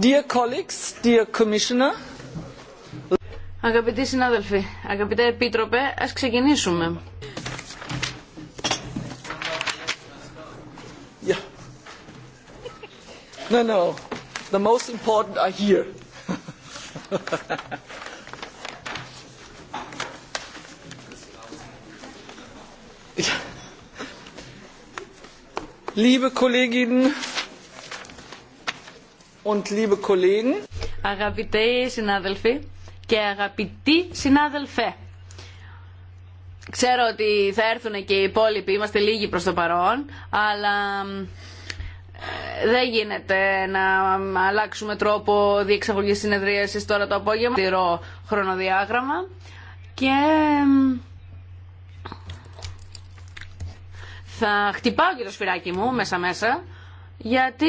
Dear colleagues, dear commissioner. Αγαπητοί συνάδελφοι, αγαπητέ επίτροπε, ας ξεκινήσουμε. Yeah. No, no. The most important are here. Liebe Kolleginnen Αγαπητοί συνάδελφοι και αγαπητοί συνάδελφε. Ξέρω ότι θα έρθουν και οι υπόλοιποι, είμαστε λίγοι προς το παρόν, αλλά ε, δεν γίνεται να αλλάξουμε τρόπο διεξαγωγής συνεδρίασης τώρα το απόγευμα. Τηρώ χρονοδιάγραμμα και θα χτυπάω και το σφυράκι μου μέσα-μέσα γιατί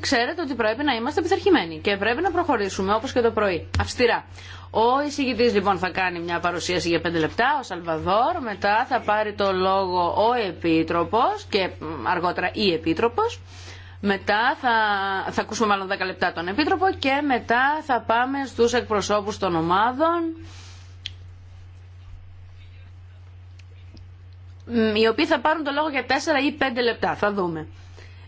ξέρετε ότι πρέπει να είμαστε πειθαρχημένοι και πρέπει να προχωρήσουμε όπως και το πρωί, αυστηρά. Ο εισηγητή λοιπόν θα κάνει μια παρουσίαση για 5 λεπτά, ο Σαλβαδόρ, μετά θα πάρει το λόγο ο επίτροπο και αργότερα η επίτροπο. Μετά θα, θα ακούσουμε μάλλον 10 λεπτά τον Επίτροπο και μετά θα πάμε στου εκπροσώπους των ομάδων οι οποίοι θα πάρουν το λόγο για 4 ή 5 λεπτά, θα δούμε.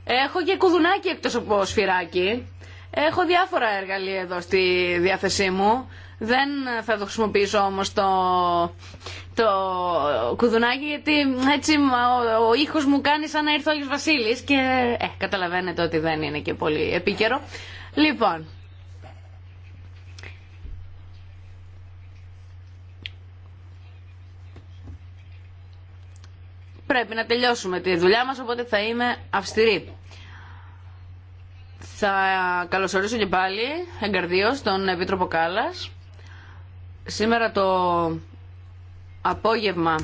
Έχω και κουδουνάκι εκτός από σφυράκι. Έχω διάφορα εργαλεία εδώ στη διάθεσή μου. Δεν θα το χρησιμοποιήσω όμως το, το κουδουνάκι γιατί έτσι ο, ο ήχος μου κάνει σαν να ήρθε ο Άγιος Βασίλης και ε, καταλαβαίνετε ότι δεν είναι και πολύ επίκαιρο. Λοιπόν, πρέπει να τελειώσουμε τη δουλειά μας, οπότε θα είμαι αυστηρή. Θα καλωσορίσω και πάλι εγκαρδίως τον Επίτροπο Κάλλας. Σήμερα το απόγευμα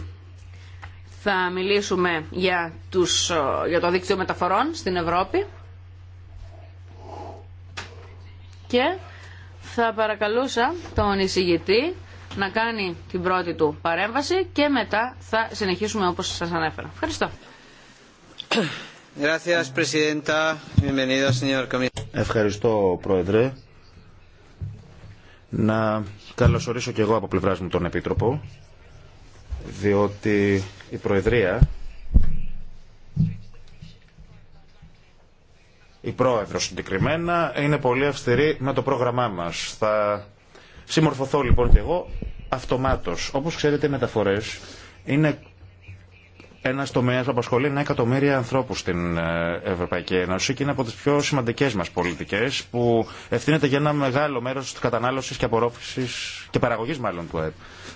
θα μιλήσουμε για, τους, για το δίκτυο μεταφορών στην Ευρώπη και θα παρακαλούσα τον εισηγητή να κάνει την πρώτη του παρέμβαση και μετά θα συνεχίσουμε όπως σας ανέφερα. Ευχαριστώ. Ευχαριστώ, Πρόεδρε. Να καλωσορίσω και εγώ από πλευράς μου τον Επίτροπο, διότι η Προεδρία, η Πρόεδρος συγκεκριμένα, είναι πολύ αυστηρή με το πρόγραμμά μας. Θα Συμμορφωθώ λοιπόν και εγώ αυτομάτως. Όπως ξέρετε οι μεταφορές είναι ένα τομέα που απασχολεί ένα εκατομμύρια ανθρώπου στην ε, Ευρωπαϊκή Ένωση και είναι από τι πιο σημαντικέ μα πολιτικέ που ευθύνεται για ένα μεγάλο μέρο τη κατανάλωση και απορρόφηση και παραγωγή μάλλον του ΕΠ.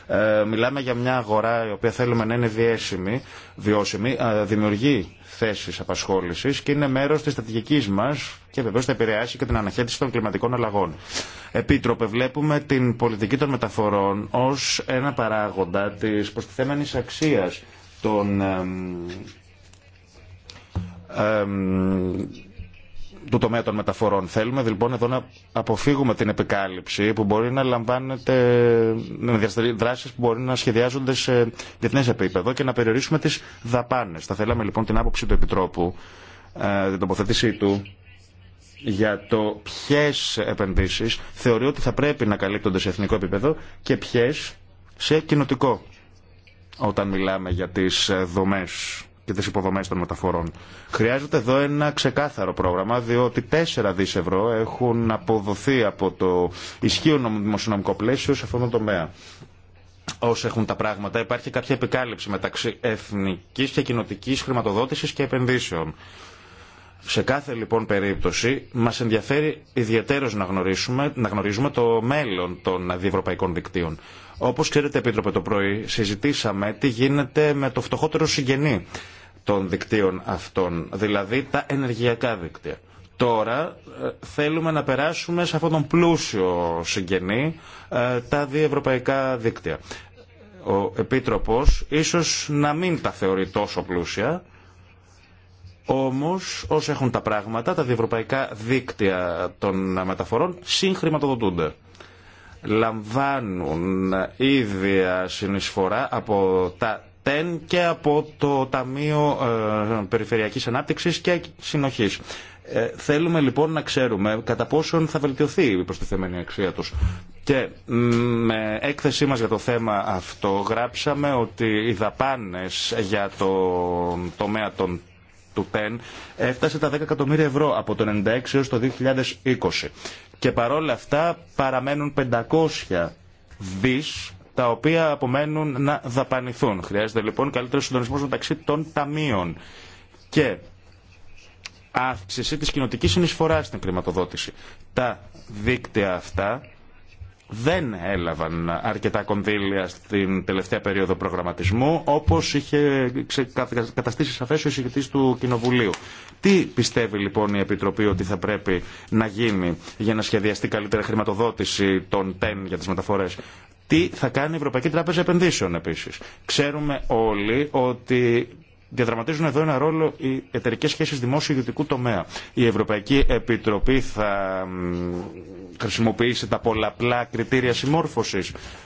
Ε, μιλάμε για μια αγορά η οποία θέλουμε να είναι διέσιμη, βιώσιμη, ε, δημιουργεί θέσει απασχόληση και είναι μέρο τη στρατηγική μα και βεβαίω θα επηρεάσει και την αναχέτηση των κλιματικών αλλαγών. Επίτροπε, βλέπουμε την πολιτική των μεταφορών ω ένα παράγοντα τη προστιθέμενη αξία του τομέα των μεταφορών. Θέλουμε λοιπόν εδώ να αποφύγουμε την επικάλυψη που μπορεί να λαμβάνεται με δράσεις που μπορεί να σχεδιάζονται σε διεθνές επίπεδο και να περιορίσουμε τις δαπάνες. Θα θέλαμε λοιπόν την άποψη του Επιτρόπου, ε, την τοποθέτησή του για το ποιε επενδύσεις θεωρεί ότι θα πρέπει να καλύπτονται σε εθνικό επίπεδο και ποιε σε κοινοτικό όταν μιλάμε για τις ε, δομές και τις υποδομές των μεταφορών. Χρειάζεται εδώ ένα ξεκάθαρο πρόγραμμα, διότι 4 δις ευρώ έχουν αποδοθεί από το ισχύον δημοσιονομικό πλαίσιο σε αυτόν τον τομέα. Όσο έχουν τα πράγματα, υπάρχει κάποια επικάλυψη μεταξύ εθνικής και κοινοτικής χρηματοδότησης και επενδύσεων. Σε κάθε λοιπόν περίπτωση μας ενδιαφέρει ιδιαίτερως να, γνωρίσουμε, να γνωρίζουμε το μέλλον των διευρωπαϊκών δικτύων. Όπω ξέρετε, Επίτροπε, το πρωί συζητήσαμε τι γίνεται με το φτωχότερο συγγενή των δικτύων αυτών, δηλαδή τα ενεργειακά δίκτυα. Τώρα ε, θέλουμε να περάσουμε σε αυτόν τον πλούσιο συγγενή ε, τα διευρωπαϊκά δίκτυα. Ο Επίτροπος ίσως να μην τα θεωρεί τόσο πλούσια, όμως όσο έχουν τα πράγματα, τα διευρωπαϊκά δίκτυα των μεταφορών συγχρηματοδοτούνται λαμβάνουν ίδια ε, συνεισφορά από τα ΤΕΝ και από το Ταμείο ε, Περιφερειακής Ανάπτυξης και Συνοχής. Ε, θέλουμε λοιπόν να ξέρουμε κατά πόσον θα βελτιωθεί η προστιθεμένη αξία τους. Και με έκθεσή μας για το θέμα αυτό γράψαμε ότι οι δαπάνες για το τομέα των του ΠΕΝ έφτασε τα 10 εκατομμύρια ευρώ από το 1996 έως το 2020. Και παρόλα αυτά παραμένουν 500 δις τα οποία απομένουν να δαπανηθούν. Χρειάζεται λοιπόν καλύτερο συντονισμό μεταξύ των ταμείων και αύξηση της κοινοτικής συνεισφοράς στην κρηματοδότηση Τα δίκτυα αυτά δεν έλαβαν αρκετά κονδύλια στην τελευταία περίοδο προγραμματισμού, όπως είχε καταστήσει σαφέ ο εισηγητή του Κοινοβουλίου. Τι πιστεύει λοιπόν η Επιτροπή ότι θα πρέπει να γίνει για να σχεδιαστεί καλύτερα χρηματοδότηση των ΤΕΝ για τις μεταφορές. Τι θα κάνει η Ευρωπαϊκή Τράπεζα Επενδύσεων επίσης. Ξέρουμε όλοι ότι διαδραματίζουν εδώ ένα ρόλο οι εταιρικέ σχέσει δημόσιο-ιδιωτικού τομέα. Η Ευρωπαϊκή Επιτροπή θα χρησιμοποιήσει τα πολλαπλά κριτήρια συμμόρφωση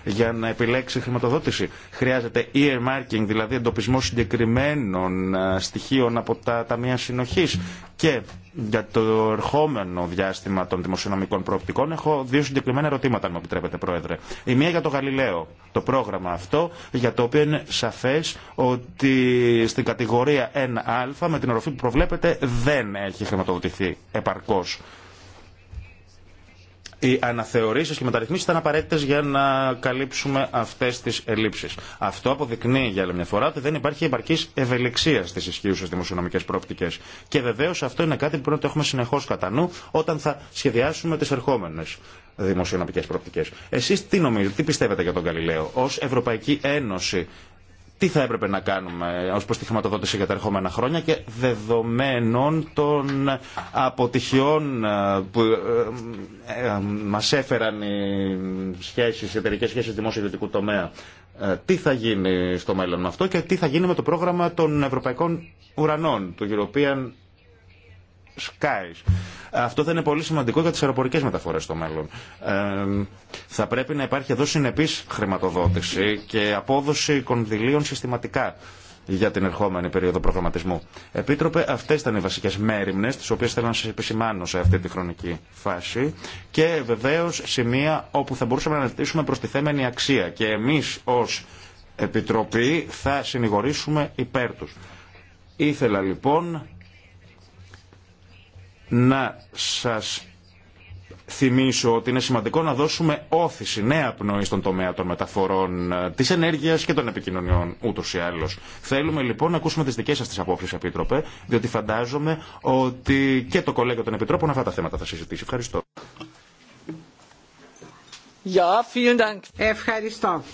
για να επιλέξει χρηματοδότηση. Χρειάζεται earmarking, δηλαδή εντοπισμό συγκεκριμένων ε, στοιχείων από τα ταμεία συνοχή και για το ερχόμενο διάστημα των δημοσιονομικών προοπτικών έχω δύο συγκεκριμένα ερωτήματα, αν μου επιτρέπετε, Πρόεδρε. Η μία για το Γαλιλαίο, το πρόγραμμα αυτό, για το οποίο είναι σαφέ ότι στην κατηγορία 1α, με την οροφή που προβλέπετε, δεν έχει χρηματοδοτηθεί επαρκώ οι αναθεωρήσει και μεταρρυθμίσει ήταν απαραίτητε για να καλύψουμε αυτέ τι ελλείψει. Αυτό αποδεικνύει για άλλη μια φορά ότι δεν υπάρχει επαρκή ευελιξία στι ισχύουσε δημοσιονομικέ προοπτικέ. Και βεβαίω αυτό είναι κάτι που πρέπει να το έχουμε συνεχώ κατά νου όταν θα σχεδιάσουμε τι ερχόμενε δημοσιονομικέ προοπτικέ. Εσεί τι νομίζετε, τι πιστεύετε για τον Γαλιλαίο. Ω Ευρωπαϊκή Ένωση τι θα έπρεπε να κάνουμε ως προς τη χρηματοδότηση για τα ερχόμενα χρόνια και δεδομένων των αποτυχιών ε, που ε, ε, μας έφεραν οι σχέσεις, οι εταιρικές σχέσεις δημόσιο-ιδιωτικού τομέα. Τι θα γίνει στο μέλλον με αυτό και τι θα γίνει με το πρόγραμμα των Ευρωπαϊκών Ουρανών, του European Skies. Αυτό θα είναι πολύ σημαντικό για τι αεροπορικέ μεταφορέ στο μέλλον. Ε, θα πρέπει να υπάρχει εδώ συνεπή χρηματοδότηση και απόδοση κονδυλίων συστηματικά για την ερχόμενη περίοδο προγραμματισμού. Επίτροπε, αυτέ ήταν οι βασικέ μέρημνε, τι οποίε θέλω να σα επισημάνω σε αυτή τη χρονική φάση και βεβαίω σημεία όπου θα μπορούσαμε να αναζητήσουμε θέμενη αξία και εμεί ω Επιτροπή θα συνηγορήσουμε υπέρ του. Ήθελα λοιπόν να σας θυμίσω ότι είναι σημαντικό να δώσουμε όθηση, νέα πνοή στον τομέα των μεταφορών, ε, τη ενέργειας και των επικοινωνιών ούτω ή άλλως. Θέλουμε λοιπόν να ακούσουμε τις δικές σας τι απόψει, Επίτροπε, διότι φαντάζομαι ότι και το κολέγιο των Επιτρόπων αυτά τα θέματα θα συζητήσει. Ευχαριστώ. Ευχαριστώ.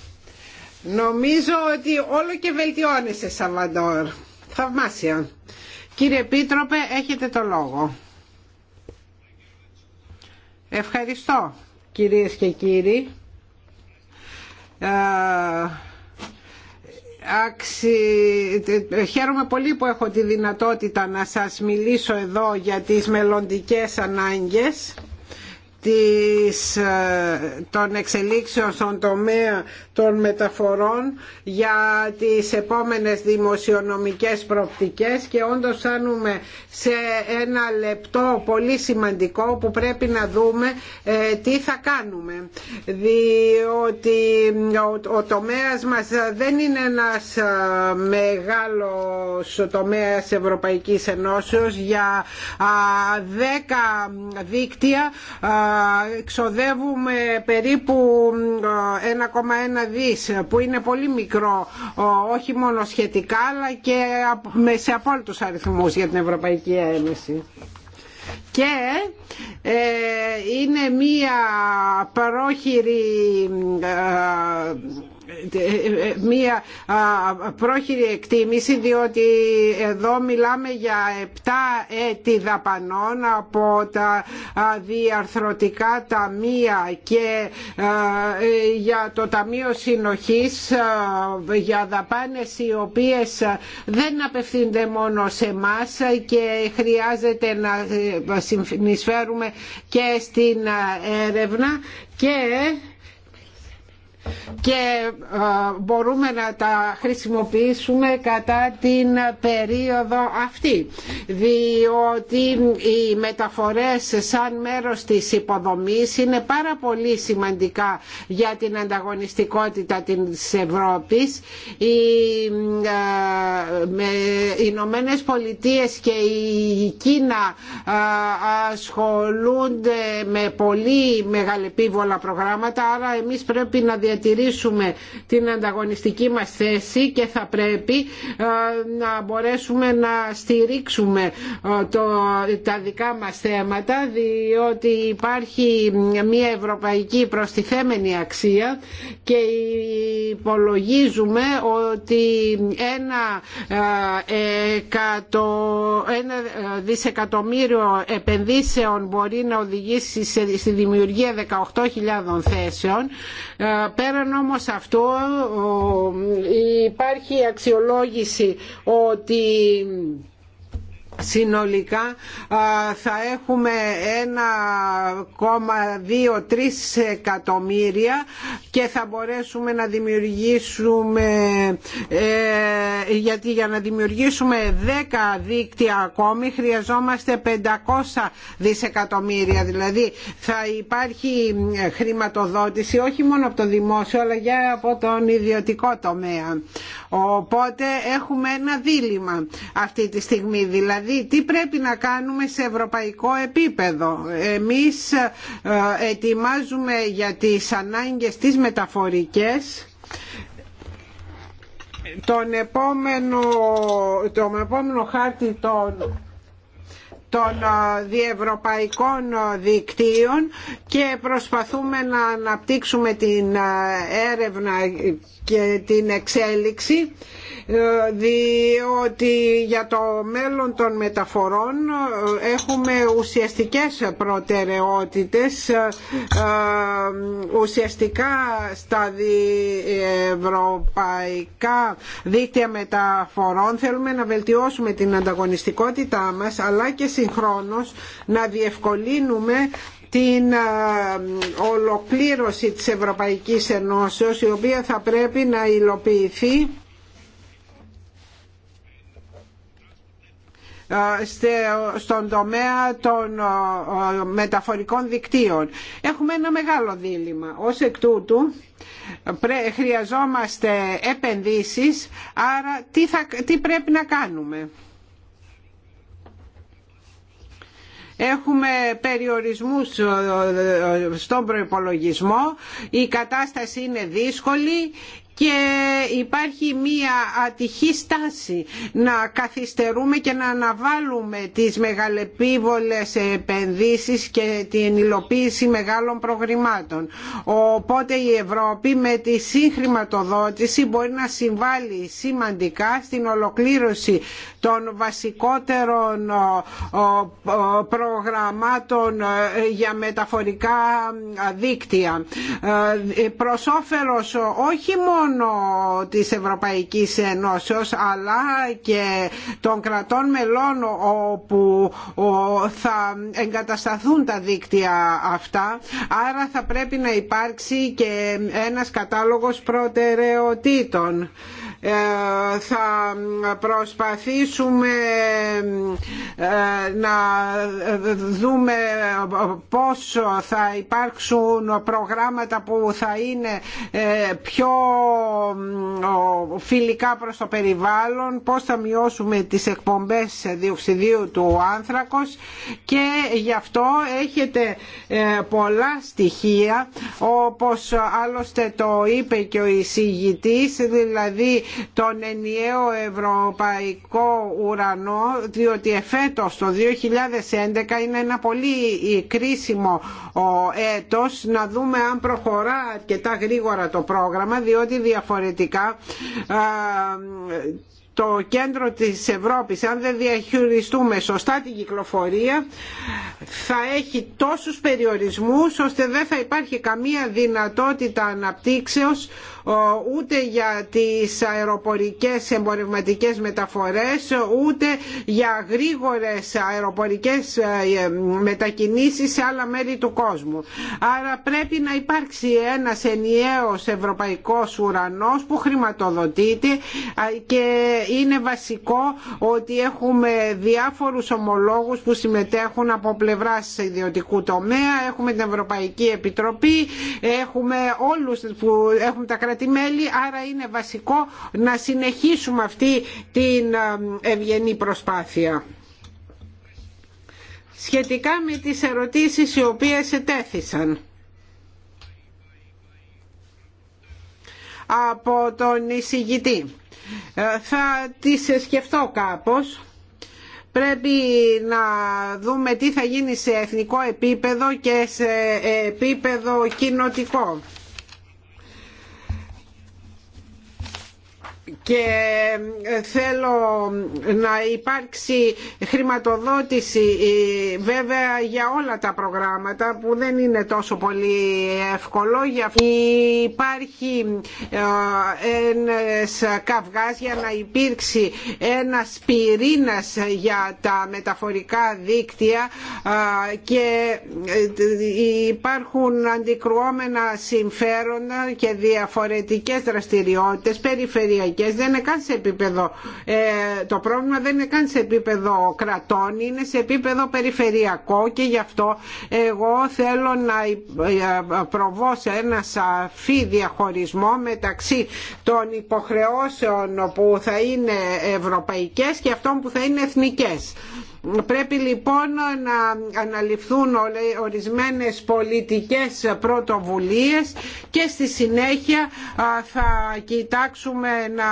Νομίζω ότι όλο και βελτιώνεσαι, Σαββαντόρ. Θαυμάσια. Κύριε Επίτροπε, έχετε το λόγο. Ευχαριστώ κυρίες και κύριοι. Ε, άξι... Ε, χαίρομαι πολύ που έχω τη δυνατότητα να σας μιλήσω εδώ για τις μελλοντικές ανάγκες ε, των εξελίξεων στον τομέα των μεταφορών για τις επόμενες δημοσιονομικές προοπτικές και όντως φτάνουμε σε ένα λεπτό πολύ σημαντικό που πρέπει να δούμε ε, τι θα κάνουμε διότι ε, ο, ο τομέας μας δεν είναι ένας μεγάλος τομέας Ευρωπαϊκής Ενώσεως για 10 δίκτυα ξοδεύουμε περίπου 1,1 ε, δις που είναι πολύ μικρό όχι μόνο σχετικά αλλά και σε απόλυτους αριθμούς για την Ευρωπαϊκή Ένωση και ε, είναι μία πρόχειρη ε, μία πρόχειρη εκτίμηση διότι εδώ μιλάμε για 7 έτη δαπανών από τα διαρθρωτικά ταμεία και ε, για το Ταμείο Συνοχής για δαπάνες οι οποίες δεν απευθύνται μόνο σε μας και χρειάζεται να ε, συνεισφέρουμε και στην έρευνα και και ε, μπορούμε να τα χρησιμοποιήσουμε κατά την περίοδο αυτή διότι οι μεταφορές σαν μέρος της υποδομής είναι πάρα πολύ σημαντικά για την ανταγωνιστικότητα της Ευρώπης οι ε, Ηνωμένε Πολιτείες και η Κίνα ε, ασχολούνται με πολύ μεγαλεπίβολα προγράμματα άρα εμείς πρέπει να την ανταγωνιστική μας θέση και θα πρέπει να μπορέσουμε να στηρίξουμε το, τα δικά μας θέματα διότι υπάρχει μια ευρωπαϊκή προστιθέμενη αξία και υπολογίζουμε ότι ένα, ένα δισεκατομμύριο επενδύσεων μπορεί να οδηγήσει στη δημιουργία 18.000 θέσεων πέραν όμως αυτό υπάρχει αξιολόγηση ότι συνολικά θα έχουμε 1,2-3 εκατομμύρια και θα μπορέσουμε να δημιουργήσουμε ε, γιατί για να δημιουργήσουμε 10 δίκτυα ακόμη χρειαζόμαστε 500 δισεκατομμύρια δηλαδή θα υπάρχει χρηματοδότηση όχι μόνο από το δημόσιο αλλά και από τον ιδιωτικό τομέα οπότε έχουμε ένα δίλημα αυτή τη στιγμή δηλαδή Δηλαδή τι πρέπει να κάνουμε σε ευρωπαϊκό επίπεδο. Εμείς ε, ετοιμάζουμε για τις ανάγκες τις μεταφορικές τον επόμενο, τον επόμενο χάρτη των των ε, διευρωπαϊκών δικτύων και προσπαθούμε να αναπτύξουμε την ε, έρευνα και την εξέλιξη ε, διότι για το μέλλον των μεταφορών ε, έχουμε ουσιαστικές προτεραιότητες ε, ουσιαστικά στα ευρωπαϊκά δίκτυα μεταφορών θέλουμε να βελτιώσουμε την ανταγωνιστικότητά μας αλλά και συγχρόνως να διευκολύνουμε την ολοκλήρωση της Ευρωπαϊκής Ενώσεως η οποία θα πρέπει να υλοποιηθεί Ε, στον τομέα των ε, μεταφορικών δικτύων. Έχουμε ένα μεγάλο δίλημα. Ως εκ τούτου χρειαζόμαστε επενδύσεις, άρα τι, τι πρέπει να κάνουμε. Έχουμε περιορισμούς ε, στον προϋπολογισμό, η κατάσταση είναι δύσκολη, και υπάρχει μία ατυχή στάση να καθυστερούμε και να αναβάλουμε τις μεγαλεπίβολες επενδύσεις και την υλοποίηση μεγάλων προγραμμάτων. Οπότε η Ευρώπη με τη σύγχρηματοδότηση μπορεί να συμβάλλει σημαντικά στην ολοκλήρωση των βασικότερων προγραμμάτων ε, για μεταφορικά δίκτυα. Ε, προς όχι μόνο μόνο της Ευρωπαϊκής αλλά και των κρατών μελών όπου θα εγκατασταθούν τα δίκτυα αυτά άρα θα πρέπει να υπάρξει και ένας κατάλογος προτεραιοτήτων ε, θα προσπαθήσουμε ε, να δούμε πώς θα υπάρξουν προγράμματα που θα είναι ε, πιο φιλικά προς το περιβάλλον, πώς θα μειώσουμε τις εκπομπές διοξιδίου του άνθρακος και γι' αυτό έχετε πολλά στοιχεία όπως άλλωστε το είπε και ο εισηγητής δηλαδή τον ενιαίο ευρωπαϊκό ουρανό διότι εφέτος το 2011 είναι ένα πολύ κρίσιμο έτος να δούμε αν προχωρά αρκετά γρήγορα το πρόγραμμα διότι διαφορετικά το κέντρο της Ευρώπης αν δεν διαχειριστούμε σωστά την κυκλοφορία θα έχει τόσους περιορισμούς ώστε δεν θα υπάρχει καμία δυνατότητα αναπτύξεως ούτε για τις αεροπορικές εμπορευματικές μεταφορές ούτε για γρήγορες αεροπορικές ε, ε, μετακινήσεις σε άλλα μέρη του κόσμου. Άρα πρέπει να υπάρξει ένας ενιαίος ευρωπαϊκός ουρανός που χρηματοδοτείται και είναι βασικό ότι έχουμε διάφορους ομολόγους που συμμετέχουν από πλευράς ιδιωτικού τομέα, έχουμε την Ευρωπαϊκή Επιτροπή, έχουμε όλους που έχουν τα κράτη-μέλη, άρα είναι βασικό να συνεχίσουμε αυτή την ε, ευγενή προσπάθεια. Σχετικά με τις ερωτήσεις οι οποίες ετέθησαν. από τον εισηγητή. Ε, θα τις σκεφτώ κάπως. Πρέπει να δούμε τι θα γίνει σε εθνικό επίπεδο και σε επίπεδο κοινοτικό. και ε, θέλω να υπάρξει χρηματοδότηση ε, βέβαια για όλα τα προγράμματα που δεν είναι τόσο πολύ εύκολο για υπάρχει ε, ένας καυγάς για να υπήρξει ένας πυρήνας για τα μεταφορικά δίκτυα και υπάρχουν αντικρουόμενα συμφέροντα και διαφορετικές δραστηριότητες περιφερειακές δεν είναι επίπεδο, ε, το πρόβλημα δεν είναι καν σε επίπεδο κρατών, είναι σε επίπεδο περιφερειακό και γι' αυτό εγώ θέλω να ε, προβώ σε ένα σαφή διαχωρισμό μεταξύ των υποχρεώσεων που θα είναι ευρωπαϊκές και αυτών που θα είναι εθνικές. Πρέπει λοιπόν να αναλυφθούν ορισμένες πολιτικές πρωτοβουλίες και στη συνέχεια θα κοιτάξουμε να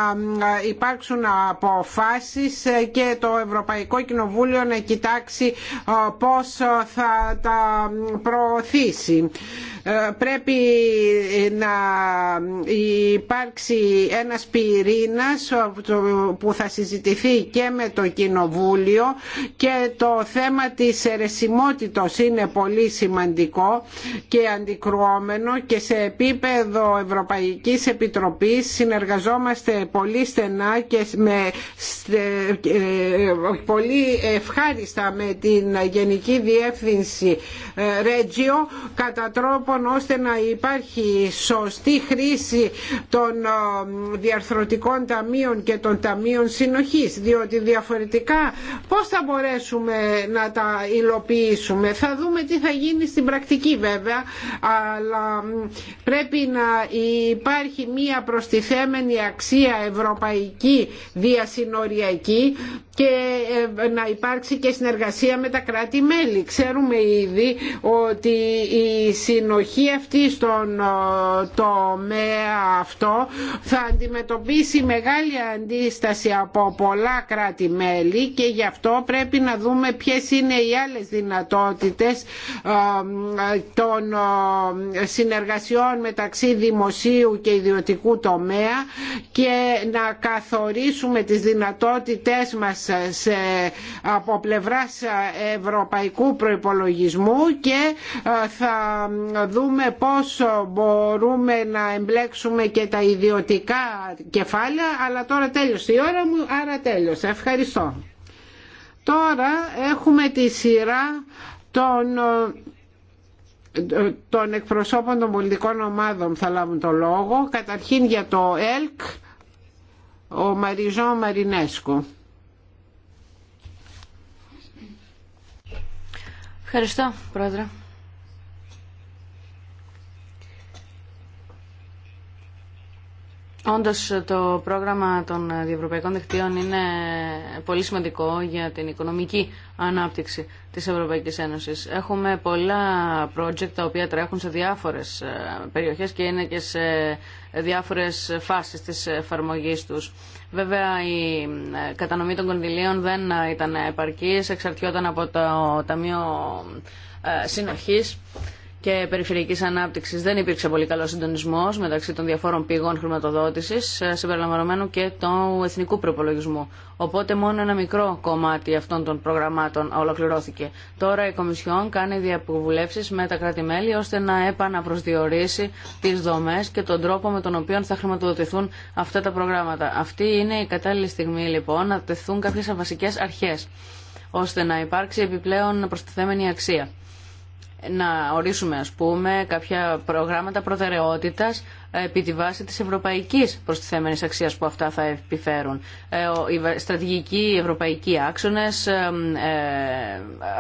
υπάρξουν αποφάσεις και το Ευρωπαϊκό Κοινοβούλιο να κοιτάξει πώς θα τα προωθήσει. Ε, πρέπει να υπάρξει ένας πυρήνας που θα συζητηθεί και με το Κοινοβούλιο και το θέμα της ερεσιμότητος είναι πολύ σημαντικό και αντικρουόμενο και σε επίπεδο Ευρωπαϊκής Επιτροπής συνεργαζόμαστε πολύ στενά και με, ε, πολύ ευχάριστα με την Γενική Διεύθυνση ε, Ρέτζιο κατά τρόπον ώστε να υπάρχει σωστή χρήση των ε, διαρθρωτικών ταμείων και των ταμείων συνοχής διότι διαφορετικά πώς θα μπορέσουμε μπορέσουμε να τα υλοποιήσουμε. Θα δούμε τι θα γίνει στην πρακτική βέβαια, αλλά πρέπει να υπάρχει μία προστιθέμενη αξία ευρωπαϊκή διασυνοριακή και ε, να υπάρξει και συνεργασία με τα κράτη-μέλη. Ξέρουμε ήδη ότι η συνοχή αυτή στον ε, τομέα αυτό θα αντιμετωπίσει μεγάλη αντίσταση από πολλά κράτη-μέλη και γι' αυτό πρέπει να δούμε ποιες είναι οι άλλες δυνατότητες των συνεργασιών μεταξύ δημοσίου και ιδιωτικού τομέα και να καθορίσουμε τις δυνατότητές μας σε, από πλευράς ευρωπαϊκού προϋπολογισμού και θα δούμε πώς μπορούμε να εμπλέξουμε και τα ιδιωτικά κεφάλαια αλλά τώρα τέλειωσε η ώρα μου άρα τέλειωσε. Ευχαριστώ. Τώρα έχουμε τη σειρά των των εκπροσώπων των πολιτικών ομάδων θα λάβουν το λόγο. Καταρχήν για το ΕΛΚ, ο Μαριζό Μαρινέσκο. Ευχαριστώ, Πρόεδρε. Όντω το πρόγραμμα των διευρωπαϊκών δικτύων είναι πολύ σημαντικό για την οικονομική ανάπτυξη της Ευρωπαϊκή Ένωσης. Έχουμε πολλά project τα οποία τρέχουν σε διάφορε ε, περιοχές και είναι και σε διάφορες φάσεις της εφαρμογή τους. Βέβαια η ε, κατανομή των κονδυλίων δεν ήταν επαρκής, εξαρτιόταν από το Ταμείο ε, Συνοχής και περιφερειακής ανάπτυξης δεν υπήρξε πολύ καλό συντονισμός μεταξύ των διαφόρων πηγών χρηματοδότησης ε, συμπεριλαμβανομένου και του εθνικού προπολογισμού. Οπότε μόνο ένα μικρό κομμάτι αυτών των προγραμμάτων ολοκληρώθηκε. Τώρα η Κομισιόν κάνει διαβουλεύσεις με τα κράτη-μέλη ώστε να επαναπροσδιορίσει τις δομές και τον τρόπο με τον οποίο θα χρηματοδοτηθούν αυτά τα προγράμματα. Αυτή είναι η κατάλληλη στιγμή λοιπόν να τεθούν κάποιε βασικές αρχές ώστε να υπάρξει επιπλέον προστιθέμενη αξία να ορίσουμε ας πούμε κάποια προγράμματα προτεραιότητας ε, επί τη βάση της ευρωπαϊκής προστιθέμενης αξίας που αυτά θα επιφέρουν. Ε, Οι στρατηγικοί ευρωπαϊκοί άξονες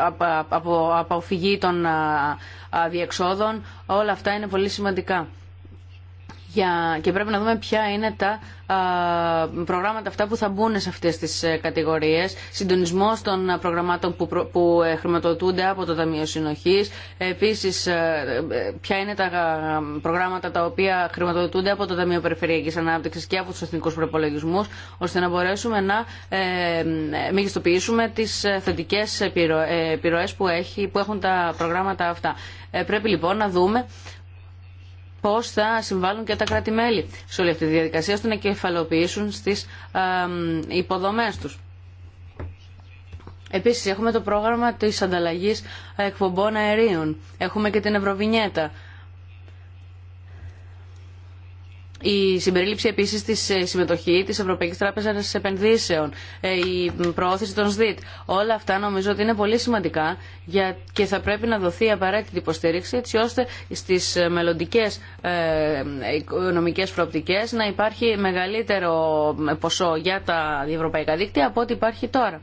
από, ε, από, των διεξόδων όλα αυτά είναι πολύ σημαντικά για... και πρέπει να δούμε ποια είναι τα προγράμματα αυτά που θα μπουν σε αυτές τις ε, κατηγορίες. Συντονισμός των προγραμμάτων που, που ε, χρηματοδοτούνται από το Ταμείο Συνοχής. Επίσης, ε, ποια είναι τα προγράμματα τα οποία χρηματοδοτούνται από το Ταμείο Περιφερειακής Ανάπτυξης και από τους εθνικούς προπολογισμούς, ώστε να μπορέσουμε να μεγιστοποιήσουμε τις θετικές επιρροές που, έχει... που έχουν τα προγράμματα αυτά. Πρέπει λοιπόν να δούμε Πώ θα συμβάλλουν και τα κράτη-μέλη σε όλη αυτή τη διαδικασία ώστε να κεφαλοποιήσουν στις υποδομές τους. Επίσης έχουμε το πρόγραμμα της ανταλλαγής εκπομπών αερίων. Έχουμε και την Ευρωβινιέτα. η συμπερίληψη επίση τη ε, συμμετοχή τη Ευρωπαϊκή Τράπεζα Επενδύσεων, ε, η προώθηση των ΣΔΙΤ. Όλα αυτά νομίζω ότι είναι πολύ σημαντικά και θα πρέπει να δοθεί απαραίτητη υποστήριξη έτσι ώστε στι ε, μελλοντικέ οικονομικέ προοπτικέ να υπάρχει μεγαλύτερο ποσό για τα ευρωπαϊκά δίκτυα από ό,τι υπάρχει τώρα.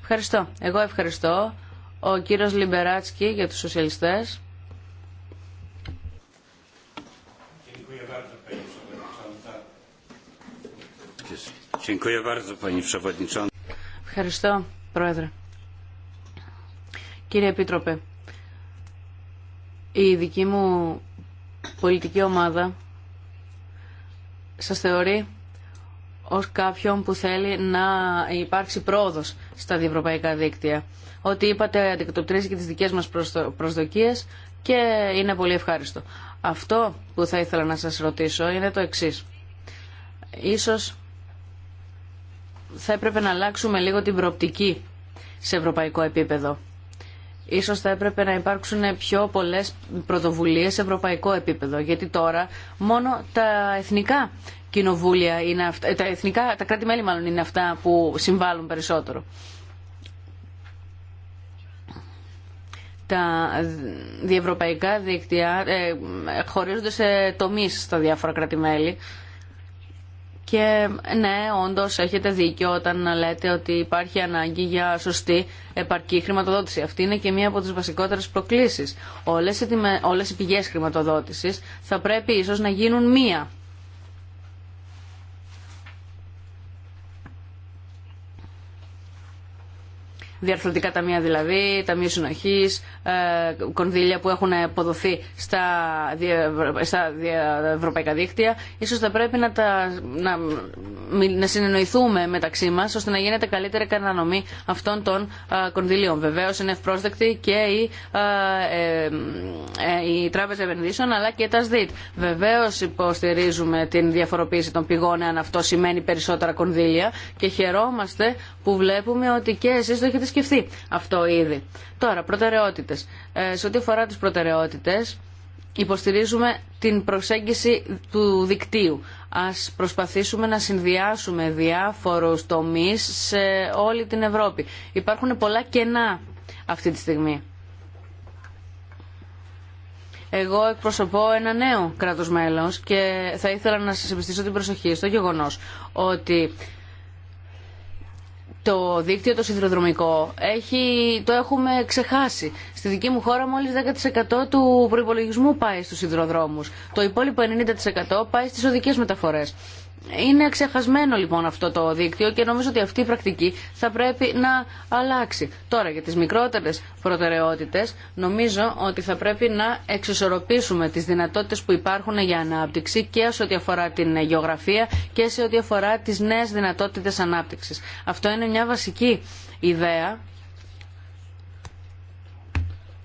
Ευχαριστώ. Εγώ ευχαριστώ. Ο κύριος Λιμπεράτσκι για τους σοσιαλιστές. Ευχαριστώ, Πρόεδρε. Κύριε Επίτροπε, η δική μου πολιτική ομάδα σας θεωρεί ως κάποιον που θέλει να υπάρξει πρόοδος στα διευρωπαϊκά δίκτυα. Ό,τι είπατε αντικατοπτρίζει και τις δικές μας προσδοκίες και είναι πολύ ευχάριστο. Αυτό που θα ήθελα να σας ρωτήσω είναι το εξής. Ίσως θα έπρεπε να αλλάξουμε λίγο την προοπτική σε ευρωπαϊκό επίπεδο. Ίσως θα έπρεπε να υπάρξουν πιο πολλές πρωτοβουλίες σε ευρωπαϊκό επίπεδο, γιατί τώρα μόνο τα εθνικά κοινοβούλια, είναι αυτά, ε, τα, εθνικά, τα κράτη-μέλη μάλλον είναι αυτά που συμβάλλουν περισσότερο. τα διευρωπαϊκά δίκτυα ε, ε χωρίζονται σε τομείς στα διάφορα κράτη-μέλη και ναι, όντω έχετε δίκιο όταν λέτε ότι υπάρχει ανάγκη για σωστή επαρκή χρηματοδότηση. Αυτή είναι και μία από τι βασικότερε προκλήσει. Όλε οι, πηγέ οι πηγές χρηματοδότησης θα πρέπει ίσω να γίνουν μία. διαρθρωτικά ταμεία δηλαδή, ταμείο συνοχή, ε, κονδύλια που έχουν αποδοθεί στα, στα ευρωπαϊκά δίκτυα. Ίσως θα πρέπει να, τα, να, να συνεννοηθούμε μεταξύ μας ώστε να γίνεται καλύτερη κατανομή αυτών των ε, κονδυλίων. Βεβαίως είναι ευπρόσδεκτη και η, ε, η Τράπεζα Επενδύσεων αλλά και τα ΣΔΙΤ. Βεβαίως υποστηρίζουμε την διαφοροποίηση των πηγών αν αυτό σημαίνει περισσότερα κονδύλια και χαιρόμαστε που βλέπουμε ότι και έχετε σκεφτεί αυτό ήδη. Τώρα, προτεραιότητες. Ε, σε ό,τι αφορά τις προτεραιότητε, υποστηρίζουμε την προσέγγιση του δικτύου. Ας προσπαθήσουμε να συνδυάσουμε διάφορους τομεί σε όλη την Ευρώπη. Υπάρχουν πολλά κενά αυτή τη στιγμή. Εγώ εκπροσωπώ ένα νέο κράτος μέλος και θα ήθελα να σας επιστήσω την προσοχή στο γεγονός ότι το δίκτυο το σιδηροδρομικό έχει, το έχουμε ξεχάσει. Στη δική μου χώρα μόλις 10% του προϋπολογισμού πάει στους σιδηροδρόμους. Το υπόλοιπο 90% πάει στις οδικές μεταφορές. Είναι ξεχασμένο λοιπόν αυτό το δίκτυο και νομίζω ότι αυτή η πρακτική θα πρέπει να αλλάξει. Τώρα για τις μικρότερες προτεραιότητες νομίζω ότι θα πρέπει να εξισορροπήσουμε τις δυνατότητες που υπάρχουν για ανάπτυξη και σε ό,τι αφορά την γεωγραφία και σε ό,τι αφορά τις νέες δυνατότητες ανάπτυξης. Αυτό είναι μια βασική ιδέα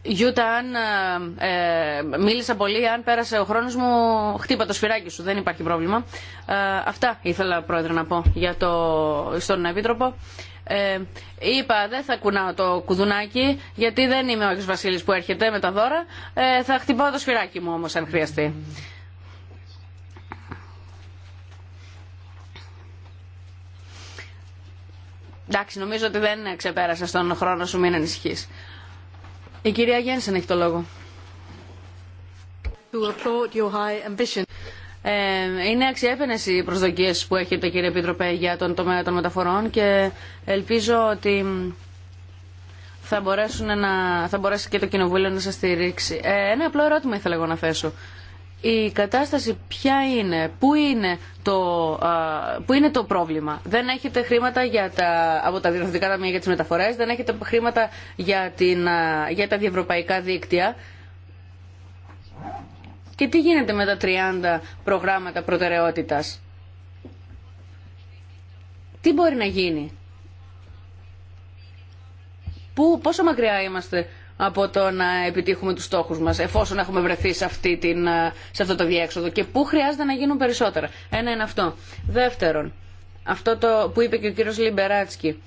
Γιούτα, αν ε, ε, μίλησα πολύ, αν πέρασε ο χρόνος μου, χτύπα το σφυράκι σου, δεν υπάρχει πρόβλημα. Ε, αυτά ήθελα, Πρόεδρε, να πω για το, στον Επίτροπο. Ε, είπα δεν θα κουνάω το κουδουνάκι γιατί δεν είμαι ο Άγιος Βασίλης που έρχεται με τα δώρα θα χτυπάω το σφυράκι μου όμως αν χρειαστεί εντάξει νομίζω ότι δεν ξεπέρασε τον χρόνο σου μην ανησυχείς η κυρία Γένσεν έχει το λόγο. Ε, είναι αξιέπαινε οι προσδοκίε που έχετε κύριε Επίτροπε για τον τομέα των μεταφορών και ελπίζω ότι θα, να, θα μπορέσει και το Κοινοβούλιο να σα στηρίξει. Ε, ένα απλό ερώτημα ήθελα εγώ να θέσω η κατάσταση ποια είναι, πού είναι το, πού είναι το πρόβλημα. Δεν έχετε χρήματα για τα, από τα διευθυντικά ταμεία για τις μεταφορές, δεν έχετε χρήματα για, την, για τα διευρωπαϊκά δίκτυα. Και τι γίνεται με τα 30 προγράμματα προτεραιότητας. Τι μπορεί να γίνει. Πού, πόσο μακριά είμαστε από το να επιτύχουμε τους στόχους μας εφόσον έχουμε βρεθεί σε, αυτή την, ε, σε αυτό το διέξοδο και πού χρειάζεται να γίνουν περισσότερα. Ένα είναι αυτό. Δεύτερον, αυτό το που είπε και ο κύριος Λιμπεράτσκι,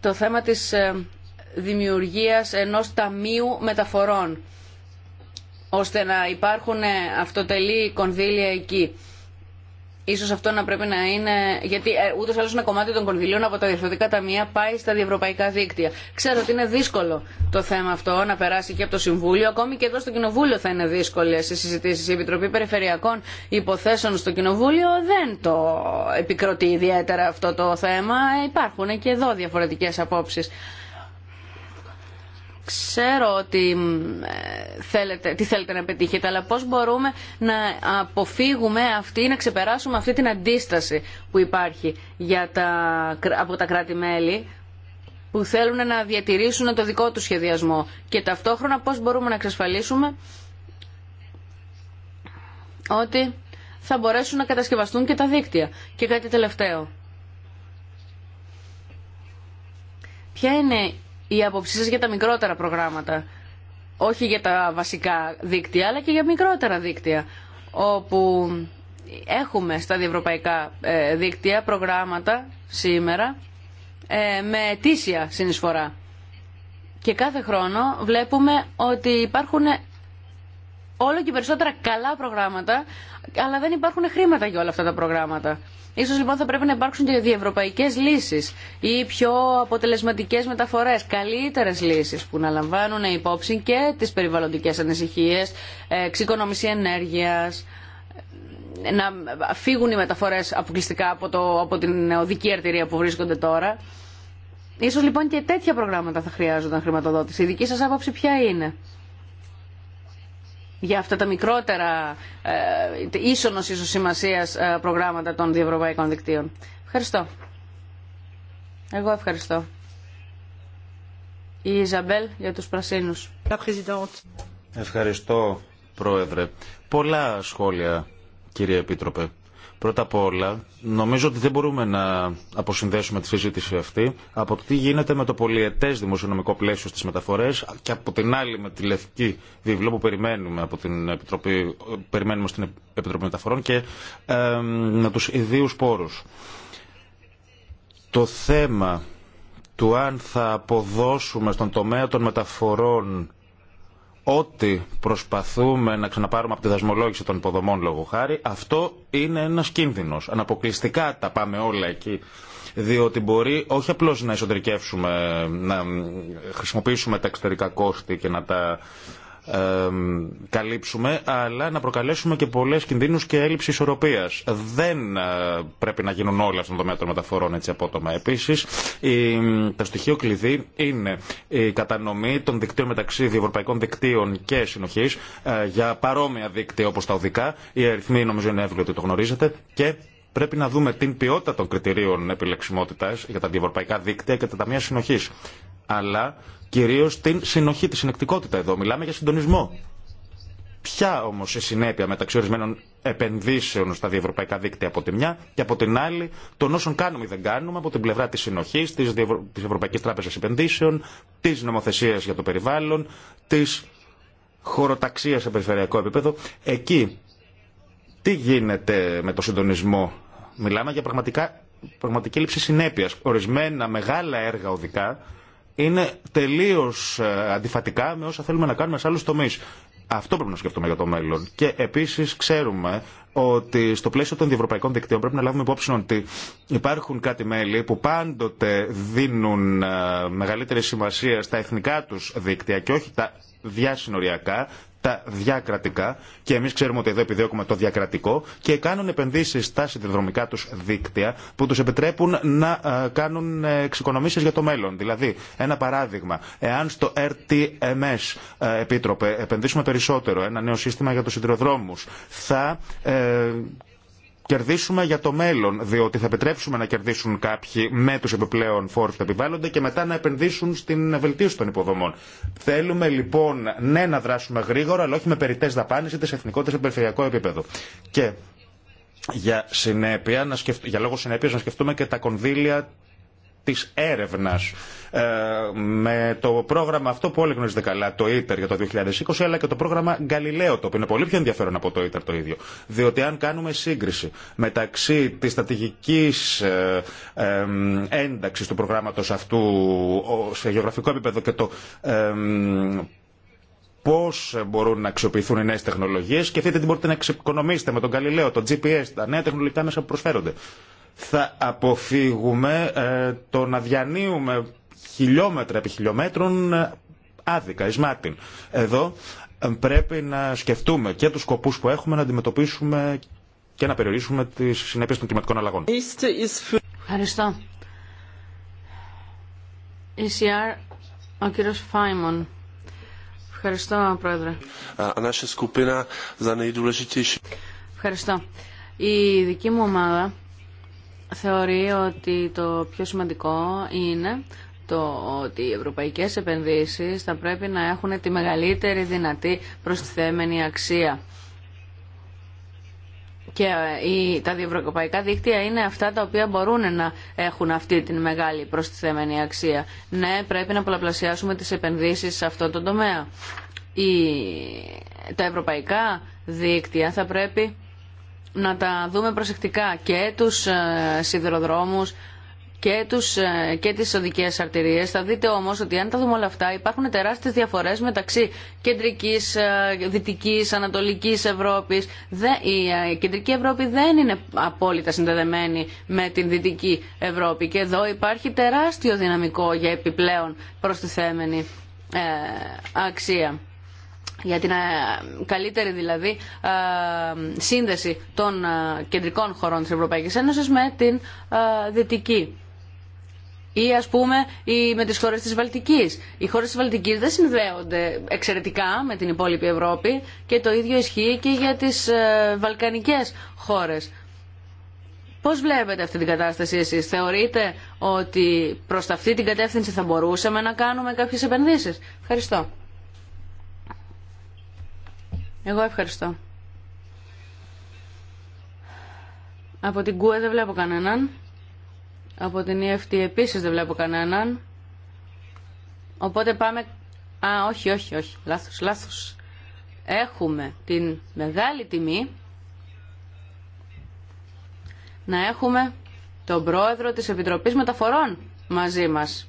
το θέμα της ε, δημιουργίας ενός ταμείου μεταφορών ώστε να υπάρχουν ε, αυτοτελή κονδύλια εκεί Ίσως αυτό να πρέπει να είναι, γιατί ε, ούτω ή άλλω ένα κομμάτι των κονδυλίων από τα διευθυντικά ταμεία πάει στα διευρωπαϊκά δίκτυα. Ξέρω ότι είναι δύσκολο το θέμα αυτό να περάσει και από το Συμβούλιο, ακόμη και εδώ στο Κοινοβούλιο θα είναι δύσκολε οι συζητήσει. Η Επιτροπή Περιφερειακών Υποθέσεων στο Κοινοβούλιο δεν το επικροτεί ιδιαίτερα αυτό το θέμα. Υπάρχουν και εδώ διαφορετικέ απόψει. Ξέρω ότι ε, θέλετε, τι θέλετε να πετύχετε, αλλά πώς μπορούμε να αποφύγουμε αυτή, να ξεπεράσουμε αυτή την αντίσταση που υπάρχει για τα, από τα κράτη-μέλη που θέλουν να διατηρήσουν το δικό του σχεδιασμό και ταυτόχρονα πώς μπορούμε να εξασφαλίσουμε ότι θα μπορέσουν να κατασκευαστούν και τα δίκτυα. Και κάτι τελευταίο. Ποια είναι η άποψή σα για τα μικρότερα προγράμματα. Όχι για τα βασικά δίκτυα, αλλά και για μικρότερα δίκτυα, όπου έχουμε στα διευρωπαϊκά ε, δίκτυα προγράμματα σήμερα ε, με αιτήσια συνεισφορά. Και κάθε χρόνο βλέπουμε ότι υπάρχουν όλο και περισσότερα καλά προγράμματα, αλλά δεν υπάρχουν χρήματα για όλα αυτά τα προγράμματα. Σω λοιπόν θα πρέπει να υπάρξουν και διευρωπαϊκέ λύσει ή πιο αποτελεσματικέ μεταφορέ, καλύτερε λύσει που να λαμβάνουν υπόψη και τις περιβαλλοντικές ανησυχίες, ε, εξοικονόμηση ενέργειας, ε, να φύγουν οι μεταφορέ αποκλειστικά από, το, από την οδική αρτηρία που βρίσκονται τώρα. Ίσως λοιπόν και τέτοια προγράμματα θα χρειάζονταν χρηματοδότηση. Η δική σας άποψη ποια είναι για αυτά τα μικρότερα ε, ίσονος ίσως σημασίας ε, προγράμματα των διευρωπαϊκών δικτύων. Ευχαριστώ. Εγώ ευχαριστώ. Η Ιζαμπέλ για τους Πρασίνους. Ευχαριστώ, Πρόεδρε. Πολλά σχόλια, κύριε Επίτροπε. Πρώτα απ' όλα, νομίζω ότι δεν μπορούμε να αποσυνδέσουμε τη συζήτηση αυτή από το τι γίνεται με το πολιετέ δημοσιονομικό πλαίσιο στι μεταφορέ και από την άλλη με τη λευκή βιβλίο που περιμένουμε, από την Επιτροπή, περιμένουμε στην Επιτροπή Μεταφορών και ε, με του ιδίου πόρου. Το θέμα του αν θα αποδώσουμε στον τομέα των μεταφορών Ό,τι προσπαθούμε να ξαναπάρουμε από τη δασμολόγηση των υποδομών λόγω χάρη, αυτό είναι ένας κίνδυνος. Αναποκλειστικά τα πάμε όλα εκεί διότι μπορεί όχι απλώς να εσωτερικεύσουμε, να χρησιμοποιήσουμε τα εξωτερικά κόστη και να τα καλύψουμε, αλλά να προκαλέσουμε και πολλές κινδύνους και έλλειψη ισορροπίας. Δεν ε, πρέπει να γίνουν όλα στον τομέα των μεταφορών έτσι απότομα. Επίσης, τα στοιχεία στοιχείο κλειδί είναι η κατανομή των δικτύων μεταξύ διευρωπαϊκών δικτύων και συνοχής ε, για παρόμοια δίκτυα όπως τα οδικά. Οι αριθμοί νομίζω είναι εύκολο ότι το γνωρίζετε και Πρέπει να δούμε την ποιότητα των κριτηρίων επιλεξιμότητα για τα διευρωπαϊκά δίκτυα και τα ταμεία συνοχή. Αλλά κυρίω την συνοχή, τη συνεκτικότητα εδώ. Μιλάμε για συντονισμό. Ποια όμω η συνέπεια μεταξύ ορισμένων επενδύσεων στα διευρωπαϊκά δίκτυα από τη μια και από την άλλη των όσων κάνουμε ή δεν κάνουμε από την πλευρά τη συνοχή, τη Ευρωπαϊκή Τράπεζα Επενδύσεων, τη νομοθεσία για το περιβάλλον, τη χωροταξία σε περιφερειακό επίπεδο. Εκεί τι γίνεται με το συντονισμό Μιλάμε για πραγματικά, πραγματική λήψη συνέπειας. Ορισμένα μεγάλα έργα οδικά είναι τελείως ε, αντιφατικά με όσα θέλουμε να κάνουμε σε άλλου τομεί. Αυτό πρέπει να σκεφτούμε για το μέλλον. Και επίση ξέρουμε ότι στο πλαίσιο των διευρωπαϊκών δικτύων πρέπει να λάβουμε υπόψη ότι υπάρχουν κάτι μέλη που πάντοτε δίνουν ε, μεγαλύτερη σημασία στα εθνικά του δίκτυα και όχι τα διασυνοριακά τα διακρατικά και εμείς ξέρουμε ότι εδώ επιδιώκουμε το διακρατικό και κάνουν επενδύσεις στα συνδυοδρομικά τους δίκτυα που τους επιτρέπουν να ε, κάνουν εξοικονομήσεις για το μέλλον. Δηλαδή, ένα παράδειγμα, εάν στο RTMS ε, επίτροπε επενδύσουμε περισσότερο ένα νέο σύστημα για τους σιδηροδρόμους θα ε, κερδίσουμε για το μέλλον, διότι θα επιτρέψουμε να κερδίσουν κάποιοι με τους επιπλέον φόρους που επιβάλλονται και μετά να επενδύσουν στην βελτίωση των υποδομών. Θέλουμε λοιπόν ναι να δράσουμε γρήγορα, αλλά όχι με περιττές δαπάνες είτε σε εθνικό είτε σε περιφερειακό επίπεδο. Και για, συνέπεια, για λόγω συνέπειας να σκεφτούμε και τα κονδύλια της έρευνας ε, με το πρόγραμμα αυτό που όλοι γνωρίζετε καλά, το ITER για το 2020, αλλά και το πρόγραμμα Galileo, το οποίο είναι πολύ πιο ενδιαφέρον από το ITER το ίδιο. Διότι αν κάνουμε σύγκριση μεταξύ της στρατηγικής ε, ε, ένταξης του προγράμματος αυτού σε γεωγραφικό επίπεδο και το πώ μπορούν να αξιοποιηθούν οι νέε τεχνολογίε. Σκεφτείτε τι μπορείτε να εξοικονομήσετε με τον Καλιλαίο, το GPS, τα νέα τεχνολογικά μέσα που προσφέρονται θα αποφύγουμε ε, το να διανύουμε χιλιόμετρα επί χιλιόμετρων ε, άδικα, εισμάτιν. Εδώ ε, πρέπει να σκεφτούμε και τους σκοπούς που έχουμε να αντιμετωπίσουμε και να περιορίσουμε τις συνέπειες των κλιματικών αλλαγών. Ευχαριστώ. ECR, ο κύριος Φάιμον. Ευχαριστώ, Πρόεδρε. Ευχαριστώ. Η δική μου ομάδα θεωρεί ότι το πιο σημαντικό είναι το ότι οι ευρωπαϊκές επενδύσεις θα πρέπει να έχουν τη μεγαλύτερη δυνατή προστιθέμενη αξία. Και ε, τα διευρωπαϊκά δίκτυα είναι αυτά τα οποία μπορούν να έχουν αυτή τη μεγάλη προστιθέμενη αξία. Ναι, πρέπει να πολλαπλασιάσουμε τις επενδύσεις σε αυτό το τομέα. Η... Τα ευρωπαϊκά δίκτυα θα πρέπει να τα δούμε προσεκτικά και τους ε, σιδηροδρόμους και, τους, ε, και τις οδικές αρτηρίες. Θα δείτε όμως ότι αν τα δούμε όλα αυτά υπάρχουν τεράστιες διαφορές μεταξύ κεντρικής, ε, δυτικής, ανατολικής Ευρώπης. Η κεντρική Ευρώπη δεν είναι απόλυτα συνδεδεμένη με την δυτική Ευρώπη και εδώ υπάρχει τεράστιο δυναμικό για επιπλέον προστιθέμενη αξία για την ε, καλύτερη δηλαδή ε, σύνδεση των ε, κεντρικών χωρών της Ευρωπαϊκής Ένωσης με την Δυτική ή ας πούμε ή με τις χώρες της Βαλτικής. Οι χώρες της Βαλτικής δεν συνδέονται εξαιρετικά με την υπόλοιπη Ευρώπη και το ίδιο ισχύει και για τις βαλκανικές χώρες. Πώς βλέπετε αυτή την κατάσταση εσείς, θεωρείτε ότι προς αυτή την κατεύθυνση θα μπορούσαμε να κάνουμε κάποιες επενδύσεις. Ευχαριστώ. Εγώ ευχαριστώ. Από την ΚΟΕ δεν βλέπω κανέναν. Από την EFT επίσης δεν βλέπω κανέναν. Οπότε πάμε... Α, όχι, όχι, όχι. Λάθος, λάθος. Έχουμε την μεγάλη τιμή να έχουμε τον πρόεδρο της Επιτροπής Μεταφορών μαζί μας.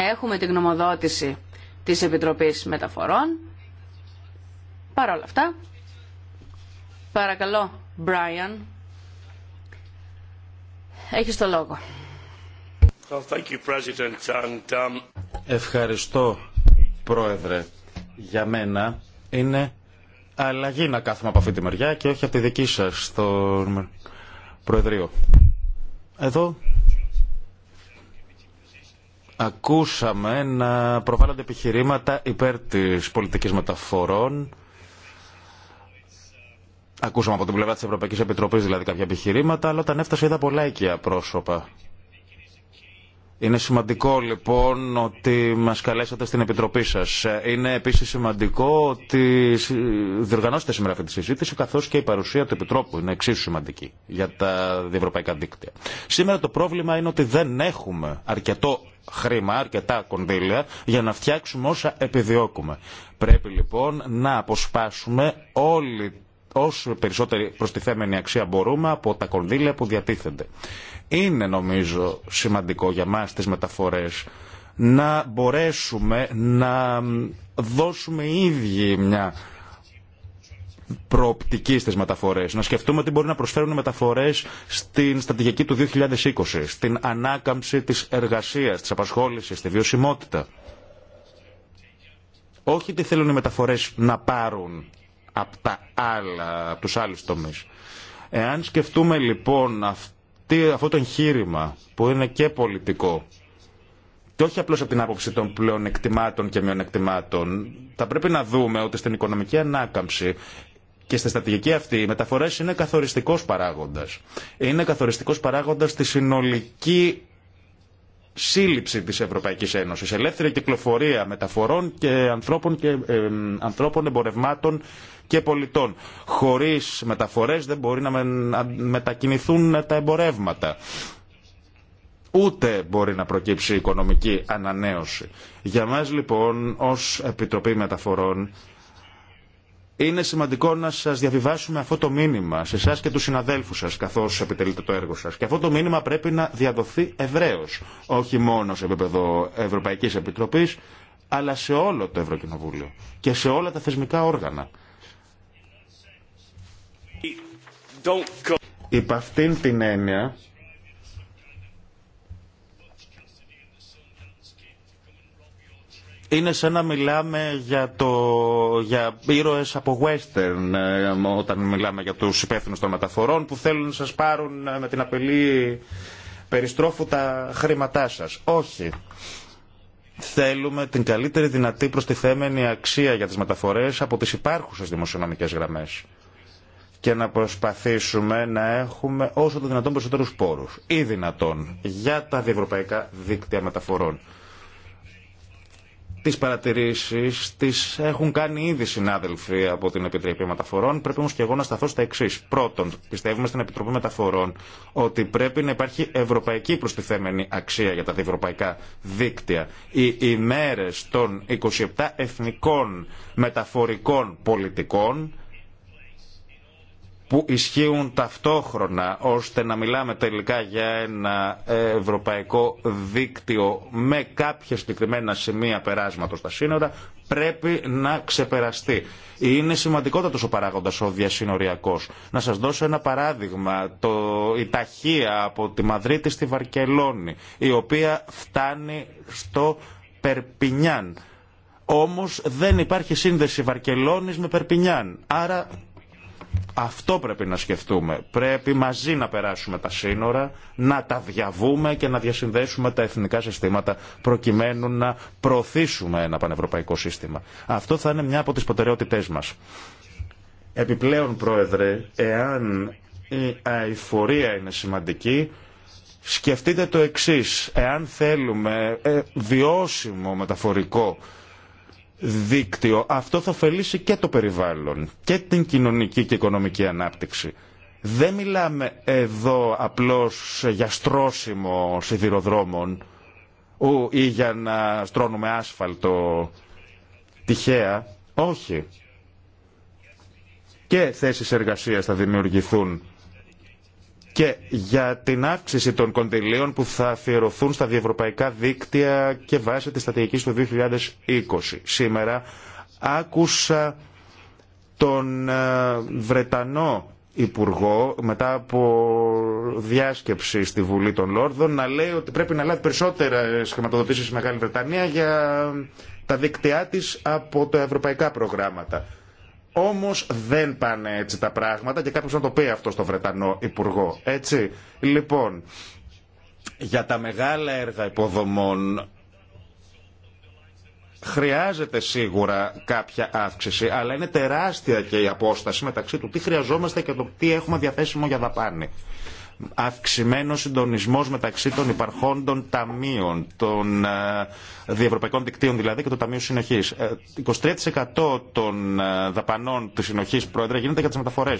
Έχουμε την γνωμοδότηση της Επιτροπής Μεταφορών. Παρ' όλα αυτά, παρακαλώ, Μπράιαν. έχεις το λόγο. Um, Ευχαριστώ, Πρόεδρε. Για μένα είναι αλλαγή να κάθομαι από αυτή τη μεριά και όχι από τη δική σας στο Προεδρείο. Εδώ Ακούσαμε να προβάλλονται επιχειρήματα υπέρ της πολιτικής μεταφορών. Ακούσαμε από την πλευρά της Ευρωπαϊκής Επιτροπής δηλαδή κάποια επιχειρήματα, αλλά όταν έφτασε είδα πολλά οικεία πρόσωπα είναι σημαντικό λοιπόν ότι μας καλέσατε στην Επιτροπή σας. Είναι επίσης σημαντικό ότι διοργανώσετε σήμερα αυτή τη συζήτηση καθώς και η παρουσία του Επιτρόπου είναι εξίσου σημαντική για τα διευρωπαϊκά δίκτυα. Σήμερα το πρόβλημα είναι ότι δεν έχουμε αρκετό χρήμα, αρκετά κονδύλια για να φτιάξουμε όσα επιδιώκουμε. Πρέπει λοιπόν να αποσπάσουμε όλη όσο περισσότερη προστιθέμενη αξία μπορούμε από τα κονδύλια που διατίθενται. Είναι νομίζω σημαντικό για μας τις μεταφορές να μπορέσουμε να δώσουμε οι ίδιοι μια προοπτική στις μεταφορές. Να σκεφτούμε τι μπορεί να προσφέρουν οι μεταφορές στην στρατηγική του 2020, στην ανάκαμψη της εργασίας, της απασχόλησης, στη βιωσιμότητα. Όχι τι θέλουν οι μεταφορές να πάρουν από, τα άλλα, από τους άλλους τομείς. Εάν σκεφτούμε λοιπόν αυτό αυτή, αυτό το εγχείρημα που είναι και πολιτικό και όχι απλώς από την άποψη των εκτιμάτων και μειονεκτημάτων, θα πρέπει να δούμε ότι στην οικονομική ανάκαμψη και στη στρατηγική αυτή οι μεταφορές είναι καθοριστικός παράγοντας. Είναι καθοριστικός παράγοντας στη συνολική σύλληψη της Ευρωπαϊκής Ένωσης, ελεύθερη κυκλοφορία μεταφορών και ανθρώπων, και, ανθρώπων εμπορευμάτων και πολιτών. Χωρίς μεταφορές δεν μπορεί να, μετακινηθούν τα εμπορεύματα. Ούτε μπορεί να προκύψει οικονομική ανανέωση. Για μας λοιπόν ως Επιτροπή Μεταφορών είναι σημαντικό να σα διαβιβάσουμε αυτό το μήνυμα σε εσά και του συναδέλφου σα καθώ επιτελείτε το έργο σα. Και αυτό το μήνυμα πρέπει να διαδοθεί ευρέω. Όχι μόνο σε επίπεδο Ευρωπαϊκή Επιτροπή, αλλά σε όλο το Ευρωκοινοβούλιο και σε όλα τα θεσμικά όργανα. Υπ' αυτήν την έννοια Είναι σαν να μιλάμε για, το, για ήρωες από western ε, όταν μιλάμε για τους υπεύθυνους των μεταφορών που θέλουν να σας πάρουν ε, με την απειλή περιστρόφου τα χρήματά σας. Όχι. Θέλουμε την καλύτερη δυνατή προστιθέμενη αξία για τις μεταφορές από τις υπάρχουσες δημοσιονομικές γραμμές και να προσπαθήσουμε να έχουμε όσο το δυνατόν περισσότερους πόρους ή δυνατόν για τα διευρωπαϊκά δίκτυα μεταφορών. Τις παρατηρήσεις τις έχουν κάνει ήδη συνάδελφοι από την Επιτροπή Μεταφορών. Πρέπει όμως και εγώ να σταθώ στα εξή. Πρώτον, πιστεύουμε στην Επιτροπή Μεταφορών ότι πρέπει να υπάρχει ευρωπαϊκή προστιθέμενη αξία για τα διευρωπαϊκά δίκτυα. Οι ημέρες των 27 εθνικών μεταφορικών πολιτικών που ισχύουν ταυτόχρονα ώστε να μιλάμε τελικά για ένα ευρωπαϊκό δίκτυο με κάποια συγκεκριμένα σημεία περάσματος στα σύνορα πρέπει να ξεπεραστεί. Είναι σημαντικότατος ο παράγοντας ο διασυνοριακός. Να σας δώσω ένα παράδειγμα. Το, η ταχεία από τη Μαδρίτη στη Βαρκελόνη η οποία φτάνει στο Περπινιάν. Όμως δεν υπάρχει σύνδεση Βαρκελόνης με Περπινιάν. Άρα αυτό πρέπει να σκεφτούμε. Πρέπει μαζί να περάσουμε τα σύνορα, να τα διαβούμε και να διασυνδέσουμε τα εθνικά συστήματα προκειμένου να προωθήσουμε ένα πανευρωπαϊκό σύστημα. Αυτό θα είναι μια από τις προτεραιότητές μας. Επιπλέον, Πρόεδρε, εάν η αηφορία είναι σημαντική, σκεφτείτε το εξής. Εάν θέλουμε ε, βιώσιμο μεταφορικό δίκτυο, αυτό θα ωφελήσει και το περιβάλλον και την κοινωνική και οικονομική ανάπτυξη. Δεν μιλάμε εδώ απλώς για στρώσιμο σιδηροδρόμων ή για να στρώνουμε άσφαλτο τυχαία. Όχι. Και θέσεις εργασίας θα δημιουργηθούν και για την αύξηση των κονδυλίων που θα αφιερωθούν στα διευρωπαϊκά δίκτυα και βάσει της στρατηγικής του 2020. Σήμερα άκουσα τον ε, Βρετανό Υπουργό μετά από διάσκεψη στη Βουλή των Λόρδων να λέει ότι πρέπει να λάβει περισσότερα χρηματοδοτήσεις στη Μεγάλη Βρετανία για τα δίκτυά της από τα ευρωπαϊκά προγράμματα. Όμω δεν πάνε έτσι τα πράγματα και κάποιο να το πει αυτό στο Βρετανό Υπουργό. Έτσι. Λοιπόν, για τα μεγάλα έργα υποδομών χρειάζεται σίγουρα κάποια αύξηση, αλλά είναι τεράστια και η απόσταση μεταξύ του τι χρειαζόμαστε και το τι έχουμε διαθέσιμο για δαπάνη αυξημένο συντονισμό μεταξύ των υπαρχόντων ταμείων, των ε, διευρωπαϊκών δικτύων δηλαδή και ε, των ταμείων Συνοχή. 23% των δαπανών τη συνοχή, Πρόεδρε, γίνεται για τι μεταφορέ.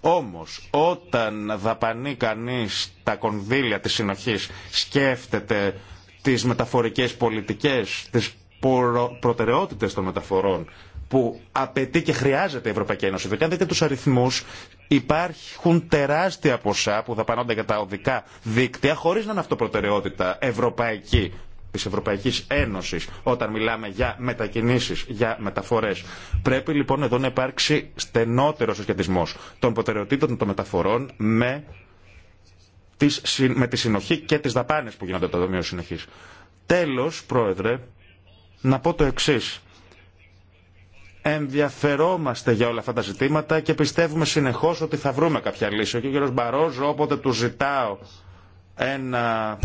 Όμως, όταν δαπανεί κανείς τα κονδύλια της συνοχής, σκέφτεται τις μεταφορικές πολιτικές, τις προτεραιότητες των μεταφορών που απαιτεί και χρειάζεται η Ευρωπαϊκή Ένωση. Δηλαδή, αν δείτε τους αριθμούς, Υπάρχουν τεράστια ποσά που θα για τα οδικά δίκτυα χωρίς να είναι αυτοπροτεραιότητα ευρωπαϊκή της Ευρωπαϊκής Ένωσης όταν μιλάμε για μετακινήσεις, για μεταφορές. Πρέπει λοιπόν εδώ να υπάρξει στενότερος σχετισμός των προτεραιοτήτων των μεταφορών με, τις, με τη συνοχή και τις δαπάνες που γίνονται από το Δομείο Συνοχής. Τέλος, Πρόεδρε, να πω το εξής ενδιαφερόμαστε για όλα αυτά τα ζητήματα και πιστεύουμε συνεχώς ότι θα βρούμε κάποια λύση. Ο κ. Μπαρόζο όποτε του ζητάω ένα...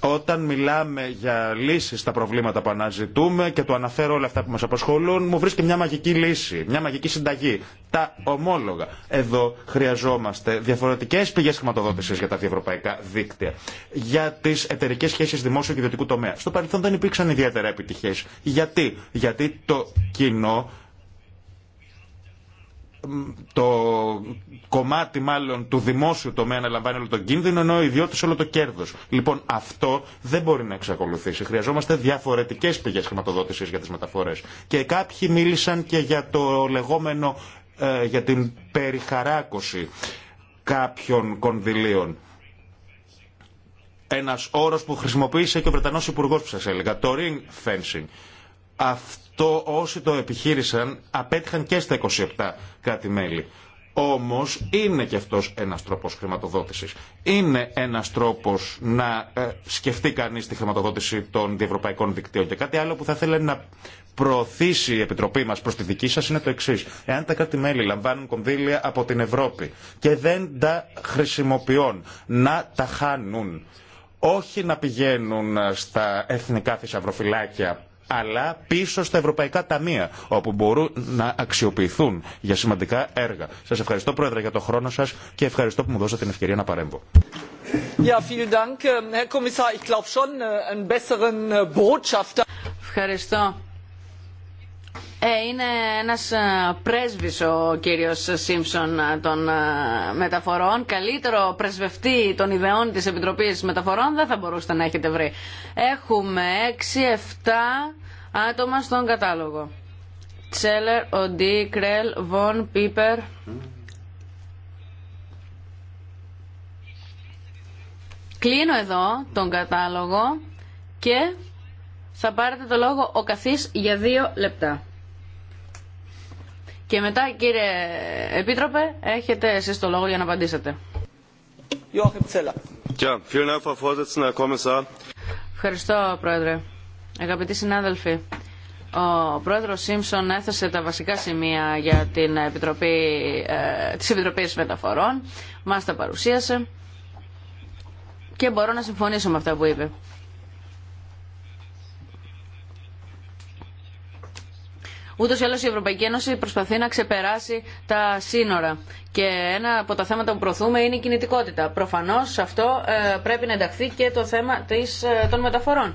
Όταν μιλάμε για λύσεις στα προβλήματα που αναζητούμε και το αναφέρω όλα αυτά που μας απασχολούν, μου βρίσκει μια μαγική λύση, μια μαγική συνταγή. Τα ομόλογα. Εδώ χρειαζόμαστε διαφορετικές πηγές χρηματοδότησης για τα διευρωπαϊκά δίκτυα, για τις εταιρικές σχέσεις δημόσιο και ιδιωτικού τομέα. Στο παρελθόν δεν υπήρξαν ιδιαίτερα επιτυχίες. Γιατί, Γιατί το κοινό το κομμάτι μάλλον του δημόσιου τομέα να λαμβάνει όλο τον κίνδυνο, ενώ ο ιδιώτης όλο το κέρδος. Λοιπόν, αυτό δεν μπορεί να εξακολουθήσει. Χρειαζόμαστε διαφορετικές πηγές χρηματοδότησης για τις μεταφορές. Και κάποιοι μίλησαν και για το λεγόμενο, ε, για την περιχαράκωση κάποιων κονδυλίων. Ένας όρος που χρησιμοποίησε και ο Βρετανός Υπουργός που σας έλεγα, το ring fencing αυτό όσοι το επιχείρησαν απέτυχαν και στα 27 κράτη-μέλη. Όμως είναι και αυτός ένας τρόπος χρηματοδότησης. Είναι ένας τρόπος να ε, σκεφτεί κανείς τη χρηματοδότηση των διευρωπαϊκών δικτύων. Και κάτι άλλο που θα θέλει να προωθήσει η Επιτροπή μας προς τη δική σας είναι το εξής. Εάν τα κράτη-μέλη λαμβάνουν κονδύλια από την Ευρώπη και δεν τα χρησιμοποιούν, να τα χάνουν όχι να πηγαίνουν στα εθνικά θησαυροφυλάκια αλλά πίσω στα ευρωπαϊκά ταμεία, όπου μπορούν να αξιοποιηθούν για σημαντικά έργα. Σας ευχαριστώ, Πρόεδρε, για τον χρόνο σας και ευχαριστώ που μου δώσατε την ευκαιρία να παρέμβω. Ευχαριστώ. Ε, είναι ένας ε, πρέσβης ο κύριος Σίμψον ε, των μεταφορών. Καλύτερο πρεσβευτή των ιδεών της Επιτροπής Μεταφορών δεν θα μπορούσατε να έχετε βρει. Έχουμε 6-7 άτομα στον κατάλογο. Τσέλερ, Οντί, Κρέλ, Βον, Πίπερ. Κλείνω εδώ τον κατάλογο και θα πάρετε το λόγο ο καθής για δύο λεπτά. Και μετά κύριε Επίτροπε έχετε εσείς το λόγο για να απαντήσετε. Ευχαριστώ Πρόεδρε. Αγαπητοί συνάδελφοι, ο πρόεδρος Σίμψον έθεσε τα βασικά σημεία για την Επιτροπή, ε, της Επιτροπής Μεταφορών, μας τα παρουσίασε και μπορώ να συμφωνήσω με αυτά που είπε. Ούτως ή άλλως η Ευρωπαϊκή Ένωση προσπαθεί να ξεπεράσει τα σύνορα. Και ένα από τα θέματα που προωθούμε είναι η κινητικότητα. Προφανώς σε αυτό ε, πρέπει να ξεπερασει τα συνορα και ενα απο τα θεματα που προωθουμε ειναι η κινητικοτητα προφανως αυτο πρεπει να ενταχθει και το θέμα ε, των μεταφορών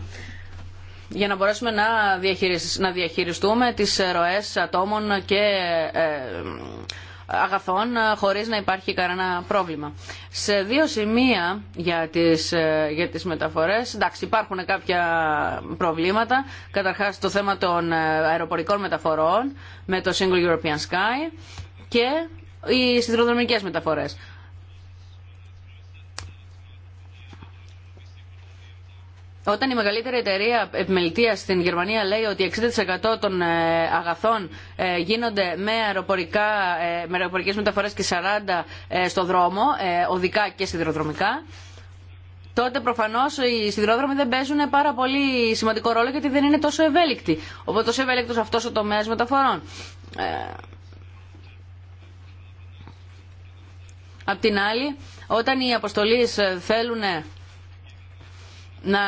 για να μπορέσουμε να, να διαχειριστούμε τις ροές ατόμων και ε, αγαθών ε, χωρίς να υπάρχει κανένα πρόβλημα. Σε δύο σημεία για τις, ε, για τις μεταφορές, εντάξει υπάρχουν κάποια προβλήματα, καταρχάς το θέμα των ε, αεροπορικών μεταφορών με το Single European Sky και οι συνδρομικές μεταφορές. Όταν η μεγαλύτερη εταιρεία επιμελητία στην Γερμανία λέει ότι 60% των ε, αγαθών ε, γίνονται με, αεροπορικά, ε, με αεροπορικές μεταφορές και 40% στο δρόμο, οδικά και σιδηροδρομικά, τότε προφανώ οι σιδηρόδρομοι δεν παίζουν πάρα πολύ σημαντικό ρόλο γιατί δεν είναι τόσο ευέλικτοι. Οπότε τόσο ευέλικτο αυτό ο τομέα μεταφορών. Απ' την άλλη, όταν οι αποστολείς θέλουν να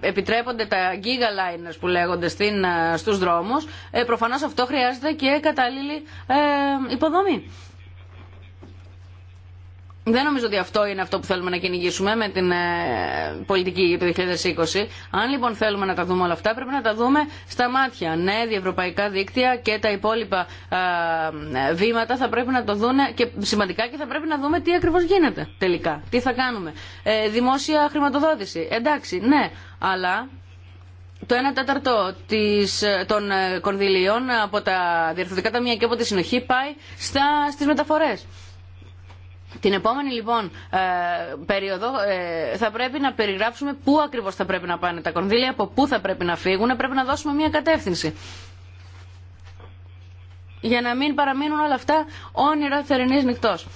επιτρέπονται τα gigaliners που λέγονται στην, ε, στους δρόμους, ε, προφανώς αυτό χρειάζεται και κατάλληλη ε, υποδομή. Δεν νομίζω ότι αυτό είναι αυτό που θέλουμε να κυνηγήσουμε με την ε, πολιτική για το 2020. Αν λοιπόν θέλουμε να τα δούμε όλα αυτά, πρέπει να τα δούμε στα μάτια. Ναι, διευρωπαϊκά δίκτυα και τα υπόλοιπα ε, βήματα θα πρέπει να το δούνε και σημαντικά και θα πρέπει να δούμε τι ακριβώ γίνεται τελικά. Τι θα κάνουμε. Ε, δημόσια χρηματοδότηση. Εντάξει, ναι, αλλά το 1 τέταρτο της, των κονδυλίων από τα διερθωτικά ταμεία και από τη συνοχή πάει στα, στις μεταφορές. Την επόμενη λοιπόν ε, περίοδο ε, θα πρέπει να περιγράψουμε πού ακριβώς θα πρέπει να πάνε τα κονδύλια, από πού θα πρέπει να φύγουν, πρέπει να δώσουμε μια κατεύθυνση. Για να μην παραμείνουν όλα αυτά όνειρα θερινής νυχτός.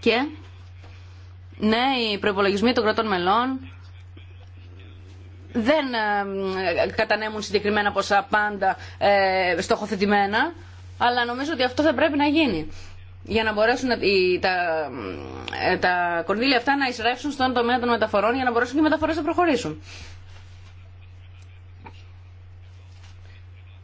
Και ναι, οι προπολογισμοί των κρατών μελών δεν ε, κατανέμουν συγκεκριμένα ποσά πάντα στοχοθετημένα αλλά νομίζω ότι αυτό θα πρέπει να γίνει για να μπορέσουν οι, τα, ε, τα κονδύλια αυτά να εισρέψουν στον τομέα των μεταφορών για να μπορέσουν και οι μεταφορές να προχωρήσουν.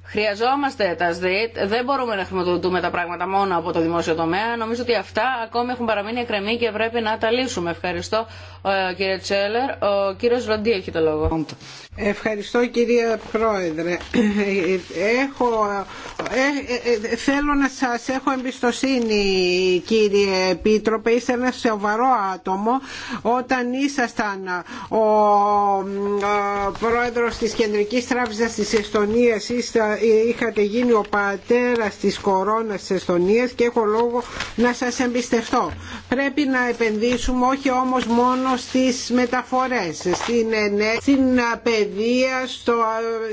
Χρειαζόμαστε τα ΣΔΙΤ, δεν μπορούμε να χρηματοδοτούμε τα πράγματα μόνο από το δημόσιο τομέα. Νομίζω ότι αυτά ακόμη έχουν παραμείνει εκκρεμή και πρέπει να τα λύσουμε. Ευχαριστώ ε, κύριε Τσέλερ. Ο κύριος Ροντή έχει το λόγο. Ευχαριστώ κυρία Πρόεδρε. Έχω, ε, ε, θέλω να σας έχω εμπιστοσύνη κύριε Επίτροπε. Είστε ένα σοβαρό άτομο. Όταν ήσασταν ο, ο πρόεδρος της Κεντρικής Τράπεζας της Εστονίας είστε, είχατε γίνει ο πατέρας της κορώνας της Εστονίας και έχω λόγο να σας εμπιστευτώ. Πρέπει να επενδύσουμε όχι όμως μόνο στις μεταφορές, στην, ε, ναι, στην ε, στο,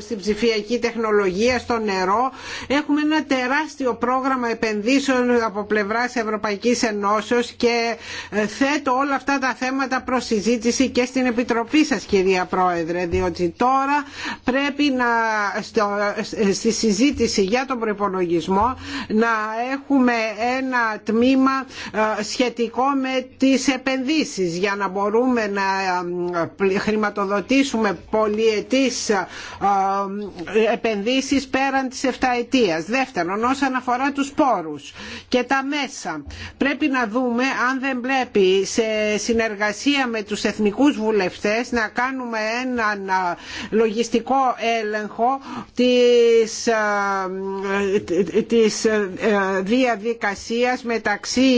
στην ψηφιακή τεχνολογία, στο νερό. Έχουμε ένα τεράστιο πρόγραμμα επενδύσεων από πλευράς Ευρωπαϊκής Ενώσεω και ε, θέτω όλα αυτά τα θέματα προ συζήτηση και στην Επιτροπή σας κυρία Πρόεδρε, διότι τώρα πρέπει να, στη συζήτηση για τον προπολογισμό να έχουμε ένα τμήμα ε, σχετικό με τις επενδύσεις για να μπορούμε να ε, χρηματοδοτήσουμε πολύ διετής ε, επενδύσεις πέραν της εφταετίας. Δεύτερον, όσον αφορά τους πόρους και τα μέσα, πρέπει να δούμε αν δεν πρέπει σε συνεργασία με τους εθνικούς βουλευτές να κάνουμε έναν λογιστικό έλεγχο της, της ε, διαδικασίας μεταξύ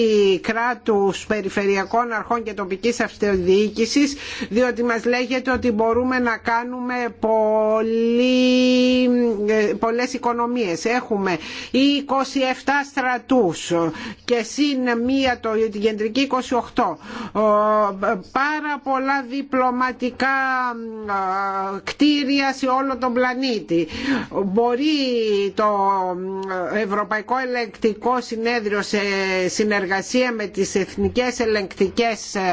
κράτους περιφερειακών αρχών και τοπικής αυτοδιοίκησης διότι μας λέγεται ότι μπορούμε να κάνουμε κάνουμε πολύ, ε, πολλές οικονομίες. Έχουμε 27 στρατούς και συν μία το, την κεντρική 28. Πάρα πολλά διπλωματικά κτίρια σε όλο τον πλανήτη. Μπορεί το Ευρωπαϊκό Ελεκτικό Συνέδριο σε συνεργασία με τις Εθνικές Ελεκτικές ε,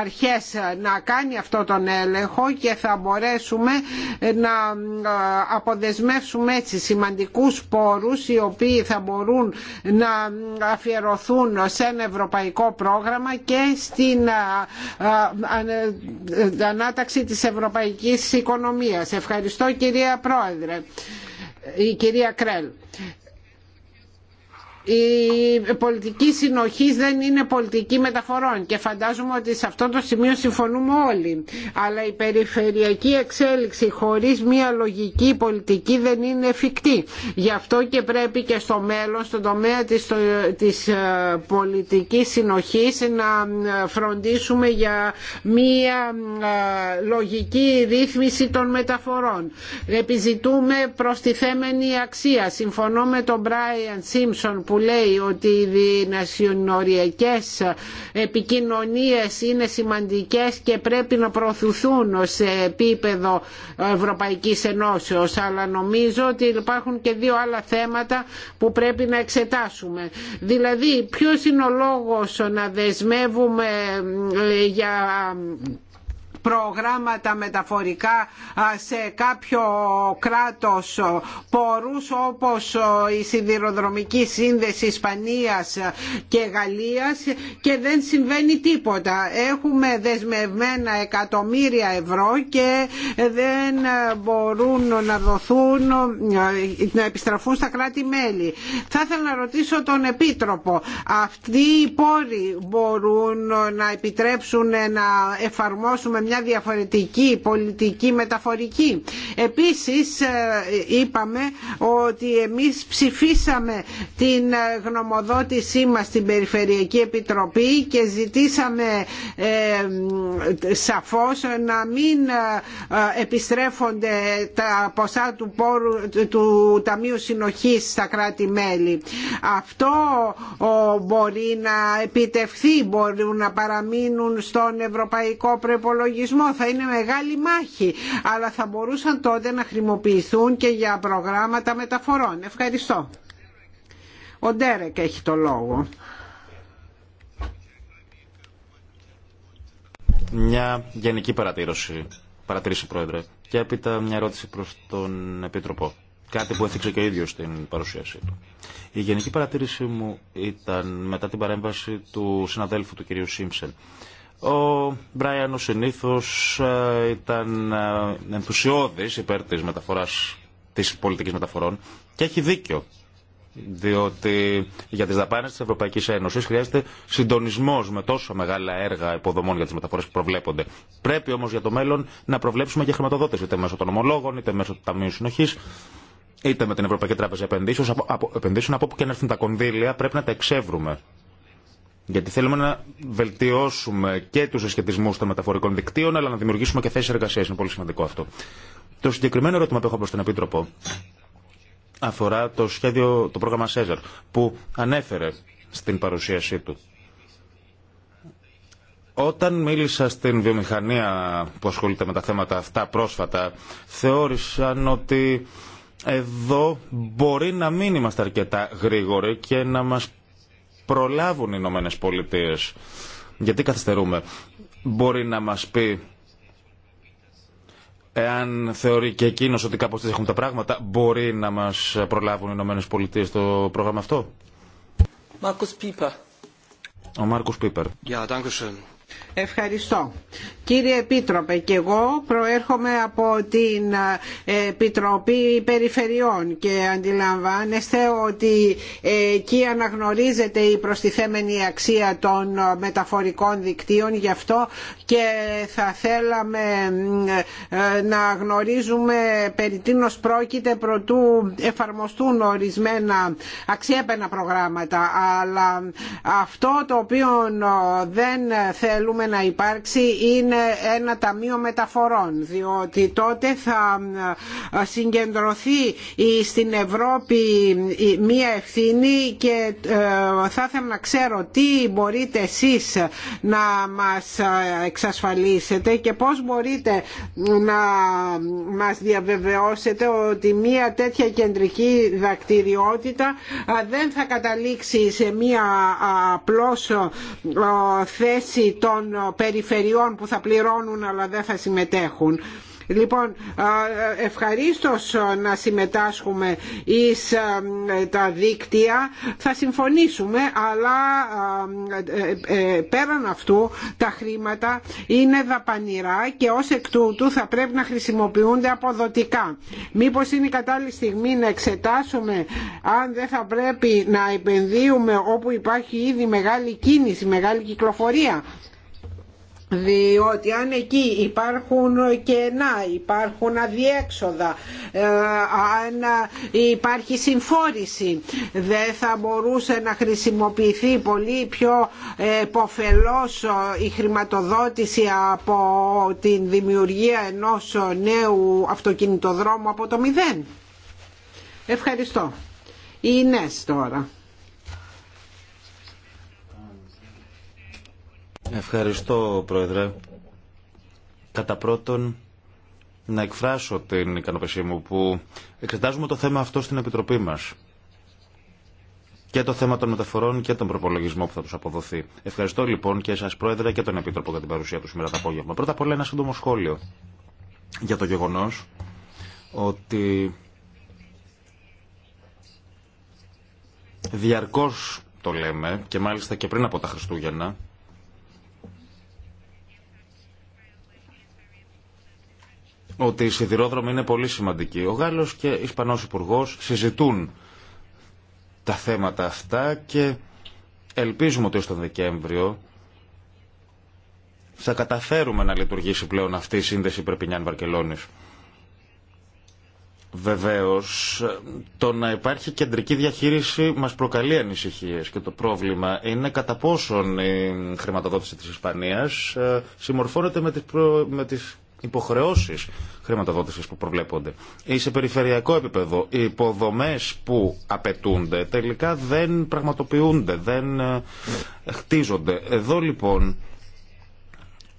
Αρχές να κάνει αυτό τον έλεγχο και θα μπορέσει μπορέσουμε να ε, αποδεσμεύσουμε έτσι σημαντικούς πόρους οι οποίοι θα μπορούν να αφιερωθούν σε ένα ευρωπαϊκό πρόγραμμα και στην ε, ε, ανάταξη της ευρωπαϊκής οικονομίας. Ευχαριστώ κυρία Πρόεδρε η κυρία Κρέλ η πολιτική συνοχής δεν είναι πολιτική μεταφορών και φαντάζομαι ότι σε αυτό το σημείο συμφωνούμε όλοι. Αλλά η περιφερειακή εξέλιξη χωρίς μια λογική πολιτική δεν είναι εφικτή. Γι' αυτό και πρέπει και στο μέλλον, στον τομέα της, της ε, πολιτικής συνοχής να ε, φροντίσουμε για μια ε, λογική ρύθμιση των μεταφορών. Επιζητούμε προστιθέμενη αξία. Συμφωνώ με τον Brian Simpson που που λέει ότι οι δυνασιονοριακές επικοινωνίες είναι σημαντικές και πρέπει να προωθηθούν σε επίπεδο Ευρωπαϊκής Ενώσεως αλλά νομίζω ότι υπάρχουν και δύο άλλα θέματα που πρέπει να εξετάσουμε δηλαδή ποιος είναι ο λόγος να δεσμεύουμε ε, για προγράμματα μεταφορικά σε κάποιο κράτος πόρους όπως η σιδηροδρομική σύνδεση Ισπανίας και Γαλλίας και δεν συμβαίνει τίποτα. Έχουμε δεσμευμένα εκατομμύρια ευρώ και δεν μπορούν να δοθούν, να επιστραφούν στα κράτη-μέλη. Θα ήθελα να ρωτήσω τον Επίτροπο. Αυτοί οι πόροι μπορούν να επιτρέψουν να εφαρμόσουμε μια διαφορετική πολιτική μεταφορική. Επίσης ε, είπαμε ότι εμείς ψηφίσαμε την ε, γνωμοδότησή μας στην Περιφερειακή Επιτροπή και ζητήσαμε ε, σαφώς να μην επιστρέφονται τα ποσά του, πόρου, του Ταμείου Συνοχής στα κράτη-μέλη. Αυτό μπορεί να επιτευχθεί, μπορούν να παραμείνουν στον Ευρωπαϊκό Προπολογισμό θα είναι μεγάλη μάχη, αλλά θα μπορούσαν τότε να χρησιμοποιηθούν και για προγράμματα μεταφορών. Ευχαριστώ. Ο Ντέρεκ έχει το λόγο. Μια γενική παρατήρωση, παρατήρηση Πρόεδρε, και έπειτα μια ερώτηση προς τον Επίτροπο. Κάτι που έθιξε και ο ίδιος στην παρουσίασή του. Η γενική παρατήρηση μου ήταν μετά την παρέμβαση του συναδέλφου του κυρίου Σίμψεν. Ο Μπράιαν ο συνήθως ε, ήταν ε, ενθουσιώδης υπέρ της μεταφοράς, της πολιτικής μεταφορών και έχει δίκιο. Διότι για τις δαπάνες της Ευρωπαϊκής Ένωσης χρειάζεται συντονισμός με τόσο μεγάλα έργα υποδομών για τις μεταφορές που προβλέπονται. Πρέπει όμως για το μέλλον να προβλέψουμε και χρηματοδότηση είτε μέσω των ομολόγων, είτε μέσω του Ταμείου Συνοχής είτε με την Ευρωπαϊκή Τράπεζα Επενδύσεων, από, από, επενδύσεων, από όπου και να έρθουν τα κονδύλια, πρέπει να τα εξεύρουμε γιατί θέλουμε να βελτιώσουμε και του συσχετισμού των μεταφορικών δικτύων, αλλά να δημιουργήσουμε και θέσει εργασία. Είναι πολύ σημαντικό αυτό. Το συγκεκριμένο ερώτημα που έχω προ τον Επίτροπο αφορά το σχέδιο, το πρόγραμμα ΣΕΖΑΡ, που ανέφερε στην παρουσίασή του. Όταν μίλησα στην βιομηχανία που ασχολείται με τα θέματα αυτά πρόσφατα, θεώρησαν ότι εδώ μπορεί να μην είμαστε αρκετά γρήγοροι και να μας προλάβουν οι Ηνωμένε Πολιτείε. Γιατί καθυστερούμε. Μπορεί να μας πει εάν θεωρεί και εκείνο ότι κάπως δεν έχουν τα πράγματα, μπορεί να μας προλάβουν οι Ηνωμένε Πολιτείε το πρόγραμμα αυτό. Πίπερ. Ο Μάρκος Πίπερ. Yeah, Ευχαριστώ. Κύριε Επίτροπε, και εγώ προέρχομαι από την ε, Επιτροπή Περιφερειών και αντιλαμβάνεστε ότι ε, εκεί αναγνωρίζεται η προστιθέμενη αξία των μεταφορικών δικτύων, γι' αυτό και θα θέλαμε ε, να γνωρίζουμε περί τίνος πρόκειται προτού εφαρμοστούν ορισμένα αξιέπαινα προγράμματα, αλλά αυτό το οποίο δεν θέλουμε θέλουμε να υπάρξει είναι ένα ταμείο μεταφορών διότι τότε θα ε, συγκεντρωθεί ε, στην Ευρώπη ε, μία ευθύνη και θα ήθελα να ξέρω τι μπορείτε εσείς να μας εξασφαλίσετε και πώς μπορείτε να μας διαβεβαιώσετε ότι μία τέτοια κεντρική δακτηριότητα δεν θα καταλήξει σε μία απλώς θέση των ε, περιφερειών που θα πληρώνουν αλλά δεν θα συμμετέχουν. Λοιπόν, ε, ε, ευχαρίστως να συμμετάσχουμε εις τα δίκτυα, θα συμφωνήσουμε, αλλά πέραν αυτού τα χρήματα είναι δαπανηρά και ως εκ τούτου θα πρέπει να χρησιμοποιούνται αποδοτικά. Μήπως είναι η κατάλληλη στιγμή να εξετάσουμε αν δεν θα πρέπει να επενδύουμε όπου υπάρχει ήδη μεγάλη κίνηση, μεγάλη κυκλοφορία διότι αν εκεί υπάρχουν κενά, υπάρχουν αδιέξοδα, ε, αν υπάρχει συμφόρηση δεν θα μπορούσε να χρησιμοποιηθεί πολύ πιο εποφελώς η χρηματοδότηση από την δημιουργία ενός νέου αυτοκινητοδρόμου από το μηδέν. Ευχαριστώ. Είναι τώρα. Ευχαριστώ, Πρόεδρε. Κατά πρώτον, να εκφράσω την ικανοποίησή μου που εξετάζουμε το θέμα αυτό στην Επιτροπή μας. Και το θέμα των μεταφορών και τον προπολογισμό που θα του αποδοθεί. Ευχαριστώ λοιπόν και εσά, Πρόεδρε, και τον Επίτροπο για την παρουσία του σήμερα το απόγευμα. Πρώτα απ' όλα, ένα σύντομο σχόλιο για το γεγονό ότι διαρκώ το λέμε και μάλιστα και πριν από τα Χριστούγεννα ότι η Σιδηρόδρομη είναι πολύ σημαντική. Ο Γάλλος και ο Ισπανός υπουργό συζητούν τα θέματα αυτά και ελπίζουμε ότι στον Δεκέμβριο θα καταφέρουμε να λειτουργήσει πλέον αυτή η σύνδεση Περπινιάν Βαρκελόνης. Βεβαίως, το να υπάρχει κεντρική διαχείριση μας προκαλεί ανησυχίες και το πρόβλημα είναι κατά πόσον η χρηματοδότηση της Ισπανίας ε, συμμορφώνεται με τις, υποχρεώσεις χρηματοδότησης που προβλέπονται ή σε περιφερειακό επίπεδο οι υποδομές που απαιτούνται τελικά δεν πραγματοποιούνται, δεν ε, χτίζονται. Εδώ λοιπόν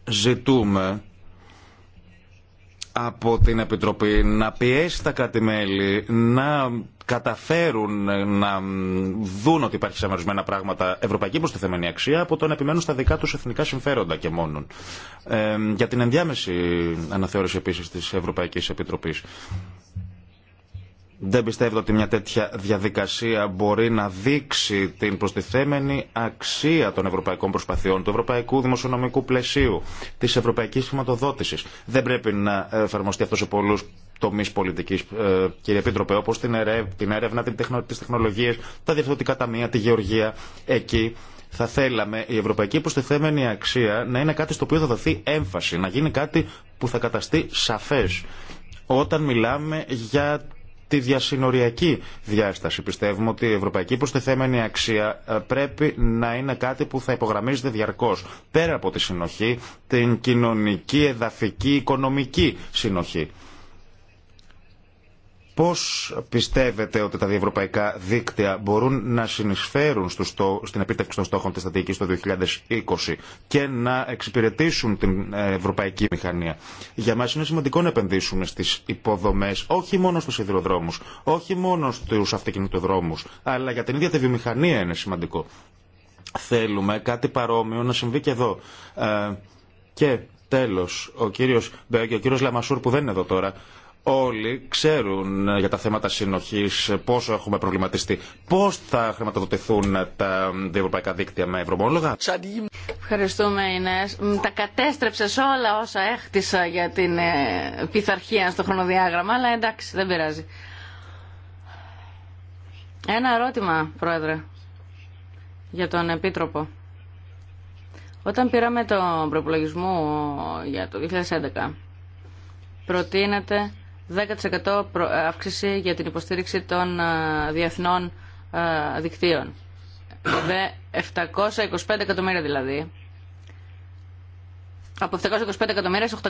ζητούμε από την Επιτροπή να πιέσει τα κρατη να καταφέρουν να δουν ότι υπάρχει σε μερισμένα πράγματα ευρωπαϊκή προστιθεμένη αξία από το να επιμένουν στα δικά τους εθνικά συμφέροντα και μόνον. Ε, για την ενδιάμεση αναθεώρηση επίσης της Ευρωπαϊκής Επιτροπής. Δεν πιστεύετε ότι μια τέτοια διαδικασία μπορεί να δείξει την προστιθέμενη αξία των ευρωπαϊκών προσπαθειών, του ευρωπαϊκού δημοσιονομικού πλαισίου, της ευρωπαϊκής χρηματοδότησης. Δεν πρέπει να εφαρμοστεί αυτό σε πολλούς τομείς πολιτικής, ε, κύριε Επίτροπε, όπως την έρευνα, τις τεχνολογίες, τα διευθυντικά ταμεία, τη γεωργία, εκεί θα θέλαμε η ευρωπαϊκή προστιθέμενη αξία να είναι κάτι στο οποίο θα δοθεί έμφαση, να γίνει κάτι που θα καταστεί σαφές όταν μιλάμε για τη διασυνοριακή διάσταση. Πιστεύουμε ότι η ευρωπαϊκή προστιθέμενη αξία ε, πρέπει να είναι κάτι που θα υπογραμμίζεται διαρκώ. Πέρα από τη συνοχή, την κοινωνική, εδαφική, οικονομική συνοχή. Πώς πιστεύετε ότι τα διευρωπαϊκά δίκτυα μπορούν να συνεισφέρουν στο, στην επίτευξη των στόχων της στρατηγικής το 2020 και να εξυπηρετήσουν την ε, ευρωπαϊκή μηχανία. Για μας είναι σημαντικό να επενδύσουμε στις υποδομές, όχι μόνο στους σιδηροδρόμους, όχι μόνο στους αυτοκινητοδρόμους, αλλά για την ίδια τη βιομηχανία είναι σημαντικό. Θέλουμε κάτι παρόμοιο να συμβεί και εδώ. Ε, και τέλος, ο κύριος ο κύριος Λαμασούρ που δεν είναι εδώ τώρα, όλοι ξέρουν ε, για τα θέματα συνοχής πόσο έχουμε προβληματιστεί. Πώς θα χρηματοδοτηθούν τα διευρωπαϊκά δίκτυα με ευρωμόλογα. Ευχαριστούμε Τα κατέστρεψε όλα όσα έχτισα για την ε, πειθαρχία στο χρονοδιάγραμμα, αλλά εντάξει δεν πειράζει. Ένα ερώτημα, Πρόεδρε, για τον Επίτροπο. Όταν πήραμε τον προπολογισμό για το 2011, προτείνεται 10% αύξηση για την υποστήριξη των ε, διεθνών ε, δικτύων. 725 εκατομμύρια δηλαδή. Από 725 εκατομμύρια σε 810.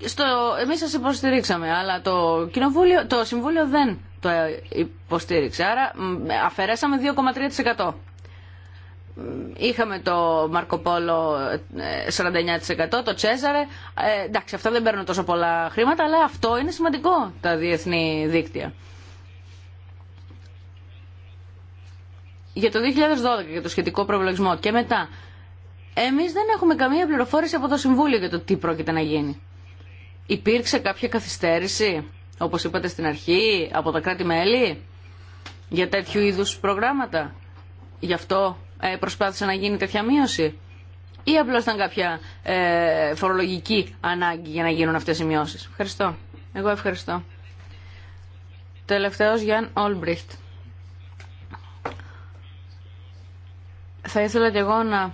Ε, στο, εμείς σας υποστηρίξαμε, αλλά το, κοινοβούλιο, το Συμβούλιο δεν το ε, υποστήριξε. Άρα αφαιρέσαμε 2,3%. Είχαμε το Μαρκοπόλο 49%, ε, το Τσέζαρε. Ε, εντάξει, αυτά δεν παίρνουν τόσο πολλά χρήματα, αλλά αυτό είναι σημαντικό, τα διεθνή δίκτυα. Για το 2012 για το σχετικό προβλογισμό και μετά, εμείς δεν έχουμε καμία πληροφόρηση από το Συμβούλιο για το τι πρόκειται να γίνει. Υπήρξε κάποια καθυστέρηση, όπως είπατε στην αρχή, από τα κράτη-μέλη για τέτοιου είδους προγράμματα. Γι' αυτό ε, προσπάθησε να γίνει τέτοια μείωση ή απλώς ήταν κάποια ε, φορολογική ανάγκη για να γίνουν αυτές οι μειώσεις. Ευχαριστώ. Εγώ ευχαριστώ. Τελευταίος Γιάνν Όλμπριχτ. Θα ήθελα και εγώ να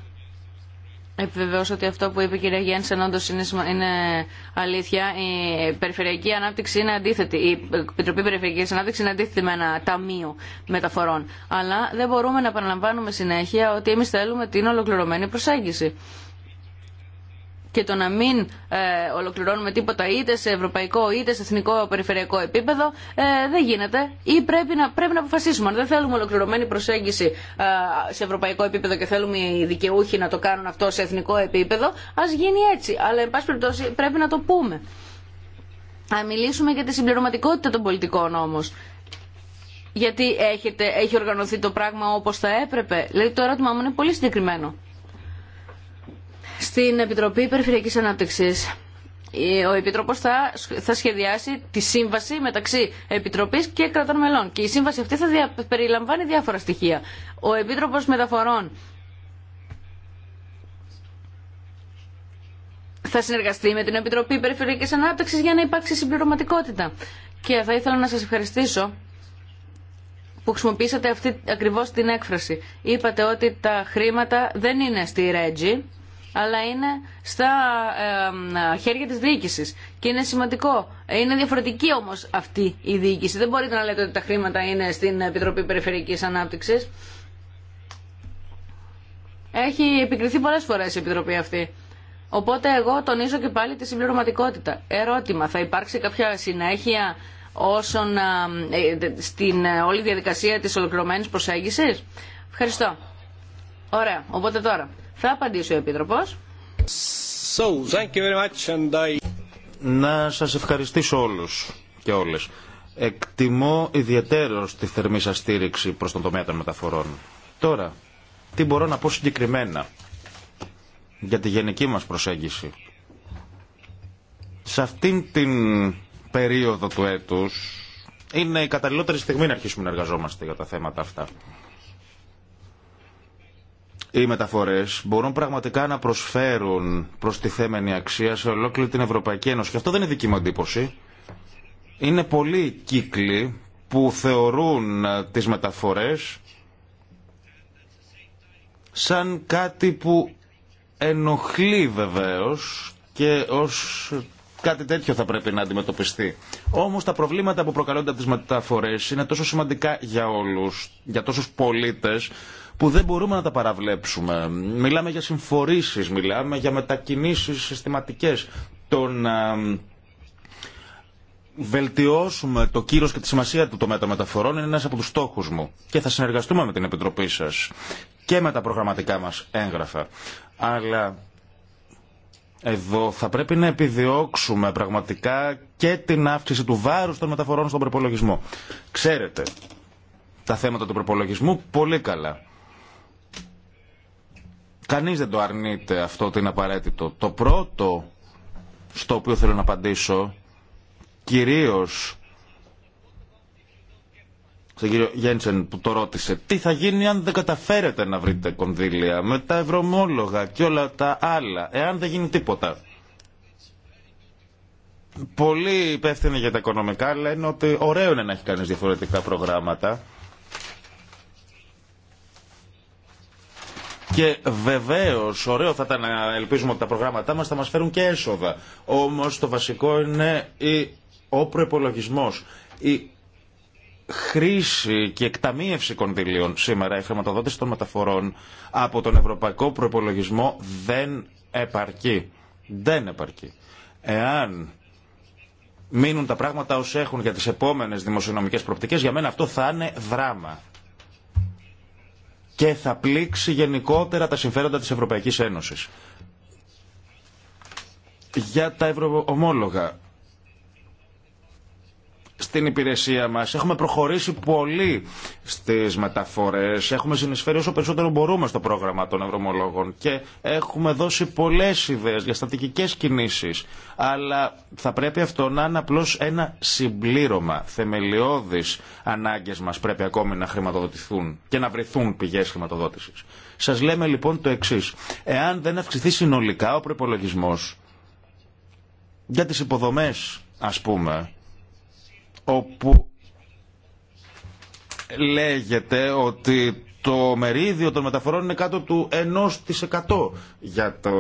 επιβεβαιώσω ότι αυτό που είπε η κυρία Γένσεν όντω είναι, είναι αλήθεια. Η περιφερειακή ανάπτυξη είναι αντίθετη. Η Επιτροπή Περιφερειακή Ανάπτυξη είναι αντίθετη με ένα ταμείο μεταφορών. Αλλά δεν μπορούμε να επαναλαμβάνουμε συνέχεια ότι εμεί θέλουμε την ολοκληρωμένη προσέγγιση και το να μην ε, ολοκληρώνουμε τίποτα είτε σε ευρωπαϊκό είτε σε εθνικό περιφερειακό επίπεδο ε, δεν γίνεται ή πρέπει να, πρέπει να αποφασίσουμε. Αν δεν θέλουμε ολοκληρωμένη προσέγγιση ε, σε ευρωπαϊκό επίπεδο και θέλουμε οι δικαιούχοι να το κάνουν αυτό σε εθνικό επίπεδο, α γίνει έτσι. Αλλά, εν πάση περιπτώσει, πρέπει να το πούμε. Να μιλήσουμε για τη συμπληρωματικότητα των πολιτικών όμω. Γιατί έχετε, έχει οργανωθεί το πράγμα όπω θα έπρεπε. Δηλαδή, το ερώτημά μου είναι πολύ συγκεκριμένο στην Επιτροπή Περιφερειακής Ανάπτυξης. Ο Επιτρόπος θα, θα σχεδιάσει τη σύμβαση μεταξύ Επιτροπής και κρατών μελών. Και η σύμβαση αυτή θα δια, περιλαμβάνει διάφορα στοιχεία. Ο Επίτροπος Μεταφορών θα συνεργαστεί με την Επιτροπή Περιφερειακής Ανάπτυξης για να υπάρξει συμπληρωματικότητα. Και θα ήθελα να σας ευχαριστήσω που χρησιμοποίησατε αυτή ακριβώς την έκφραση. Είπατε ότι τα χρήματα δεν είναι στη Ρέτζη, αλλά είναι στα χέρια της διοίκησης και είναι σημαντικό. Είναι διαφορετική όμως αυτή η διοίκηση. Δεν μπορείτε να λέτε ότι τα χρήματα είναι στην Επιτροπή Περιφερειακής Ανάπτυξης. Έχει επικριθεί πολλές φορές η Επιτροπή αυτή. Οπότε εγώ τονίζω και πάλι τη συμπληρωματικότητα. Ερώτημα, θα υπάρξει κάποια συνέχεια όσον ε, στην ε, όλη διαδικασία της ολοκληρωμένης προσέγγισης. Ευχαριστώ. Ωραία, οπότε τώρα θα απαντήσει ο επίτροπο. So, I... Να σας ευχαριστήσω όλους και όλες. Εκτιμώ ιδιαίτερο τη θερμή σας στήριξη προς τον τομέα των μεταφορών. Τώρα, τι μπορώ να πω συγκεκριμένα για τη γενική μας προσέγγιση. Σε αυτήν την περίοδο του έτους είναι η καταλληλότερη στιγμή να αρχίσουμε να εργαζόμαστε για τα θέματα αυτά οι μεταφορέ μπορούν πραγματικά να προσφέρουν προστιθέμενη αξία σε ολόκληρη την Ευρωπαϊκή Ένωση. Και αυτό δεν είναι δική μου εντύπωση. Είναι πολλοί κύκλοι που θεωρούν ε, τις μεταφορές σαν κάτι που ενοχλεί βεβαίω και ω κάτι τέτοιο θα πρέπει να αντιμετωπιστεί. Όμως τα προβλήματα που προκαλούνται από τις μεταφορές είναι τόσο σημαντικά για όλου, για τόσου πολίτε που δεν μπορούμε να τα παραβλέψουμε. Μιλάμε για συμφορήσεις, μιλάμε για μετακινήσεις συστηματικές. Το να βελτιώσουμε το κύρος και τη σημασία του τομέα των μεταφορών είναι ένας από τους στόχους μου και θα συνεργαστούμε με την Επιτροπή σας και με τα προγραμματικά μας έγγραφα. Αλλά εδώ θα πρέπει να επιδιώξουμε πραγματικά και την αύξηση του βάρους των μεταφορών στον προπολογισμό. Ξέρετε τα θέματα του προπολογισμού πολύ καλά. Κανείς δεν το αρνείται αυτό ότι είναι απαραίτητο. Το πρώτο στο οποίο θέλω να απαντήσω, κυρίως στον κύριο Γέντσεν που το ρώτησε, τι θα γίνει αν δεν καταφέρετε να βρείτε κονδύλια με τα ευρωμόλογα και όλα τα άλλα, εάν δεν γίνει τίποτα. Πολλοί υπεύθυνοι για τα οικονομικά λένε ότι ωραίο είναι να έχει κανείς διαφορετικά προγράμματα, Και βεβαίω, ωραίο θα ήταν να ελπίζουμε ότι τα προγράμματά μα θα μα φέρουν και έσοδα. Όμω το βασικό είναι η, ο προπολογισμό. Η χρήση και εκταμείευση κονδυλίων σήμερα, η χρηματοδότηση των μεταφορών από τον ευρωπαϊκό προπολογισμό δεν επαρκεί. Δεν επαρκεί. Εάν μείνουν τα πράγματα ως έχουν για τις επόμενες δημοσιονομικές προπτικές, για μένα αυτό θα είναι δράμα και θα πλήξει γενικότερα τα συμφέροντα της Ευρωπαϊκής Ένωσης. Για τα ευρωομόλογα στην υπηρεσία μας. Έχουμε προχωρήσει πολύ στις μεταφορές, έχουμε συνεισφέρει όσο περισσότερο μπορούμε στο πρόγραμμα των ευρωμολόγων και έχουμε δώσει πολλές ιδέες για στατικικές κινήσεις, αλλά θα πρέπει αυτό να είναι απλώς ένα συμπλήρωμα. Θεμελιώδεις ανάγκες μας πρέπει ακόμη να χρηματοδοτηθούν και να βρεθούν πηγές χρηματοδότησης. Σας λέμε λοιπόν το εξή: Εάν δεν αυξηθεί συνολικά ο προπολογισμό για τις υποδομές, ας πούμε, όπου λέγεται ότι το μερίδιο των μεταφορών είναι κάτω του 1% για το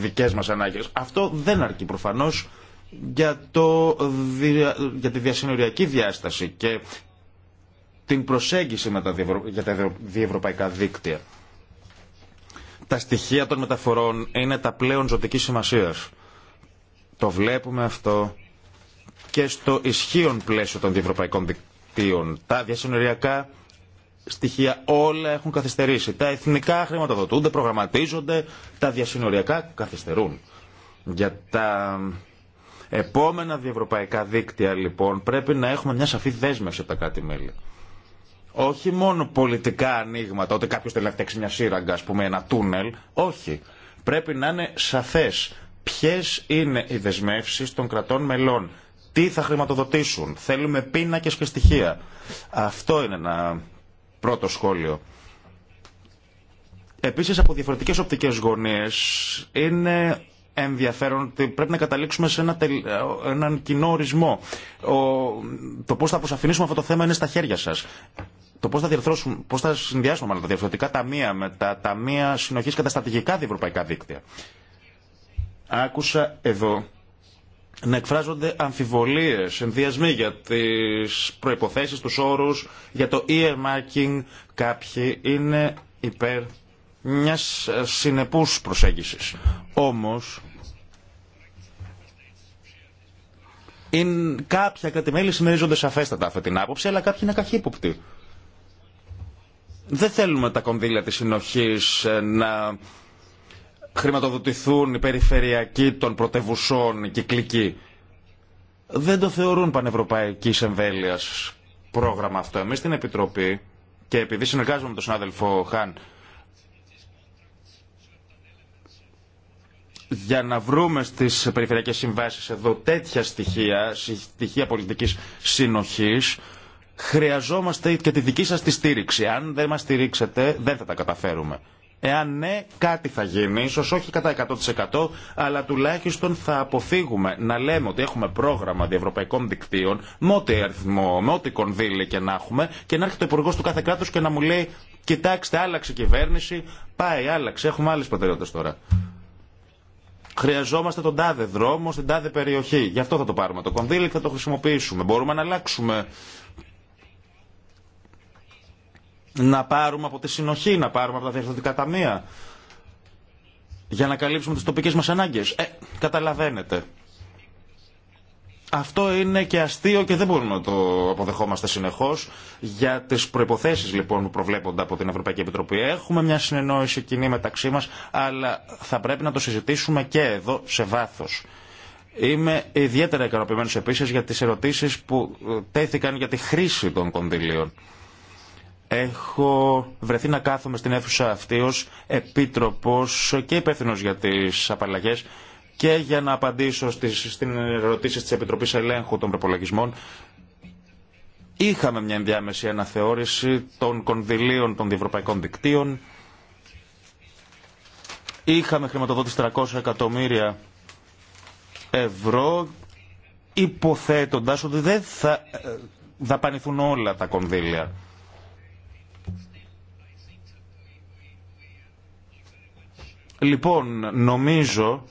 δικές μας ανάγκες. Αυτό δεν αρκεί προφανώς για, το, για τη διασυνοριακή διάσταση και την προσέγγιση με τα διευρω... για τα διευρωπαϊκά δίκτυα. Τα στοιχεία των μεταφορών είναι τα πλέον ζωτική σημασίας. Το βλέπουμε αυτό και στο ισχύον πλαίσιο των διευρωπαϊκών δικτύων. Τα διασυνοριακά στοιχεία όλα έχουν καθυστερήσει. Τα εθνικά χρηματοδοτούνται, προγραμματίζονται, τα διασυνοριακά καθυστερούν. Για τα επόμενα διευρωπαϊκά δίκτυα λοιπόν πρέπει να έχουμε μια σαφή δέσμευση από τα κράτη-μέλη. Όχι μόνο πολιτικά ανοίγματα, ότι κάποιο θέλει να φτιάξει μια σύραγγα, α πούμε, ένα τούνελ. Όχι. Πρέπει να είναι σαφέ ποιε είναι οι δεσμεύσει των κρατών μελών τι θα χρηματοδοτήσουν. Θέλουμε πίνακες και στοιχεία. Αυτό είναι ένα πρώτο σχόλιο. Επίσης από διαφορετικές οπτικές γωνίες είναι ενδιαφέρον ότι πρέπει να καταλήξουμε σε ένα έναν κοινό ορισμό. Το πώς θα αποσαφηνίσουμε αυτό το θέμα είναι στα χέρια σας. Το πώς θα, πώς θα συνδυάσουμε τα διαφορετικά ταμεία με τα ταμεία συνοχής στρατηγικά διευρωπαϊκά δίκτυα. Άκουσα εδώ να εκφράζονται αμφιβολίες, ενδιασμοί για τις προϋποθέσεις, τους όρους, για το earmarking. Κάποιοι είναι υπέρ μιας ε, συνεπούς προσέγγισης. Όμως, είναι, κάποια κατημέλη συμμερίζονται σαφέστατα αυτή την άποψη, αλλά κάποιοι είναι καχύποπτοι. Δεν θέλουμε τα κονδύλια της συνοχής ε, να χρηματοδοτηθούν οι περιφερειακοί των πρωτευουσών κυκλικοί. Δεν το θεωρούν πανευρωπαϊκή εμβέλεια πρόγραμμα αυτό. Εμεί στην Επιτροπή και επειδή συνεργάζομαι με τον συνάδελφο Χάν για να βρούμε στις περιφερειακές συμβάσεις εδώ τέτοια στοιχεία, στοιχεία πολιτικής συνοχής, χρειαζόμαστε και τη δική σας τη στήριξη. Αν δεν μας στηρίξετε, δεν θα τα καταφέρουμε. Εάν ναι, κάτι θα γίνει, ίσω όχι κατά 100%, αλλά τουλάχιστον θα αποφύγουμε να λέμε ότι έχουμε πρόγραμμα διευρωπαϊκών δικτύων, με ό,τι αριθμό, με ό,τι κονδύλι και να έχουμε, και να έρχεται ο υπουργό του κάθε κράτου και να μου λέει, κοιτάξτε, άλλαξε η κυβέρνηση, πάει, άλλαξε, έχουμε άλλε προτεραιότητε τώρα. Χρειαζόμαστε τον τάδε δρόμο στην τάδε περιοχή. Γι' αυτό θα το πάρουμε. Το κονδύλι θα το χρησιμοποιήσουμε. Μπορούμε να αλλάξουμε να πάρουμε από τη συνοχή, να πάρουμε από τα διευθυντικά ταμεία για να καλύψουμε τις τοπικές μας ανάγκες. Ε, καταλαβαίνετε. Αυτό είναι και αστείο και δεν μπορούμε να το αποδεχόμαστε συνεχώς Για τις προποθέσει λοιπόν που προβλέπονται από την Ευρωπαϊκή Επιτροπή έχουμε μια συνεννόηση κοινή μεταξύ μας αλλά θα πρέπει να το συζητήσουμε και εδώ σε βάθος. Είμαι ιδιαίτερα ικανοποιημένος επίση για τις ερωτήσεις που ε, τέθηκαν για τη χρήση των κονδυλίων. Έχω βρεθεί να κάθομαι στην αίθουσα αυτή ως επίτροπος και υπεύθυνο για τις απαλλαγές και για να απαντήσω στις, στην ερωτήσεις της Επιτροπής Ελέγχου των Προπολογισμών. Είχαμε μια ενδιάμεση αναθεώρηση των κονδυλίων των διευρωπαϊκών δικτύων. Είχαμε χρηματοδότηση 300 εκατομμύρια ευρώ υποθέτοντας ότι δεν θα ε, δαπανηθούν όλα τα κονδύλια. Λοιπόν, νομίζω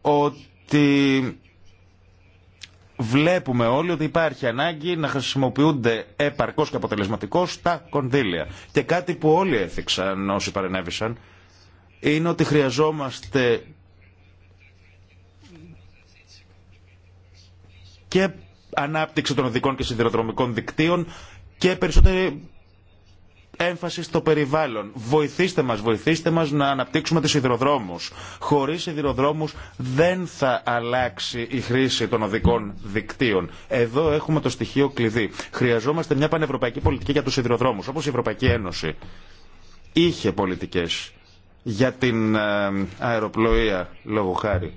ότι βλέπουμε όλοι ότι υπάρχει ανάγκη να χρησιμοποιούνται επαρκώς και αποτελεσματικώς τα κονδύλια. Και κάτι που όλοι έθιξαν όσοι παρενέβησαν είναι ότι χρειαζόμαστε και ανάπτυξη των οδικών και σιδηροδρομικών δικτύων και περισσότερη έμφαση στο περιβάλλον. Βοηθήστε μας, βοηθήστε μας να αναπτύξουμε τις σιδηροδρόμους. Χωρίς σιδηροδρόμους δεν θα αλλάξει η χρήση των οδικών δικτύων. Εδώ έχουμε το στοιχείο κλειδί. Χρειαζόμαστε μια πανευρωπαϊκή πολιτική για τους σιδηροδρόμους, όπως η Ευρωπαϊκή Ένωση. Είχε πολιτικές για την ε, αεροπλοεία, λόγω χάρη.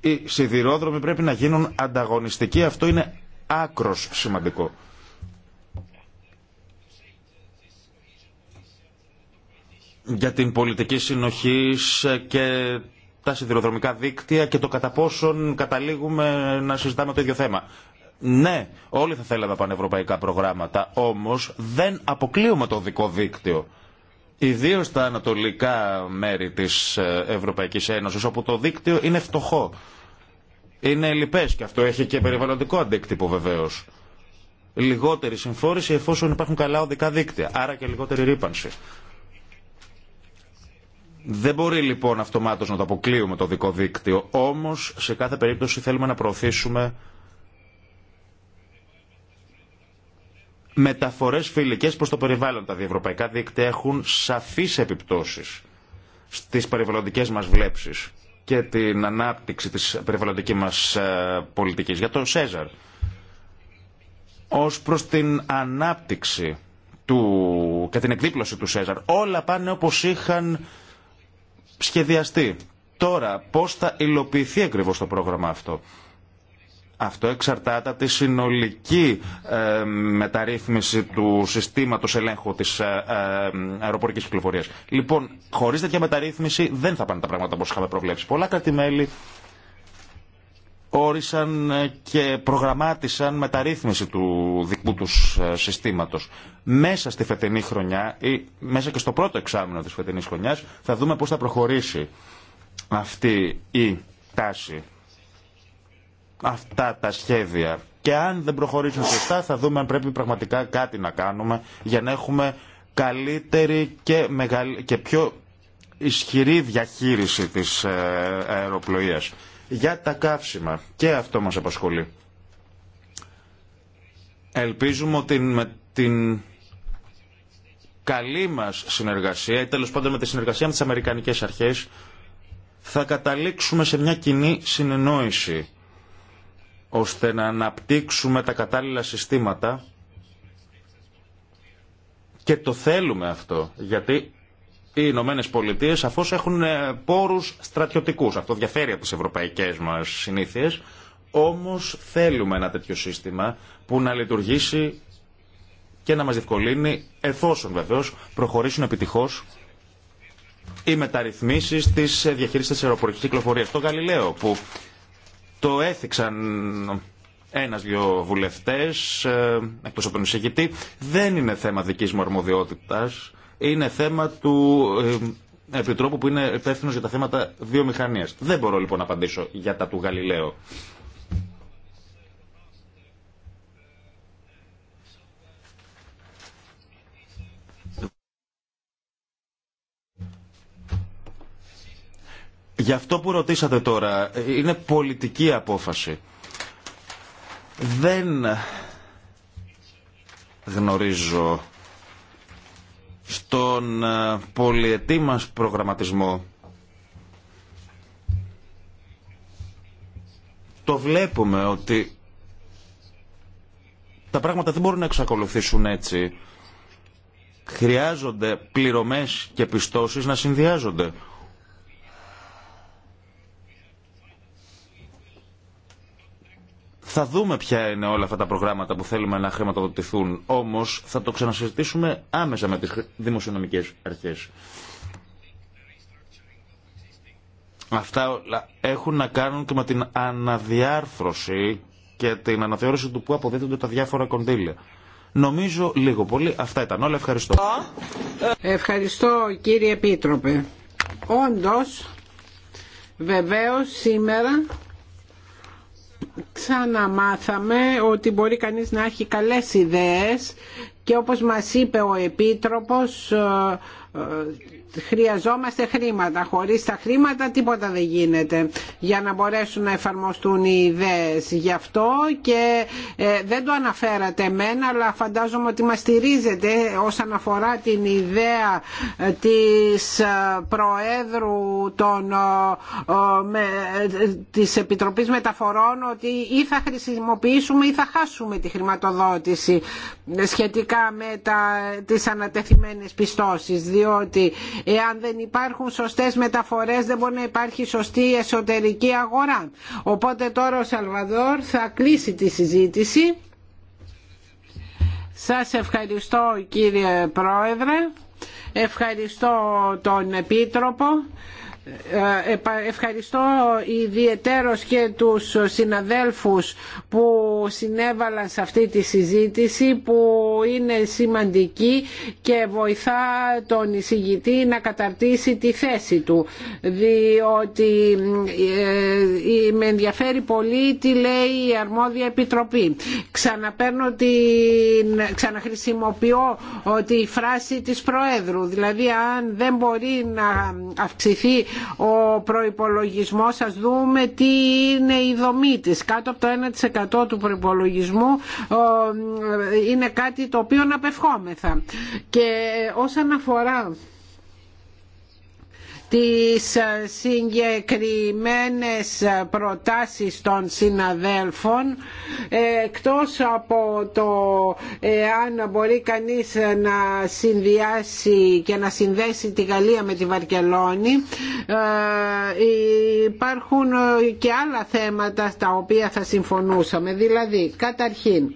Οι σιδηρόδρομοι πρέπει να γίνουν ανταγωνιστικοί. Αυτό είναι άκρος σημαντικό. για την πολιτική συνοχή και τα σιδηροδρομικά δίκτυα και το κατά πόσον καταλήγουμε να συζητάμε το ίδιο θέμα. Ναι, όλοι θα θέλαμε πανευρωπαϊκά προγράμματα, όμως δεν αποκλείουμε το δικό δίκτυο. Ιδίω στα ανατολικά μέρη της ε, Ευρωπαϊκής Ένωσης, όπου το δίκτυο είναι φτωχό. Είναι λοιπές και αυτό έχει και περιβαλλοντικό αντίκτυπο βεβαίως. Λιγότερη συμφόρηση εφόσον υπάρχουν καλά οδικά δίκτυα, άρα και λιγότερη ρήπανση. Δεν μπορεί λοιπόν αυτομάτως να το αποκλείουμε το δικό δίκτυο, όμως σε κάθε περίπτωση θέλουμε να προωθήσουμε μεταφορές φιλικές προς το περιβάλλον. Τα διευρωπαϊκά δίκτυα έχουν σαφείς επιπτώσεις στις περιβαλλοντικές μας βλέψεις και την ανάπτυξη της περιβαλλοντικής μας ε, πολιτικής. Για τον Σέζαρ, ως προς την ανάπτυξη του, και την εκδίπλωση του Σέζαρ, όλα πάνε όπως είχαν σχεδιαστεί. Τώρα, πώς θα υλοποιηθεί ακριβώ το πρόγραμμα αυτό. Αυτό εξαρτάται από τη συνολική ε, μεταρρύθμιση του συστήματος ελέγχου της ε, ε, αεροπορικής κυκλοφορίας. Λοιπόν, χωρίς τέτοια μεταρρύθμιση δεν θα πάνε τα πράγματα όπως είχαμε προβλέψει. Πολλά κρατημέλη όρισαν ε, και προγραμμάτισαν μεταρρύθμιση του δικού τους ε, συστήματος. Μέσα στη φετινή χρονιά ή μέσα και στο πρώτο εξάμεινο της φετινής χρονιάς θα δούμε πώς θα προχωρήσει αυτή η τάση, αυτά τα σχέδια. Και αν δεν προχωρήσουν σωστά θα δούμε αν πρέπει πραγματικά κάτι να κάνουμε για να έχουμε καλύτερη και, μεγαλ... και πιο ισχυρή διαχείριση της ε, αεροπλοείας για τα καύσιμα. Και αυτό μας απασχολεί. Ελπίζουμε ότι με την καλή μας συνεργασία ή τέλος πάντων με τη συνεργασία με τις Αμερικανικές Αρχές θα καταλήξουμε σε μια κοινή συνεννόηση ώστε να αναπτύξουμε τα κατάλληλα συστήματα και το θέλουμε αυτό γιατί οι Ηνωμένε Πολιτείε αφού έχουν ε, πόρου στρατιωτικού. Αυτό διαφέρει από τι ευρωπαϊκέ μα συνήθειε. Όμω θέλουμε ένα τέτοιο σύστημα που να λειτουργήσει και να μα διευκολύνει, εφόσον βεβαίω προχωρήσουν επιτυχώ οι μεταρρυθμίσει τη ε, διαχείριση τη αεροπορική κυκλοφορία. Το Γαλιλαίο που το έθιξαν ένας-δυο βουλευτές, ε, εκτός από τον εισηγητή, δεν είναι θέμα δικής μου αρμοδιότητας είναι θέμα του ε, Επιτρόπου που είναι υπεύθυνο για τα θέματα βιομηχανία. Δεν μπορώ λοιπόν να απαντήσω για τα του Γαλιλαίου. Γι' αυτό που ρωτήσατε τώρα, είναι πολιτική απόφαση. Δεν γνωρίζω στον ε, πολιετή μας προγραμματισμό το βλέπουμε ότι τα πράγματα δεν μπορούν να εξακολουθήσουν έτσι. Χρειάζονται πληρωμές και πιστώσεις να συνδυάζονται. Θα δούμε ποια είναι όλα αυτά τα προγράμματα που θέλουμε να χρηματοδοτηθούν. Όμω θα το ξανασυζητήσουμε άμεσα με τι δημοσιονομικέ αρχέ. Αυτά όλα έχουν να κάνουν και με την αναδιάρθρωση και την αναθεώρηση του που αποδίδονται τα διάφορα κονδύλια. Νομίζω λίγο πολύ. Αυτά ήταν όλα. Ευχαριστώ. Ευχαριστώ κύριε Επίτροπε. Όντως, βεβαίως σήμερα ξαναμάθαμε ότι μπορεί κανείς να έχει καλές ιδέες και όπως μας είπε ο Επίτροπος ε, ε, χρειαζόμαστε χρήματα. Χωρίς τα χρήματα τίποτα δεν γίνεται για να μπορέσουν να εφαρμοστούν οι ιδέες. Γι' αυτό και ε, δεν το αναφέρατε εμένα, αλλά φαντάζομαι ότι μας στηρίζετε όσον αφορά την ιδέα ε, της ε, Προέδρου των, με, της Επιτροπής Μεταφορών ότι ή θα χρησιμοποιήσουμε ή θα χάσουμε τη χρηματοδότηση σχετικά με τα, τις ανατεθειμένες πιστώσεις διότι Εάν δεν υπάρχουν σωστές μεταφορές δεν μπορεί να υπάρχει σωστή εσωτερική αγορά. Οπότε τώρα ο Σαλβαδόρ θα κλείσει τη συζήτηση. Σας ευχαριστώ κύριε Πρόεδρε, ευχαριστώ τον Επίτροπο. Ε, ευχαριστώ ιδιαιτέρως και τους συναδέλφους που συνέβαλαν σε αυτή τη συζήτηση που είναι σημαντική και βοηθά τον εισηγητή να καταρτήσει τη θέση του διότι ε, ε, με ενδιαφέρει πολύ τι λέει η αρμόδια επιτροπή ξαναπαίρνω την ξαναχρησιμοποιώ ότι η φράση της Προέδρου δηλαδή αν δεν μπορεί να αυξηθεί ο προϋπολογισμός σας δούμε τι είναι η δομή της κάτω από το 1% του προϋπολογισμού ε, είναι κάτι το οποίο να απευχόμεθα και ε, όσον αφορά τις ε, συγκεκριμένες ε, προτάσεις των συναδέλφων ε, εκτός από το αν μπορεί κανείς να συνδυάσει και να συνδέσει τη Γαλλία με τη Βαρκελόνη υπάρχουν και άλλα θέματα στα οποία θα συμφωνούσαμε δηλαδή καταρχήν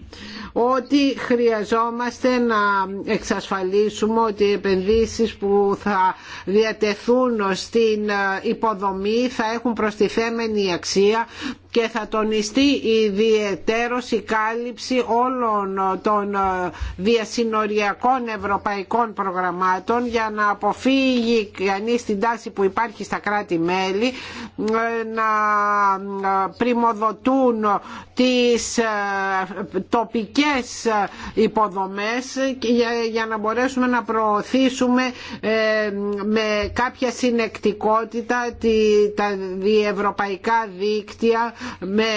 ότι χρειαζόμαστε να εξασφαλίσουμε ότι οι επενδύσεις που θα διατεθούν στην υποδομή θα έχουν προστιθέμενη αξία και θα τονιστεί ιδιαιτέρως η κάλυψη όλων των διασυνοριακών ευρωπαϊκών προγραμμάτων για να αποφύγει κανεί την τάση που υπάρχει στα κράτη-μέλη να πρημοδοτούν τις ε, τοπικές υποδομές για να μπορέσουμε να προωθήσουμε ε, με κάποια συνεκτικότητα τα διευρωπαϊκά δίκτυα με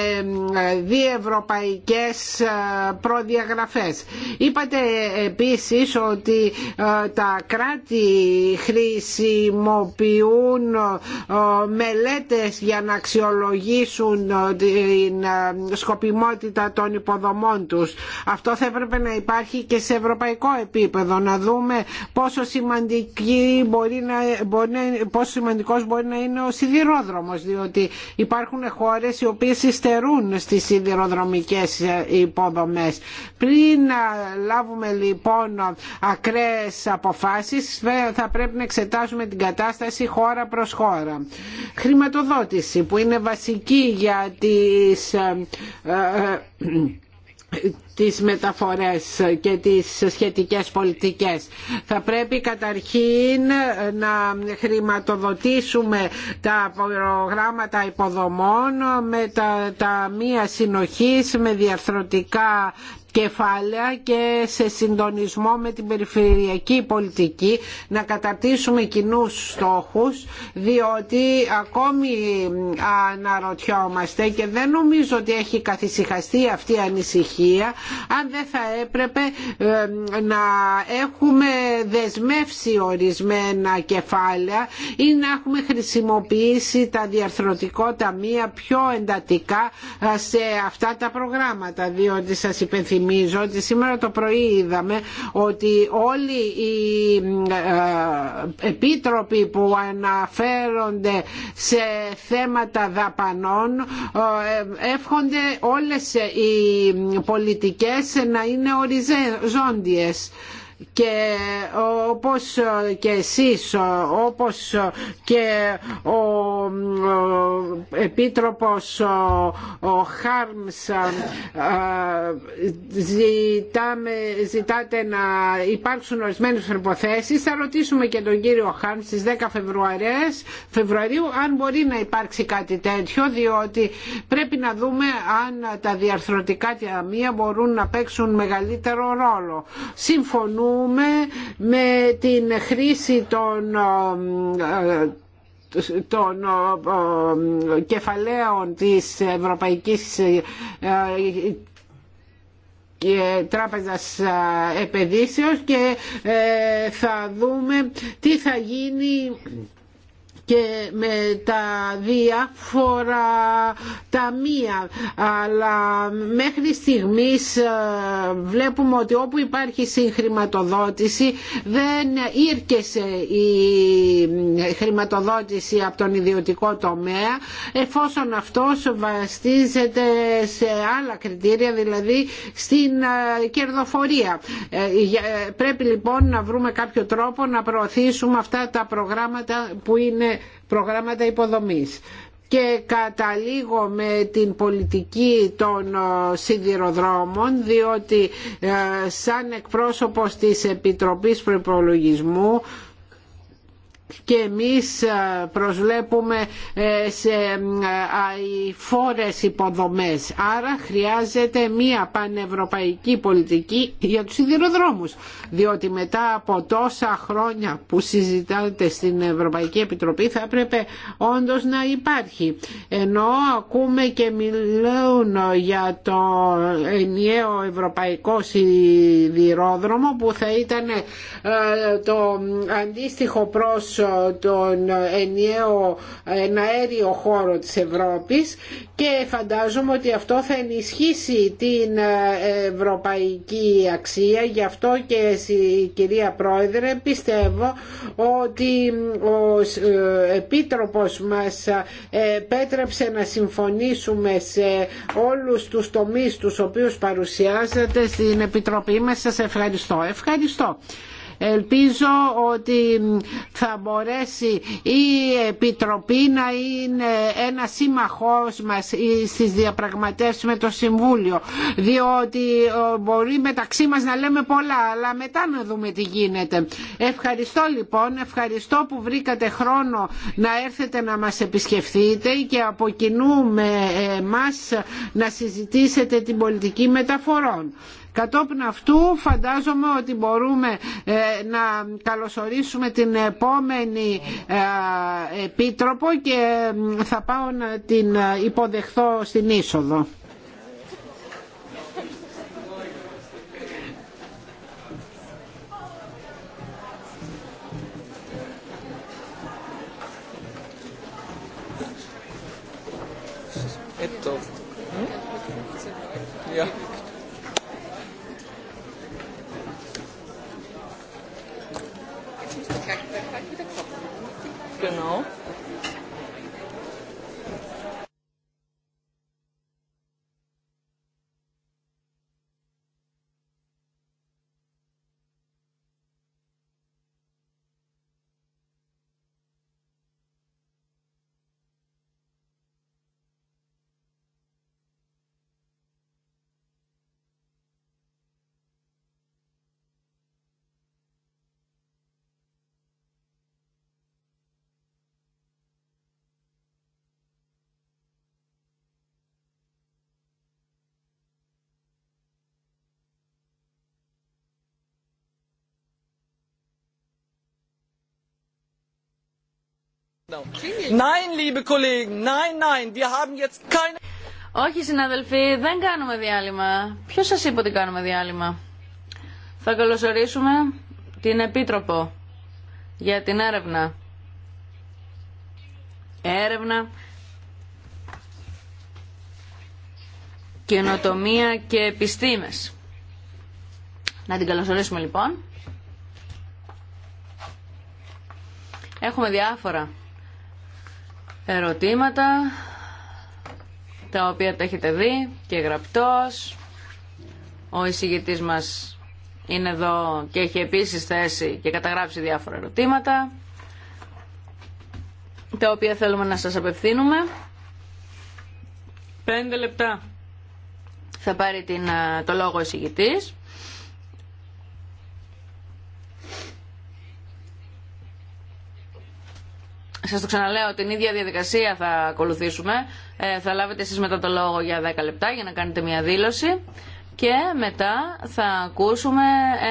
διευρωπαϊκές ε, προδιαγραφές. Είπατε επίσης ότι ε, τα κράτη χρησιμοποιούν ε, μελέτες για να αξιολογήσουν την σκοπιμότητα των υποδομών τους. Αυτό θα έπρεπε να υπάρχει και σε ευρωπαϊκό επίπεδο, να δούμε πόσο, σημαντική μπορεί να, μπορεί, πόσο σημαντικός μπορεί να είναι ο σιδηρόδρομος, διότι υπάρχουν χώρες οποίες υστερούν στις σιδηροδρομικές ε, υποδομές. Πριν ε, λάβουμε λοιπόν ακραίες αποφάσεις ε, θα πρέπει να εξετάσουμε την κατάσταση χώρα προς χώρα. Χρηματοδότηση που είναι βασική για τις τις μεταφορές και τις σχετικές πολιτικές. Θα πρέπει καταρχήν να χρηματοδοτήσουμε τα προγράμματα υποδομών με τα μία συνοχής, με διαρθρωτικά κεφάλαια και σε συντονισμό με την περιφερειακή πολιτική να καταρτήσουμε κοινού στόχους διότι ακόμη αναρωτιόμαστε και δεν νομίζω ότι έχει καθησυχαστεί αυτή η ανησυχία αν δεν θα έπρεπε να έχουμε δεσμεύσει ορισμένα κεφάλαια ή να έχουμε χρησιμοποιήσει τα διαρθρωτικό ταμεία πιο εντατικά ε, σε αυτά τα προγράμματα διότι σας υπενθυμίζω θυμίζω ότι σήμερα το πρωί είδαμε ότι όλοι οι ε, επίτροποι που αναφέρονται σε θέματα δαπανών ε, εύχονται όλες οι πολιτικές να είναι οριζόντιες και όπως και εσείς όπως και ο Επίτροπος ο Χάρμς ζητάμε, ζητάτε να υπάρξουν ορισμένες προποθέσεις θα ρωτήσουμε και τον κύριο Χάρμς στις 10 Φεβρουαρίες, Φεβρουαρίου αν μπορεί να υπάρξει κάτι τέτοιο διότι πρέπει να δούμε αν τα διαρθρωτικά ταμεία μπορούν να παίξουν μεγαλύτερο ρόλο. Συμφωνούμε με την χρήση των ε, των ε, ε, κεφαλαίων της Ευρωπαϊκής και τράπεζας επενδύσεως και θα δούμε τι θα γίνει και με τα διάφορα ταμεία αλλά μέχρι στιγμής ε, βλέπουμε ότι όπου υπάρχει συγχρηματοδότηση δεν ήρκεσε η χρηματοδότηση από τον ιδιωτικό τομέα εφόσον αυτός βαστίζεται σε άλλα κριτήρια δηλαδή στην ε, κερδοφορία. Ε, πρέπει λοιπόν να βρούμε κάποιο τρόπο να προωθήσουμε αυτά τα προγράμματα που είναι προγράμματα υποδομής και καταλήγω με την πολιτική των ε, σιδηροδρόμων διότι ε, σαν εκπρόσωπος της Επιτροπής Προϋπολογισμού και εμείς ε, προσβλέπουμε ε, σε ε, αηφόρες υποδομές. Άρα χρειάζεται μία πανευρωπαϊκή πολιτική για τους σιδηροδρόμους, διότι μετά από τόσα χρόνια που συζητάτε στην Ευρωπαϊκή Επιτροπή θα έπρεπε όντως να υπάρχει. Ενώ ακούμε και μιλούν για το ενιαίο ευρωπαϊκό σιδηρόδρομο που θα ήταν το αντίστοιχο προς τον ενιαίο αέριο χώρο της Ευρώπης και φαντάζομαι ότι αυτό θα ενισχύσει την ε, ευρωπαϊκή αξία. Γι' αυτό και εσύ, κυρία Πρόεδρε πιστεύω ότι ο ε, Επίτροπος μας ε, πέτρεψε να συμφωνήσουμε σε όλους τους τομείς τους οποίους παρουσιάζεται στην Επιτροπή μας. Σας ευχαριστώ. Ευχαριστώ. Ελπίζω ότι θα μπορέσει η Επιτροπή να είναι ένα σύμμαχός μας στις διαπραγματεύσεις με το Συμβούλιο διότι ε, μπορεί μεταξύ μας να λέμε πολλά αλλά μετά να δούμε τι γίνεται. Ευχαριστώ λοιπόν, ευχαριστώ που βρήκατε χρόνο να έρθετε να μας επισκεφθείτε και από κοινού με να συζητήσετε την πολιτική μεταφορών. Κατόπιν αυτού φαντάζομαι ότι μπορούμε ε, να καλωσορίσουμε την επόμενη ε, επίτροπο και ε, θα πάω να την υποδεχθώ στην είσοδο. Όχι συναδελφοί, δεν κάνουμε διάλειμμα. Ποιο σα είπε ότι κάνουμε διάλειμμα. Θα καλωσορίσουμε την Επίτροπο για την έρευνα. Έρευνα, καινοτομία και επιστήμες. Να την καλωσορίσουμε λοιπόν. Έχουμε διάφορα ερωτήματα τα οποία τα έχετε δει και γραπτός. Ο εισηγητής μας είναι εδώ και έχει επίσης θέσει και καταγράψει διάφορα ερωτήματα τα οποία θέλουμε να σας απευθύνουμε. Πέντε λεπτά θα πάρει την, ε, το λόγο ο εισηγητής Σας το ξαναλέω, την ίδια διαδικασία θα ακολουθήσουμε. Ε, θα λάβετε εσείς μετά το λόγο για 10 λεπτά για να κάνετε μια δήλωση και μετά θα ακούσουμε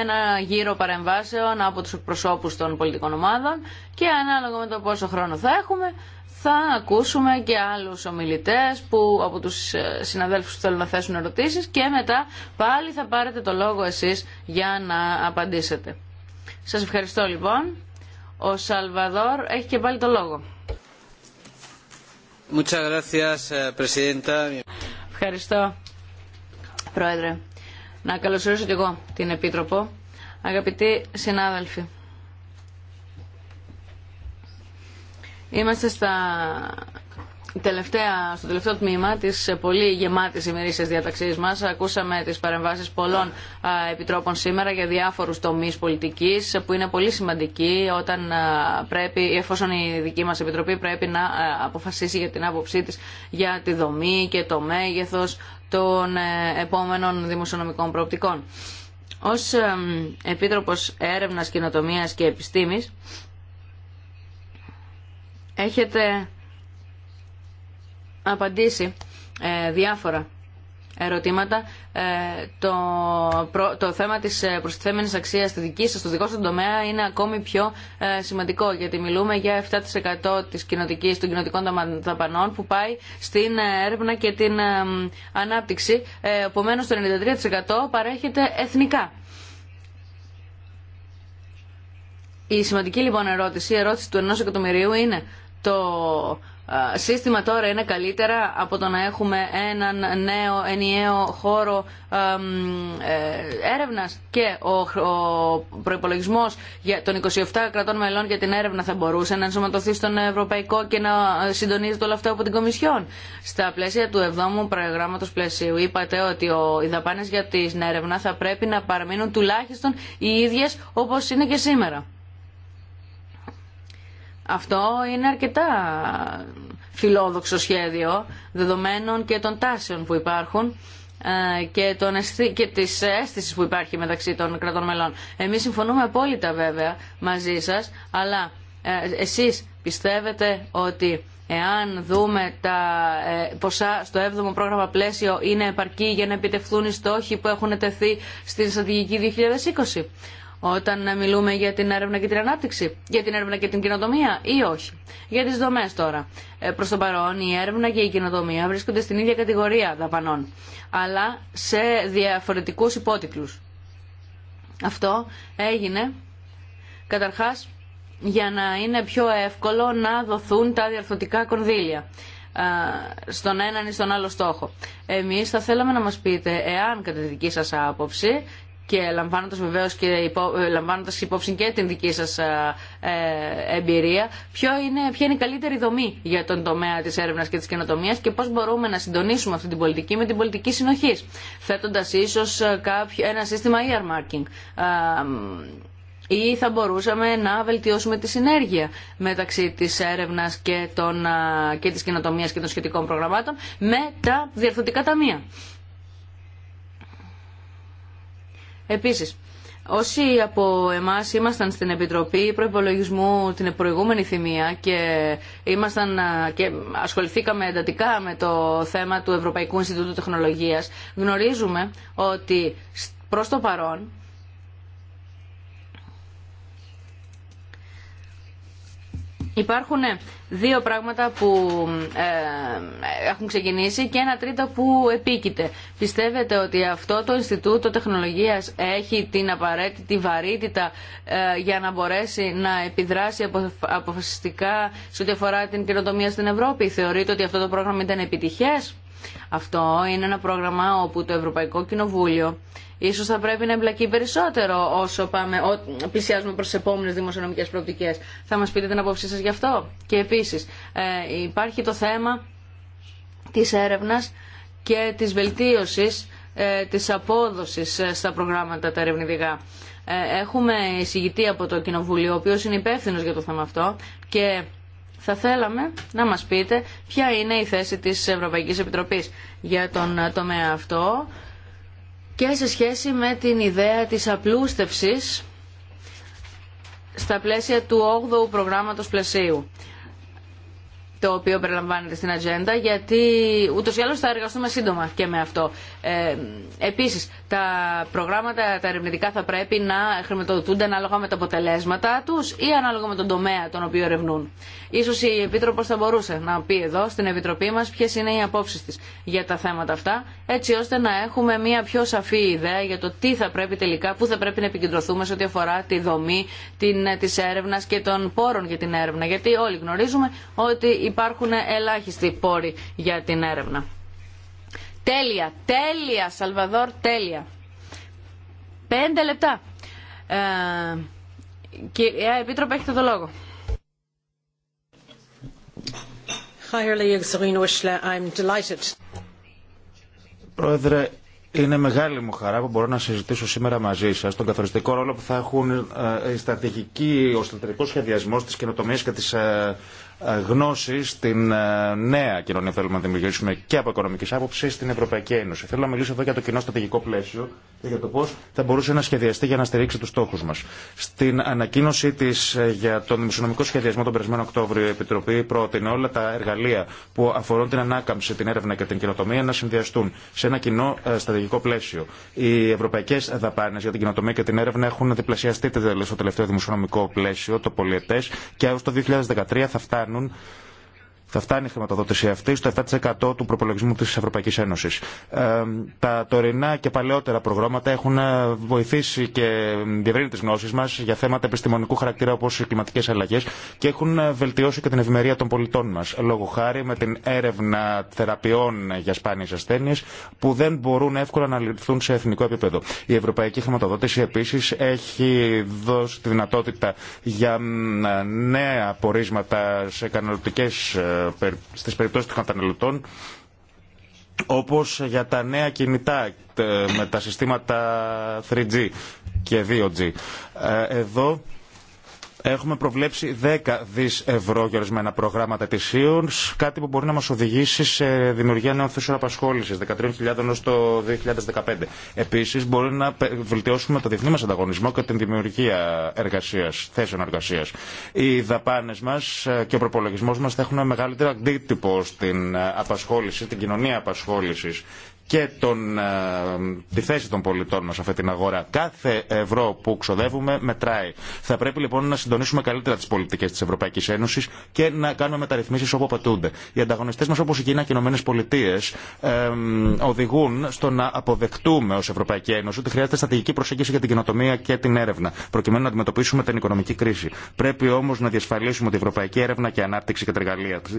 ένα γύρο παρεμβάσεων από τους προσώπους των πολιτικών ομάδων και ανάλογα με το πόσο χρόνο θα έχουμε θα ακούσουμε και άλλους ομιλητές που, από τους ε, συναδέλφους που θέλουν να θέσουν ερωτήσεις και μετά πάλι θα πάρετε το λόγο εσείς για να απαντήσετε. Σας ευχαριστώ λοιπόν. Ο Σαλβαδόρ έχει και πάλι το λόγο. Eh, Ευχαριστώ, Πρόεδρε. Να καλωσορίσω και εγώ την Επίτροπο. Αγαπητοί συνάδελφοι, είμαστε στα τελευταία, στο τελευταίο τμήμα τη πολύ γεμάτη ημερήσια διαταξή μας ακούσαμε τις παρεμβάσεις πολλών επιτρόπων σήμερα για διάφορους τομείς πολιτική που είναι πολύ σημαντικοί όταν πρέπει, εφόσον η δική μα επιτροπή πρέπει να αποφασίσει για την άποψή της για τη δομή και το μέγεθος των ε, επόμενων δημοσιονομικών προοπτικών. Ω ε, επίτροπο έρευνα κοινοτομία και Επιστήμης έχετε απαντήσει ε, διάφορα ερωτήματα. Ε, το, το θέμα της ε, προστιθέμενης αξίας στη δική σας, στο δικό σας τομέα είναι ακόμη πιο σημαντικό γιατί μιλούμε για 7% της κοινοτικής, των κοινοτικών δαπανών που πάει στην έρευνα και την ανάπτυξη. Ε, το 93% παρέχεται εθνικά. Η σημαντική λοιπόν ερώτηση, η ερώτηση του ενός εκατομμυρίου είναι το σύστημα τώρα είναι καλύτερα από το να έχουμε έναν νέο ενιαίο χώρο ε, έρευνας και ο προϋπολογισμός για των 27 κρατών μελών για την έρευνα θα μπορούσε να ενσωματωθεί στον ευρωπαϊκό και να συντονίζεται όλο αυτό από την Κομισιόν. Στα πλαίσια του 7ου προγράμματος πλαισίου είπατε ότι οι δαπάνες για την έρευνα θα πρέπει να παραμείνουν τουλάχιστον οι ίδιες όπως είναι και σήμερα. Αυτό είναι αρκετά φιλόδοξο σχέδιο δεδομένων και των τάσεων που υπάρχουν ε, και, των αισθη... και της αίσθησης που υπάρχει μεταξύ των κρατών μελών. Εμείς συμφωνούμε απόλυτα βέβαια μαζί σας, αλλά ε, εσείς πιστεύετε ότι εάν δούμε τα ε, ποσά στο 7ο πρόγραμμα πλαίσιο είναι επαρκή για να επιτευχθούν οι στόχοι που έχουν τεθεί στην στρατηγική 2020 όταν μιλούμε για την έρευνα και την ανάπτυξη, για την έρευνα και την κοινοτομία ή όχι. Για τις δομές τώρα. Ε, προς το παρόν η έρευνα και η κοινοτομία βρίσκονται στην ίδια κατηγορία δαπανών, αλλά σε διαφορετικούς υπότιτλους. Αυτό έγινε καταρχάς για να είναι πιο εύκολο να δοθούν τα διαρθωτικά κονδύλια ε, στον έναν ή στον άλλο στόχο. Εμείς θα θέλαμε να μας πείτε εάν κατά τη δική σας άποψη και λαμβάνοντας βεβαίως και υπό, ε, λαμβάνοντας υπόψη και την δική σας ε, ε, εμπειρία, ποιο είναι, ποια είναι η καλύτερη δομή για τον τομέα της έρευνας και της καινοτομίας και πώς μπορούμε να συντονίσουμε αυτή την πολιτική με την πολιτική συνοχής, θέτοντας ίσως κάποιο, ένα σύστημα earmarking. Ή θα μπορούσαμε να βελτιώσουμε τη συνέργεια μεταξύ της έρευνας και, των, και της καινοτομίας και των σχετικών προγραμμάτων με τα διαρθωτικά ταμεία. Επίσης, όσοι από εμάς ήμασταν στην Επιτροπή Προϋπολογισμού την προηγούμενη θυμία και, ήμασταν, και ασχοληθήκαμε εντατικά με το θέμα του Ευρωπαϊκού Ινστιτούτου Τεχνολογίας, γνωρίζουμε ότι προς το παρόν Υπάρχουν ε, δύο πράγματα που ε, έχουν ξεκινήσει και ένα τρίτο που επίκειται. Πιστεύετε ότι αυτό το Ινστιτούτο Τεχνολογίας έχει την απαραίτητη βαρύτητα ε, για να μπορέσει να επιδράσει αποφασιστικά σε ό,τι αφορά την κοινοτομία στην Ευρώπη. Θεωρείτε ότι αυτό το πρόγραμμα ήταν επιτυχές. Αυτό είναι ένα πρόγραμμα όπου το Ευρωπαϊκό Κοινοβούλιο ίσως θα πρέπει να εμπλακεί περισσότερο όσο πάμε, ό, πλησιάζουμε προ τις επόμενες δημοσιονομικές προοπτικές. Θα μας πείτε την απόψη σα γι' αυτό. Και επίσης ε, υπάρχει το θέμα της έρευνα και της βελτίωσης ε, της απόδοσης ε, στα προγράμματα τα ερευνητικά. Ε, έχουμε εισηγητή από το Κοινοβούλιο, ο οποίο είναι υπεύθυνο για το θέμα αυτό και θα θέλαμε να μας πείτε ποια είναι η θέση της Ευρωπαϊκής Επιτροπής για τον τομέα αυτό και σε σχέση με την ιδέα της απλούστευσης στα πλαίσια του 8ου προγράμματος πλαισίου το οποίο περιλαμβάνεται στην ατζέντα, γιατί ούτω ή άλλω θα εργαστούμε σύντομα και με αυτό. Ε, Επίση, τα προγράμματα, τα ερευνητικά θα πρέπει να χρηματοδοτούνται ανάλογα με τα αποτελέσματά του ή ανάλογα με τον τομέα τον οποίο ερευνούν. σω η Επίτροπο θα μπορούσε να πει εδώ στην Επιτροπή μα ποιε είναι οι απόψει τη για τα θέματα αυτά, έτσι ώστε να έχουμε μια πιο σαφή ιδέα για το τι θα πρέπει τελικά, πού θα πρέπει να επικεντρωθούμε σε ό,τι αφορά τη δομή τη ε, έρευνα και των πόρων για την έρευνα. Γιατί όλοι γνωρίζουμε ότι υπάρχουν ελάχιστοι πόροι για την έρευνα. Τέλεια, τέλεια, Σαλβαδόρ, τέλεια. Πέντε λεπτά. Ε, κυρία Επίτροπε, έχετε το λόγο. Πρόεδρε, είναι μεγάλη μου χαρά που μπορώ να συζητήσω σήμερα μαζί σας τον καθοριστικό ρόλο που θα έχουν η ε, στρατηγική, ο στρατηγικό σχεδιασμό τη καινοτομίας και τη ε, ε, γνώση στην ε, νέα κοινωνία που θέλουμε να δημιουργήσουμε και από οικονομική άποψη στην Ευρωπαϊκή Ένωση. Θέλω να μιλήσω εδώ για το κοινό στρατηγικό πλαίσιο και για το πώ θα μπορούσε να σχεδιαστεί για να στηρίξει του στόχου μα. Στην ανακοίνωσή τη ε, για τον δημοσιονομικό σχεδιασμό τον περασμένο Οκτώβριο, η Επιτροπή πρότεινε όλα τα εργαλεία που αφορούν την ανάκαμψη, την έρευνα και την κοινοτομία να συνδυαστούν σε ένα κοινό στρατηγικό πλαίσιο. Οι ευρωπαϊκέ δαπάνε για την κοινοτομία και την έρευνα έχουν διπλασιαστεί στο τελευταίο δημοσιονομικό πλαίσιο, το πολιετέ, και έω το 2013 θα φτάσει κάνουν θα φτάνει η χρηματοδότηση αυτή στο 7% του προπολογισμού της Ευρωπαϊκής Ένωσης. Ε, τα τωρινά και παλαιότερα προγράμματα έχουν ε, βοηθήσει και διευρύνει τις γνώσεις μας για θέματα επιστημονικού χαρακτήρα όπως οι κλιματικές αλλαγές και έχουν ε, βελτιώσει και την ευημερία των πολιτών μας. Λόγω χάρη με την έρευνα θεραπείων για σπάνιες ασθένειες που δεν μπορούν εύκολα να λυθούν σε εθνικό επίπεδο. Η ευρωπαϊκή χρηματοδότηση επίσης έχει δώσει τη δυνατότητα για ε, νέα πορίσματα σε καναλωτικές στις περιπτώσεις των καταναλωτών όπως για τα νέα κινητά με τα συστήματα 3G και 2G. Ε, εδώ Έχουμε προβλέψει 10 δις ευρώ για ορισμένα προγράμματα ετησίων, κάτι που μπορεί να μας οδηγήσει σε δημιουργία νέων θέσεων απασχόλησης, 13.000 έως το 2015. Επίσης μπορεί να βελτιώσουμε το διεθνή μας ανταγωνισμό και την δημιουργία εργασίας, θέσεων εργασίας. Οι δαπάνες μας και ο προπολογισμός μας θα έχουν μεγαλύτερο αντίτυπο στην απασχόληση, την κοινωνία απασχόλησης και τον, ε, τη θέση των πολιτών μας σε αυτή την αγορά. Κάθε ευρώ που ξοδεύουμε μετράει. Θα πρέπει λοιπόν να συντονίσουμε καλύτερα τις πολιτικές της Ευρωπαϊκής Ένωσης και να κάνουμε μεταρρυθμίσεις όπου απαιτούνται. Οι ανταγωνιστές μας όπως η Κίνα και οι Ηνωμένες Πολιτείες οδηγούν στο να αποδεχτούμε ως Ευρωπαϊκή Ένωση ότι χρειάζεται στρατηγική προσέγγιση για την κοινοτομία και την έρευνα προκειμένου να αντιμετωπίσουμε την οικονομική κρίση. Πρέπει όμως να διασφαλίσουμε ότι η Ευρωπαϊκή Έρευνα και Ανάπτυξη και τα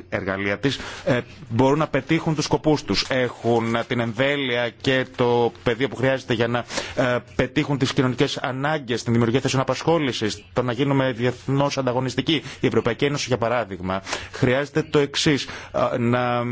εργαλεία της ε, μπορούν να πετύχουν τους σκοπούς τους. Έχουν την εμβέλεια και το πεδίο που χρειάζεται για να ε, πετύχουν τι κοινωνικέ ανάγκε, την δημιουργία θέσεων απασχόληση, το να γίνουμε διεθνώ ανταγωνιστικοί. Η Ευρωπαϊκή Ένωση, για παράδειγμα, χρειάζεται το εξή. Ε, να ε,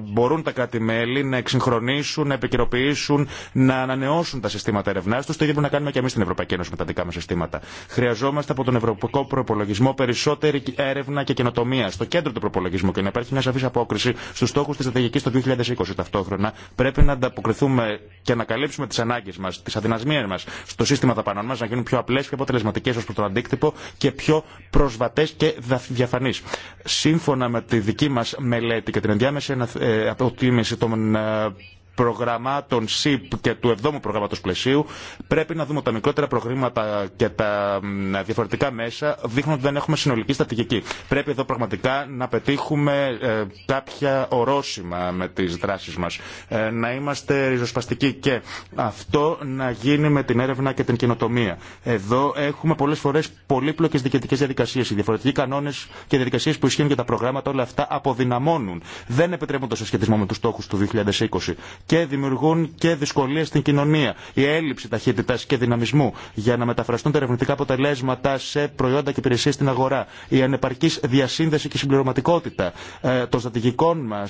μπορούν τα κράτη-μέλη να εξυγχρονίσουν, να επικαιροποιήσουν, να ανανεώσουν τα συστήματα ερευνά του. Το ίδιο που να κάνουμε και εμεί στην Ευρωπαϊκή Ένωση με τα δικά μα συστήματα. Χρειαζόμαστε από τον Ευρωπαϊκό Προπολογισμό περισσότερη έρευνα και καινοτομία στο κέντρο του προπολογισμού και να υπάρχει μια σαφή απόκριση στου στόχου τη στρατηγική το 2020. Ταυτόχρονα πρέπει πρέπει να ανταποκριθούμε και να καλύψουμε τι ανάγκε μα, τι αδυναμίε μα στο σύστημα δαπανών μα, να γίνουν πιο απλέ, και αποτελεσματικέ ω προ το αντίκτυπο και πιο προσβατέ και διαφανεί. Σύμφωνα με τη δική μα μελέτη και την ενδιάμεση ε, ε, αποτίμηση των ε, προγραμμάτων ΣΥΠ και του 7ου προγράμματο πλαισίου πρέπει να δούμε τα μικρότερα προγράμματα και τα διαφορετικά μέσα δείχνουν ότι δεν έχουμε συνολική στρατηγική. Πρέπει εδώ πραγματικά να πετύχουμε ε, κάποια ορόσημα με τις δράσεις μας. Ε, να είμαστε ριζοσπαστικοί και αυτό να γίνει με την έρευνα και την καινοτομία. Εδώ έχουμε πολλές φορές πολύπλοκες διοικητικέ διαδικασίε, Οι διαφορετικοί κανόνε και διαδικασίε που ισχύουν για τα προγράμματα όλα αυτά αποδυναμώνουν. Δεν επιτρέπουν το συσχετισμό με του στόχου του 2020 και δημιουργούν και δυσκολίε στην κοινωνία. Η έλλειψη ταχύτητα και δυναμισμού για να μεταφραστούν τα ερευνητικά αποτελέσματα σε προϊόντα και υπηρεσίε στην αγορά. Η ανεπαρκή διασύνδεση και συμπληρωματικότητα ε, των στρατηγικών μα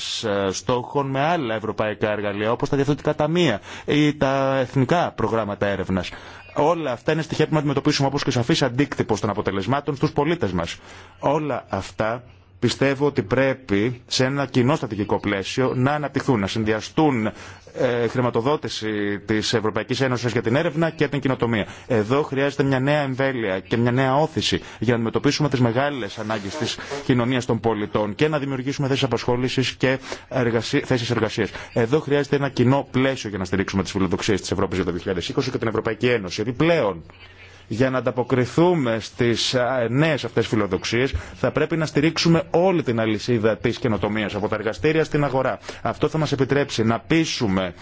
ε, στόχων με άλλα ευρωπαϊκά εργαλεία όπω τα διαθετικά ταμεία ή τα εθνικά προγράμματα έρευνα. Όλα αυτά είναι στοιχεία που να αντιμετωπίσουμε όπω και σαφή αντίκτυπο των αποτελεσμάτων στου πολίτε μα. Όλα αυτά πιστεύω ότι πρέπει σε ένα κοινό στατικικό πλαίσιο να αναπτυχθούν, να συνδυαστούν ε, χρηματοδότηση τη Ευρωπαϊκή Ένωση για την έρευνα και την κοινοτομία. Εδώ χρειάζεται μια νέα εμβέλεια και μια νέα όθηση για να αντιμετωπίσουμε τι μεγάλε ανάγκε τη κοινωνία των πολιτών και να δημιουργήσουμε θέσει απασχόληση και θέσει εργασία. Εδώ χρειάζεται ένα κοινό πλαίσιο για να στηρίξουμε τι φιλοδοξίε τη Ευρώπη για το 2020 και την Ευρωπαϊκή Ένωση. Επιπλέον, για να ανταποκριθούμε στι ε, νέε αυτέ φιλοδοξίε, θα πρέπει να στηρίξουμε όλη την αλυσίδα τη καινοτομία, από τα εργαστήρια στην αγορά. Αυτό θα μα επιτρέψει να πείσουμε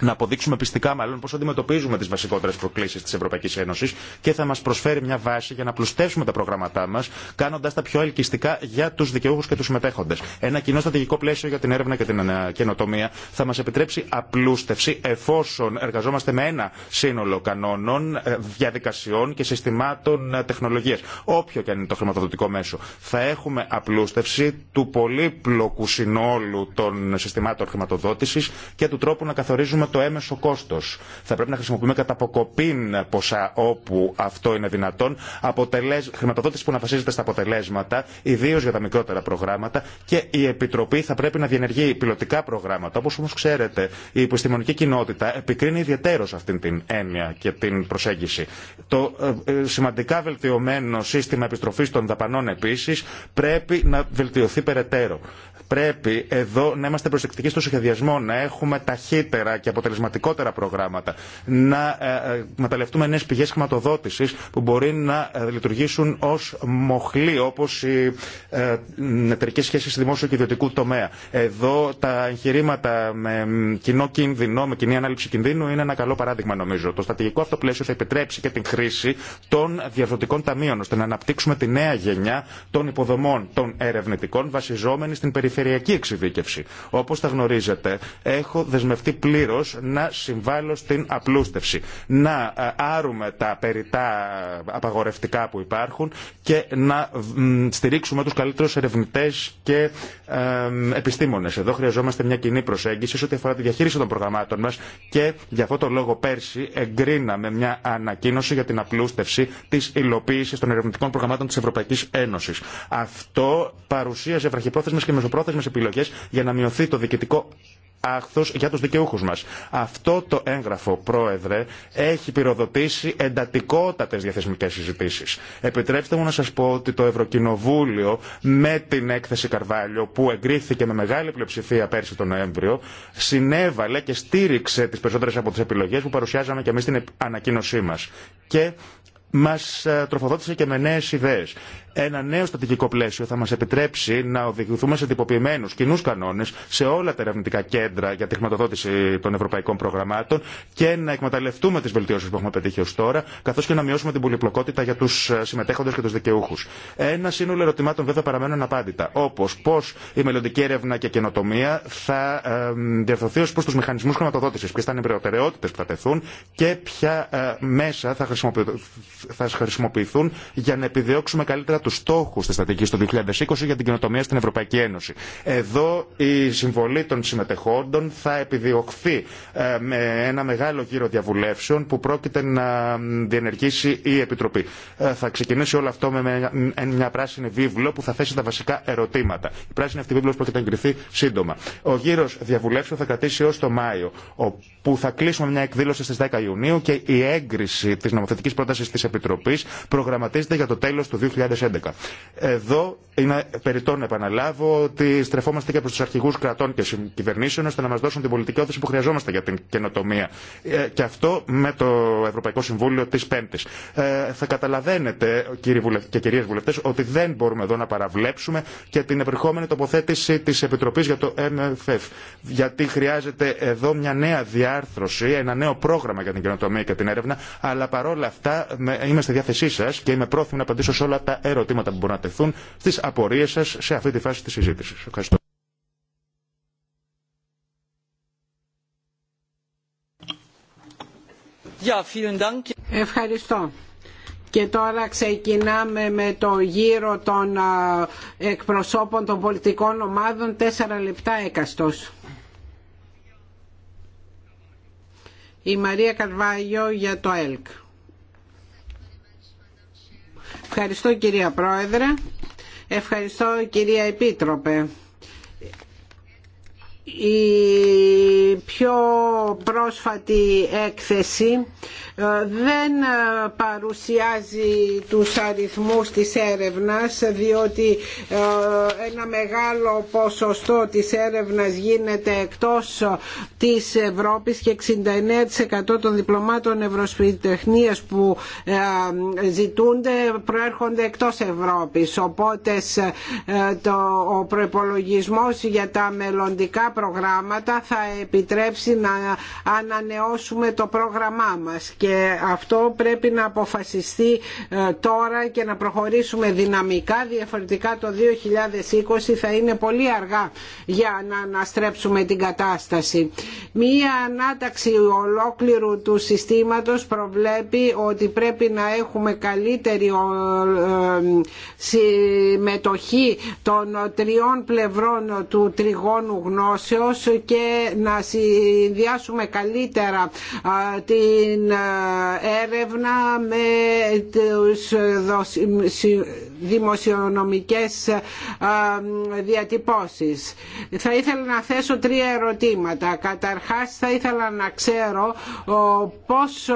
να αποδείξουμε πιστικά μάλλον πώ αντιμετωπίζουμε τι βασικότερε προκλήσει τη Ευρωπαϊκή Ένωση και θα μα προσφέρει μια βάση για να πλουστεύσουμε τα προγράμματά μα, κάνοντα τα πιο ελκυστικά για του δικαιούχου και του συμμετέχοντε. Ένα κοινό στρατηγικό πλαίσιο για την έρευνα και την ε, καινοτομία θα μα επιτρέψει απλούστευση εφόσον εργαζόμαστε με ένα σύνολο κανόνων, ε, διαδικασιών και συστημάτων ε, τεχνολογία. Όποιο και αν είναι το χρηματοδοτικό μέσο. Θα έχουμε απλούστευση του πολύπλοκου συνόλου των συστημάτων χρηματοδότηση και του τρόπου να καθορίζουμε το έμεσο κόστο. Θα πρέπει να χρησιμοποιούμε κατά αποκοπήν ποσά όπου αυτό είναι δυνατόν, αποτελεσ... χρηματοδότηση που να βασίζεται στα αποτελέσματα, ιδίω για τα μικρότερα προγράμματα και η Επιτροπή θα πρέπει να διενεργεί πιλωτικά προγράμματα. Όπω όμω ξέρετε, η επιστημονική κοινότητα επικρίνει ιδιαίτερω αυτή την έννοια και την προσέγγιση. Το ε, ε, σημαντικά βελτιωμένο σύστημα επιστροφή των δαπανών επίση πρέπει να βελτιωθεί περαιτέρω. Πρέπει εδώ να είμαστε προσεκτικοί στο σχεδιασμό, να έχουμε ταχύτερα και αποτελεσματικότερα προγράμματα, να ε, ε, μεταλλευτούμε νέε πηγέ χρηματοδότηση που μπορεί να ε, λειτουργήσουν ω μοχλή, όπω οι εταιρικέ σχέσει δημόσιο και ιδιωτικού τομέα. Εδώ τα εγχειρήματα με κοινό κίνδυνο, με κοινή ανάληψη κινδύνου είναι ένα καλό παράδειγμα νομίζω. Το στρατηγικό αυτό πλαίσιο θα επιτρέψει και την χρήση των διαδοτικών ταμείων ώστε να αναπτύξουμε τη νέα γενιά των υποδομών των ερευνητικών βασιζόμενη στην περιφερειακή εξειδίκευση. Όπω τα γνωρίζετε, έχω δεσμευτεί πλήρω να συμβάλλω στην απλούστευση. Να ε, άρουμε τα περιτά απαγορευτικά που υπάρχουν και να στηρίξουμε τους καλύτερους ερευνητές και επιστήμονες. Εδώ χρειαζόμαστε μια κοινή προσέγγιση σε ό,τι αφορά τη διαχείριση των προγραμμάτων μας και για αυτό το λόγο πέρσι εγκρίναμε μια ανακοίνωση για την απλούστευση της υλοποίηση των ερευνητικών προγραμμάτων της Ευρωπαϊκής Ένωσης. Αυτό παρουσίαζε βραχυπρόθεσμες και μεσοπρόθεσμες επιλογές για να μειωθεί το διοικητικό άχθος για τους δικαιούχους μας. Αυτό το έγγραφο, Πρόεδρε, έχει πυροδοτήσει εντατικότατες διαθεσμικές συζητήσεις. Επιτρέψτε μου να σας πω ότι το Ευρωκοινοβούλιο με την έκθεση Καρβάλιο που εγκρίθηκε με μεγάλη πλειοψηφία πέρσι τον Νοέμβριο συνέβαλε και στήριξε τις περισσότερες από τις επιλογές που παρουσιάζαμε και εμείς στην ανακοίνωσή μας. Και μας ε, τροφοδότησε και με νέες ιδέες. Ένα νέο στρατηγικό πλαίσιο θα μα επιτρέψει να οδηγηθούμε σε τυποποιημένου κοινού κανόνε σε όλα τα ερευνητικά κέντρα για τη χρηματοδότηση των ευρωπαϊκών προγραμμάτων και να εκμεταλλευτούμε τι βελτιώσει που έχουμε πετύχει ω τώρα, καθώ και να μειώσουμε την πολυπλοκότητα για του ε, συμμετέχοντε και του δικαιούχου. Ένα σύνολο ερωτημάτων βέβαια παραμένουν αναπάντητα, όπω πώ η μελλοντική έρευνα και καινοτομία θα ε, διορθωθεί ω προ του μηχανισμού χρηματοδότηση, ποιε θα είναι οι προτεραιότητε που θα τεθούν και ποια ε, μέσα θα χρησιμοποιηθούν για να επιδιώξουμε καλύτερα του στόχου τη στρατηγική του 2020 για την κοινοτομία στην Ευρωπαϊκή Ένωση. Εδώ η συμβολή των συμμετεχόντων θα επιδιωχθεί ε, με ένα μεγάλο γύρο διαβουλεύσεων που πρόκειται να διενεργήσει η Επιτροπή. Ε, θα ξεκινήσει όλο αυτό με μια πράσινη βίβλο που θα θέσει τα βασικά ερωτήματα. Η πράσινη αυτή βίβλο πρόκειται να εγκριθεί σύντομα. Ο γύρο διαβουλεύσεων θα κρατήσει έω το Μάιο, όπου θα κλείσουμε μια εκδήλωση στι 10 Ιουνίου και η έγκριση τη νομοθετική πρόταση τη Επιτροπή προγραμματίζεται για το τέλο του 2011. 2011. Εδώ είναι περιττό να επαναλάβω ότι στρεφόμαστε και προ του αρχηγού κρατών και κυβερνήσεων ώστε να μα δώσουν την πολιτική όθηση που χρειαζόμαστε για την καινοτομία. Ε, και αυτό με το Ευρωπαϊκό Συμβούλιο τη Πέμπτη. Ε, θα καταλαβαίνετε, κύριοι και κυρίε βουλευτέ, ότι δεν μπορούμε εδώ να παραβλέψουμε και την επερχόμενη τοποθέτηση τη Επιτροπή για το MFF. Γιατί χρειάζεται εδώ μια νέα διάρθρωση, ένα νέο πρόγραμμα για την καινοτομία και την έρευνα, αλλά παρόλα αυτά είμαι στη διάθεσή σα και είμαι πρόθυμο να απαντήσω όλα τα ερωτήματα ερωτήματα που μπορούν να τεθούν, στι απορίε σα σε αυτή τη φάση τη συζήτηση. Ευχαριστώ. Ευχαριστώ. Και τώρα ξεκινάμε με το γύρο των εκπροσώπων των πολιτικών ομάδων. Τέσσερα λεπτά έκαστος. Η Μαρία Καρβάγιο για το ΕΛΚ. Ευχαριστώ κυρία Πρόεδρε. Ευχαριστώ κυρία Επίτροπε η πιο πρόσφατη έκθεση ε, δεν ε, παρουσιάζει τους αριθμούς της έρευνας διότι ε, ένα μεγάλο ποσοστό της έρευνας γίνεται εκτός της Ευρώπης και 69% των διπλωμάτων ευρωσπιτεχνίας που ζητούνται προέρχονται εκτός Ευρώπης. Οπότε ο προϋπολογισμός για τα μελλοντικά προγράμματα θα επιτρέψει να ανανεώσουμε το πρόγραμμά μας αυτό πρέπει να αποφασιστεί ε, τώρα και να προχωρήσουμε δυναμικά διαφορετικά το 2020 θα είναι πολύ αργά για να αναστρέψουμε την κατάσταση. Μία ανάταξη ολόκληρου του συστήματος προβλέπει ότι πρέπει να έχουμε καλύτερη ε, συμμετοχή των τριών πλευρών του τριγώνου γνώσεως και να συνδυάσουμε καλύτερα ε, την έρευνα με τους δοσι δημοσιονομικές ε, ε, διατυπώσεις. Θα ήθελα να θέσω τρία ερωτήματα. Καταρχάς θα ήθελα να ξέρω πώς,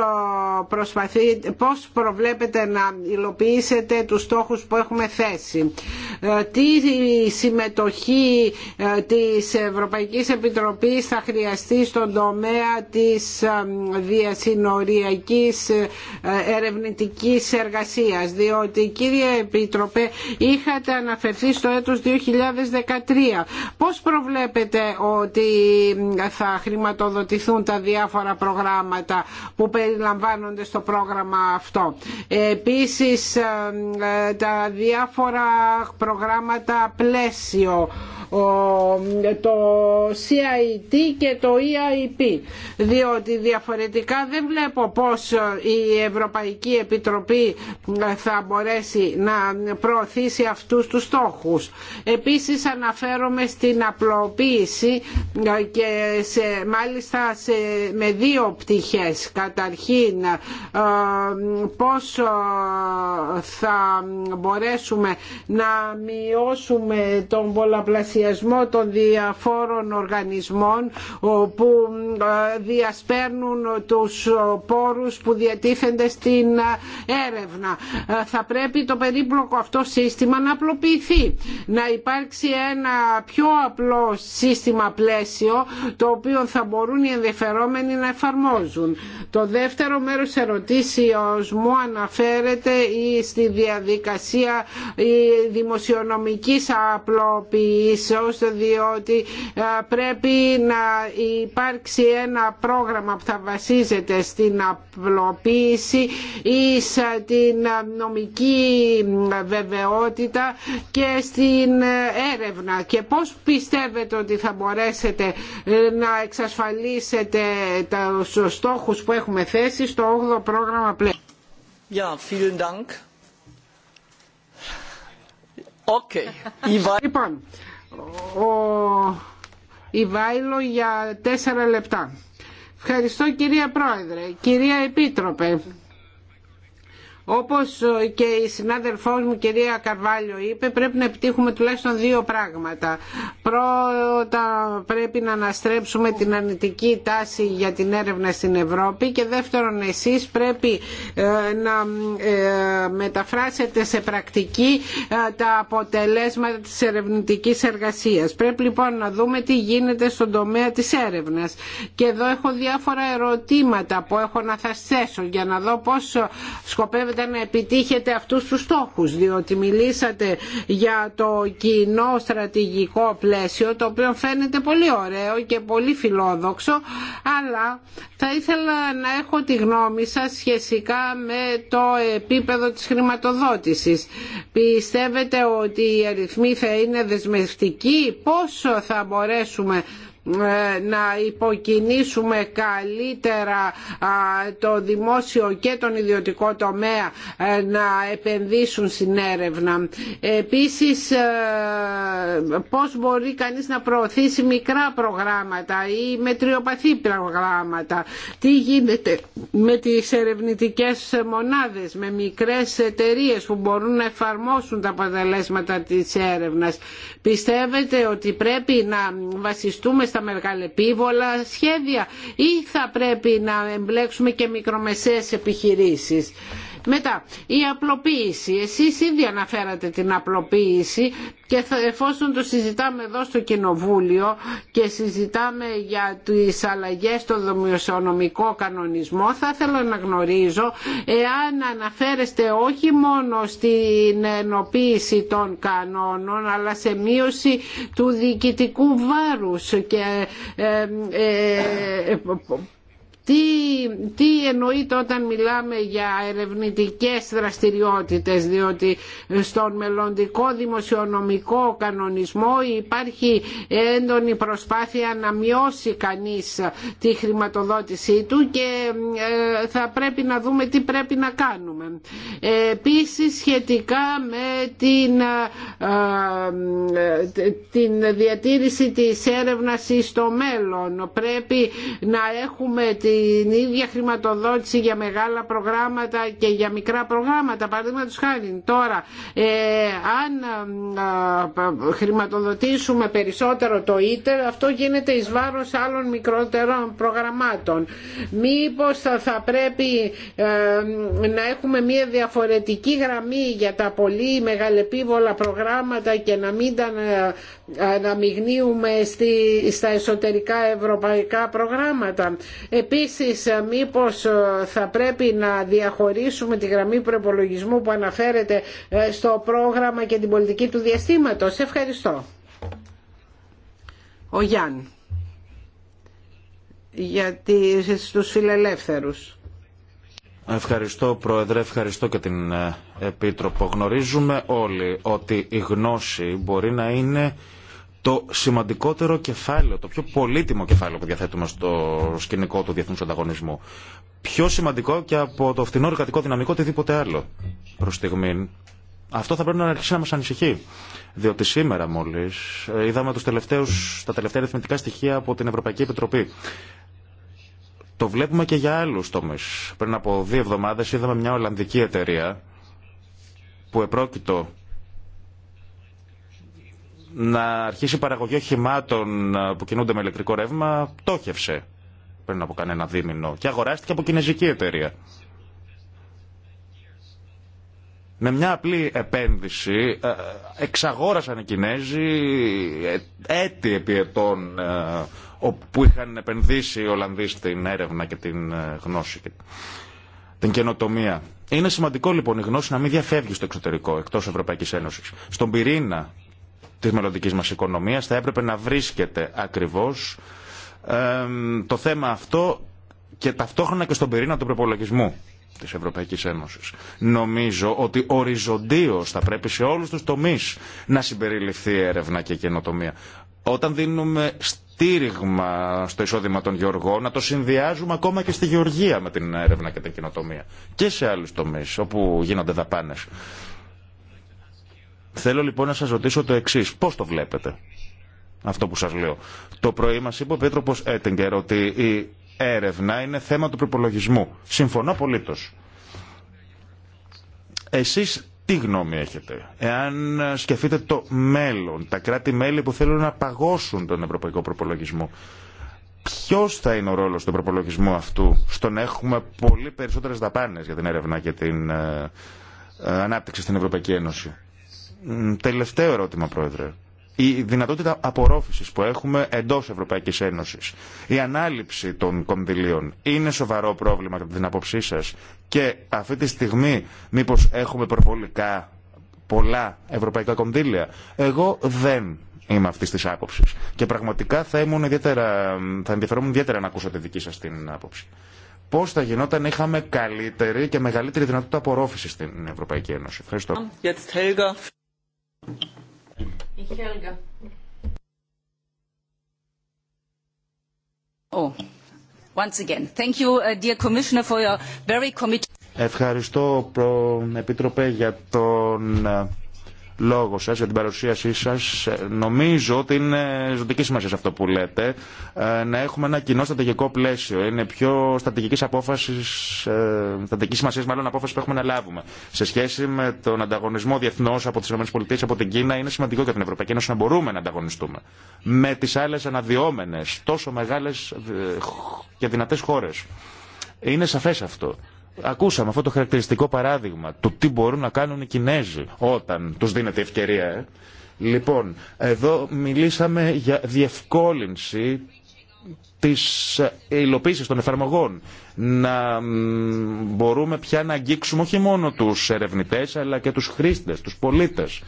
προσπαθεί, προβλέπετε να υλοποιήσετε τους στόχους που έχουμε θέσει. Ε, τι συμμετοχή της Ευρωπαϊκής Επιτροπής θα χρειαστεί στον τομέα της διασυνοριακής ερευνητικής εργασίας διότι κύριε Επιτροπή Επίτροπε, είχατε αναφερθεί στο έτος 2013. Πώς προβλέπετε ότι θα χρηματοδοτηθούν τα διάφορα προγράμματα που περιλαμβάνονται στο πρόγραμμα αυτό. Επίσης, ε, ε, τα διάφορα προγράμματα πλαίσιο το CIT και το EIP διότι διαφορετικά δεν βλέπω πως η Ευρωπαϊκή Επιτροπή θα μπορέσει να προωθήσει αυτούς τους στόχους. Επίσης αναφέρομαι στην απλοποίηση και σε, μάλιστα σε, με δύο πτυχές. Καταρχήν ε, πώς ε, θα μπορέσουμε να μειώσουμε τον πολλαπλασιασμό των διαφόρων οργανισμών που ε, διασπέρνουν τους ε, πόρους που διατίθενται στην ε, έρευνα. Θα πρέπει το περίπλοκο αυτό σύστημα να απλοποιηθεί, να υπάρξει ένα πιο απλό σύστημα πλαίσιο το οποίο θα μπορούν οι ενδιαφερόμενοι να εφαρμόζουν. Το δεύτερο μέρος ερωτήσεως μου αναφέρεται στη διαδικασία δημοσιονομικής απλοποίησης ώστε διότι πρέπει να υπάρξει ένα πρόγραμμα που θα βασίζεται στην απλοποίηση ή στην νομική βεβαιότητα και στην ε, έρευνα και πώς πιστεύετε ότι θα μπορέσετε ε, να εξασφαλίσετε τους στόχους που έχουμε θέσει στο 8ο πρόγραμμα πλέον. Ja, vielen Dank. Okay. λοιπόν, ο Ιβάιλο για τέσσερα λεπτά. Ευχαριστώ κυρία Πρόεδρε, κυρία Επίτροπε. Όπως ε, και η συνάδελφός μου κυρία Καρβάλιο είπε πρέπει να επιτύχουμε τουλάχιστον δύο πράγματα. Πρώτα πρέπει να αναστρέψουμε την αρνητική τάση για την έρευνα στην Ευρώπη και δεύτερον εσείς πρέπει ε, να ε, μεταφράσετε σε πρακτική τα αποτελέσματα της ερευνητικής εργασίας. Πρέπει λοιπόν να δούμε τι γίνεται στον τομέα της έρευνας. Και εδώ έχω διάφορα ερωτήματα που έχω να θα για να δω πώς μπορείτε να επιτύχετε αυτούς τους στόχους διότι μιλήσατε για το κοινό στρατηγικό πλαίσιο το οποίο φαίνεται πολύ ωραίο και πολύ φιλόδοξο αλλά θα ήθελα να έχω τη γνώμη σας σχετικά με το επίπεδο της χρηματοδότησης. Πιστεύετε ότι οι αριθμοί θα είναι δεσμευτικοί, πόσο θα μπορέσουμε ε, να υποκινήσουμε καλύτερα το δημόσιο και τον ιδιωτικό τομέα ε, να επενδύσουν στην έρευνα. Επίσης ε, πώς μπορεί κανείς να προωθήσει μικρά προγράμματα ή μετριοπαθή προγράμματα. Τι γίνεται με τις ερευνητικές μονάδες, με μικρές εταιρείε που μπορούν να εφαρμόσουν τα αποτελέσματα της έρευνας. Πιστεύετε ότι πρέπει να βασιστούμε στα μεγαλεπίβολα σχέδια ή θα πρέπει να εμπλέξουμε και μικρομεσαίες επιχειρήσεις. Μετά, η απλοποίηση. Εσείς ήδη αναφέρατε την απλοποίηση και θα, εφόσον το συζητάμε εδώ στο Κοινοβούλιο και συζητάμε για τις αλλαγές στο δομιοσονομικό κανονισμό, θα ήθελα να γνωρίζω εάν αναφέρεστε όχι μόνο στην ενοποίηση των κανόνων, αλλά σε μείωση του διοικητικού βάρους και ε, ε, ε, τι, τι εννοείται όταν μιλάμε για ερευνητικές δραστηριότητες διότι στον μελλοντικό δημοσιονομικό κανονισμό υπάρχει έντονη προσπάθεια να μειώσει κανείς τη χρηματοδότησή του και ε, θα πρέπει να δούμε τι πρέπει να κάνουμε. Επίσης σχετικά με την, ε, ε, την διατήρηση της έρευνας στο μέλλον πρέπει να έχουμε τη την ίδια χρηματοδότηση για μεγάλα προγράμματα και για μικρά προγράμματα. Παραδείγματο χάρη τώρα, ε, αν ε, ε, χρηματοδοτήσουμε περισσότερο το ίτερ, αυτό γίνεται εις βάρος άλλων μικρότερων προγραμμάτων. Μήπως θα, πρέπει ε, να έχουμε μια διαφορετική γραμμή για τα πολύ μεγαλεπίβολα προγράμματα και να μην τα να στη, στα εσωτερικά ευρωπαϊκά προγράμματα. Επίσης μήπως ε, θα πρέπει να διαχωρίσουμε τη γραμμή προπολογισμού που αναφέρεται ε, στο πρόγραμμα και την πολιτική του διαστήματος. Ευχαριστώ. Ο Γιάννη για στους φιλελεύθερους. Ευχαριστώ Πρόεδρε, ευχαριστώ και την ε, Επίτροπο. Γνωρίζουμε όλοι ότι η γνώση μπορεί να είναι το σημαντικότερο κεφάλαιο, το πιο πολύτιμο κεφάλαιο που διαθέτουμε στο σκηνικό του διεθνούς ανταγωνισμού. Πιο σημαντικό και από το φθηνό εργατικό δυναμικό οτιδήποτε άλλο προ στιγμή. Αυτό θα πρέπει να αρχίσει να μα ανησυχεί. Διότι σήμερα μόλις ε, είδαμε τους τελευταίους, τα τελευταία αριθμητικά στοιχεία από την Ευρωπαϊκή Επιτροπή. Το βλέπουμε και για άλλους τομείς. Πριν από δύο εβδομάδες είδαμε μια Ολλανδική εταιρεία που επρόκειτο να αρχίσει παραγωγή οχημάτων ε, που κινούνται με ηλεκτρικό ρεύμα πτώχευσε πριν από κανένα δίμηνο και αγοράστηκε από κινέζικη εταιρεία. Με μια απλή επένδυση ε, ε, εξαγόρασαν οι Κινέζοι έτη επί ετών όπου είχαν επενδύσει οι Ολλανδοί στην έρευνα και την ε, γνώση και την καινοτομία. Είναι σημαντικό λοιπόν η γνώση να μην διαφεύγει στο εξωτερικό, εκτό Ευρωπαϊκή Ένωση. Στον πυρήνα τη μελλοντική μα οικονομία θα έπρεπε να βρίσκεται ακριβώ το θέμα αυτό και ταυτόχρονα και στον πυρήνα του προπολογισμού της Ευρωπαϊκής Ένωσης. Νομίζω ότι οριζοντίως θα πρέπει σε όλους τους τομείς να συμπεριληφθεί έρευνα και καινοτομία. Όταν δίνουμε στήριγμα στο εισόδημα των γεωργών, να το συνδυάζουμε ακόμα και στη γεωργία με την έρευνα και την κοινοτομία. Και σε άλλους τομείς όπου γίνονται δαπάνες. Θέλω λοιπόν να σας ρωτήσω το εξή. Πώς το βλέπετε αυτό που σας λέω. Το πρωί μας είπε ο Πέτροπος Έτιγκερ ότι η έρευνα είναι θέμα του προπολογισμού. Συμφωνώ απολύτως. Εσείς τι γνώμη έχετε. Εάν σκεφτείτε το μέλλον, τα κράτη-μέλη που θέλουν να παγώσουν τον ευρωπαϊκό προπολογισμό, ποιο θα είναι ο ρόλο του προπολογισμού αυτού στο να έχουμε πολύ περισσότερε δαπάνε για την έρευνα και την ε, ε, ανάπτυξη στην Ευρωπαϊκή Ένωση. Τελευταίο ερώτημα, Πρόεδρε η δυνατότητα απορρόφησης που έχουμε εντός Ευρωπαϊκής Ένωσης, η ανάληψη των κονδυλίων είναι σοβαρό πρόβλημα κατά την άποψή σας και αυτή τη στιγμή μήπως έχουμε προβολικά πολλά ευρωπαϊκά κονδύλια. Εγώ δεν είμαι αυτή τη άποψη. Και πραγματικά θα, ήμουν ιδιαίτερα, θα ενδιαφερόμουν ιδιαίτερα να ακούσω τη δική σα την άποψη. Πώ θα γινόταν είχαμε καλύτερη και μεγαλύτερη δυνατότητα απορρόφηση στην Ευρωπαϊκή Ένωση. Ευχαριστώ. Η Χέλγα. Oh. Once again, thank you, dear Commissioner, for your very committed. Ευχαριστώ, Επίτροπε, για τον λόγο σας, για την παρουσίασή σας. Νομίζω ότι είναι ζωτική σημασία σε αυτό που λέτε. Ε, να έχουμε ένα κοινό στρατηγικό πλαίσιο. Είναι πιο στρατηγικής απόφασης, ε, σημασίας μάλλον απόφαση που έχουμε να λάβουμε. Σε σχέση με τον ανταγωνισμό διεθνώ από τι ΗΠΑ, από την Κίνα, είναι σημαντικό για την Ευρωπαϊκή Ένωση να μπορούμε να ανταγωνιστούμε. Με τι άλλε αναδυόμενε, τόσο μεγάλε ε, και δυνατέ χώρε. Είναι σαφέ αυτό. Ακούσαμε αυτό το χαρακτηριστικό παράδειγμα του τι μπορούν να κάνουν οι Κινέζοι όταν τους δίνεται ευκαιρία. Ε. Λοιπόν, εδώ μιλήσαμε για διευκόλυνση της ε, υλοποίησης των εφαρμογών. Να μπορούμε πια να αγγίξουμε όχι μόνο τους ερευνητές αλλά και τους χρήστες, τους πολίτες.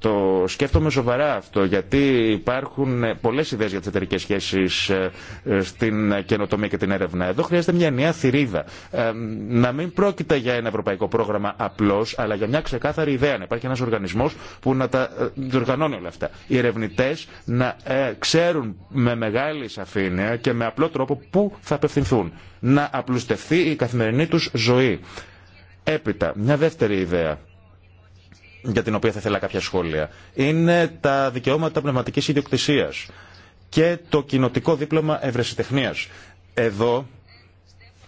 Το σκέφτομαι σοβαρά αυτό, γιατί υπάρχουν πολλέ ιδέε για τι εταιρικέ σχέσει ε, ε, στην καινοτομία και την έρευνα. Εδώ χρειάζεται μια νέα θηρίδα. Ε, να μην πρόκειται για ένα ευρωπαϊκό πρόγραμμα απλώ, αλλά για μια ξεκάθαρη ιδέα. Να υπάρχει ένα οργανισμό που να τα διοργανώνει όλα αυτά. Οι ερευνητέ να ξέρουν με μεγάλη σαφήνεια και με απλό τρόπο πού θα απευθυνθούν. Να απλουστευτεί η καθημερινή του ζωή. Έπειτα, μια δεύτερη ιδέα για την οποία θα ήθελα κάποια σχόλια, είναι τα δικαιώματα πνευματικής ιδιοκτησίας και το κοινοτικό δίπλωμα ευρεσιτεχνίας. Εδώ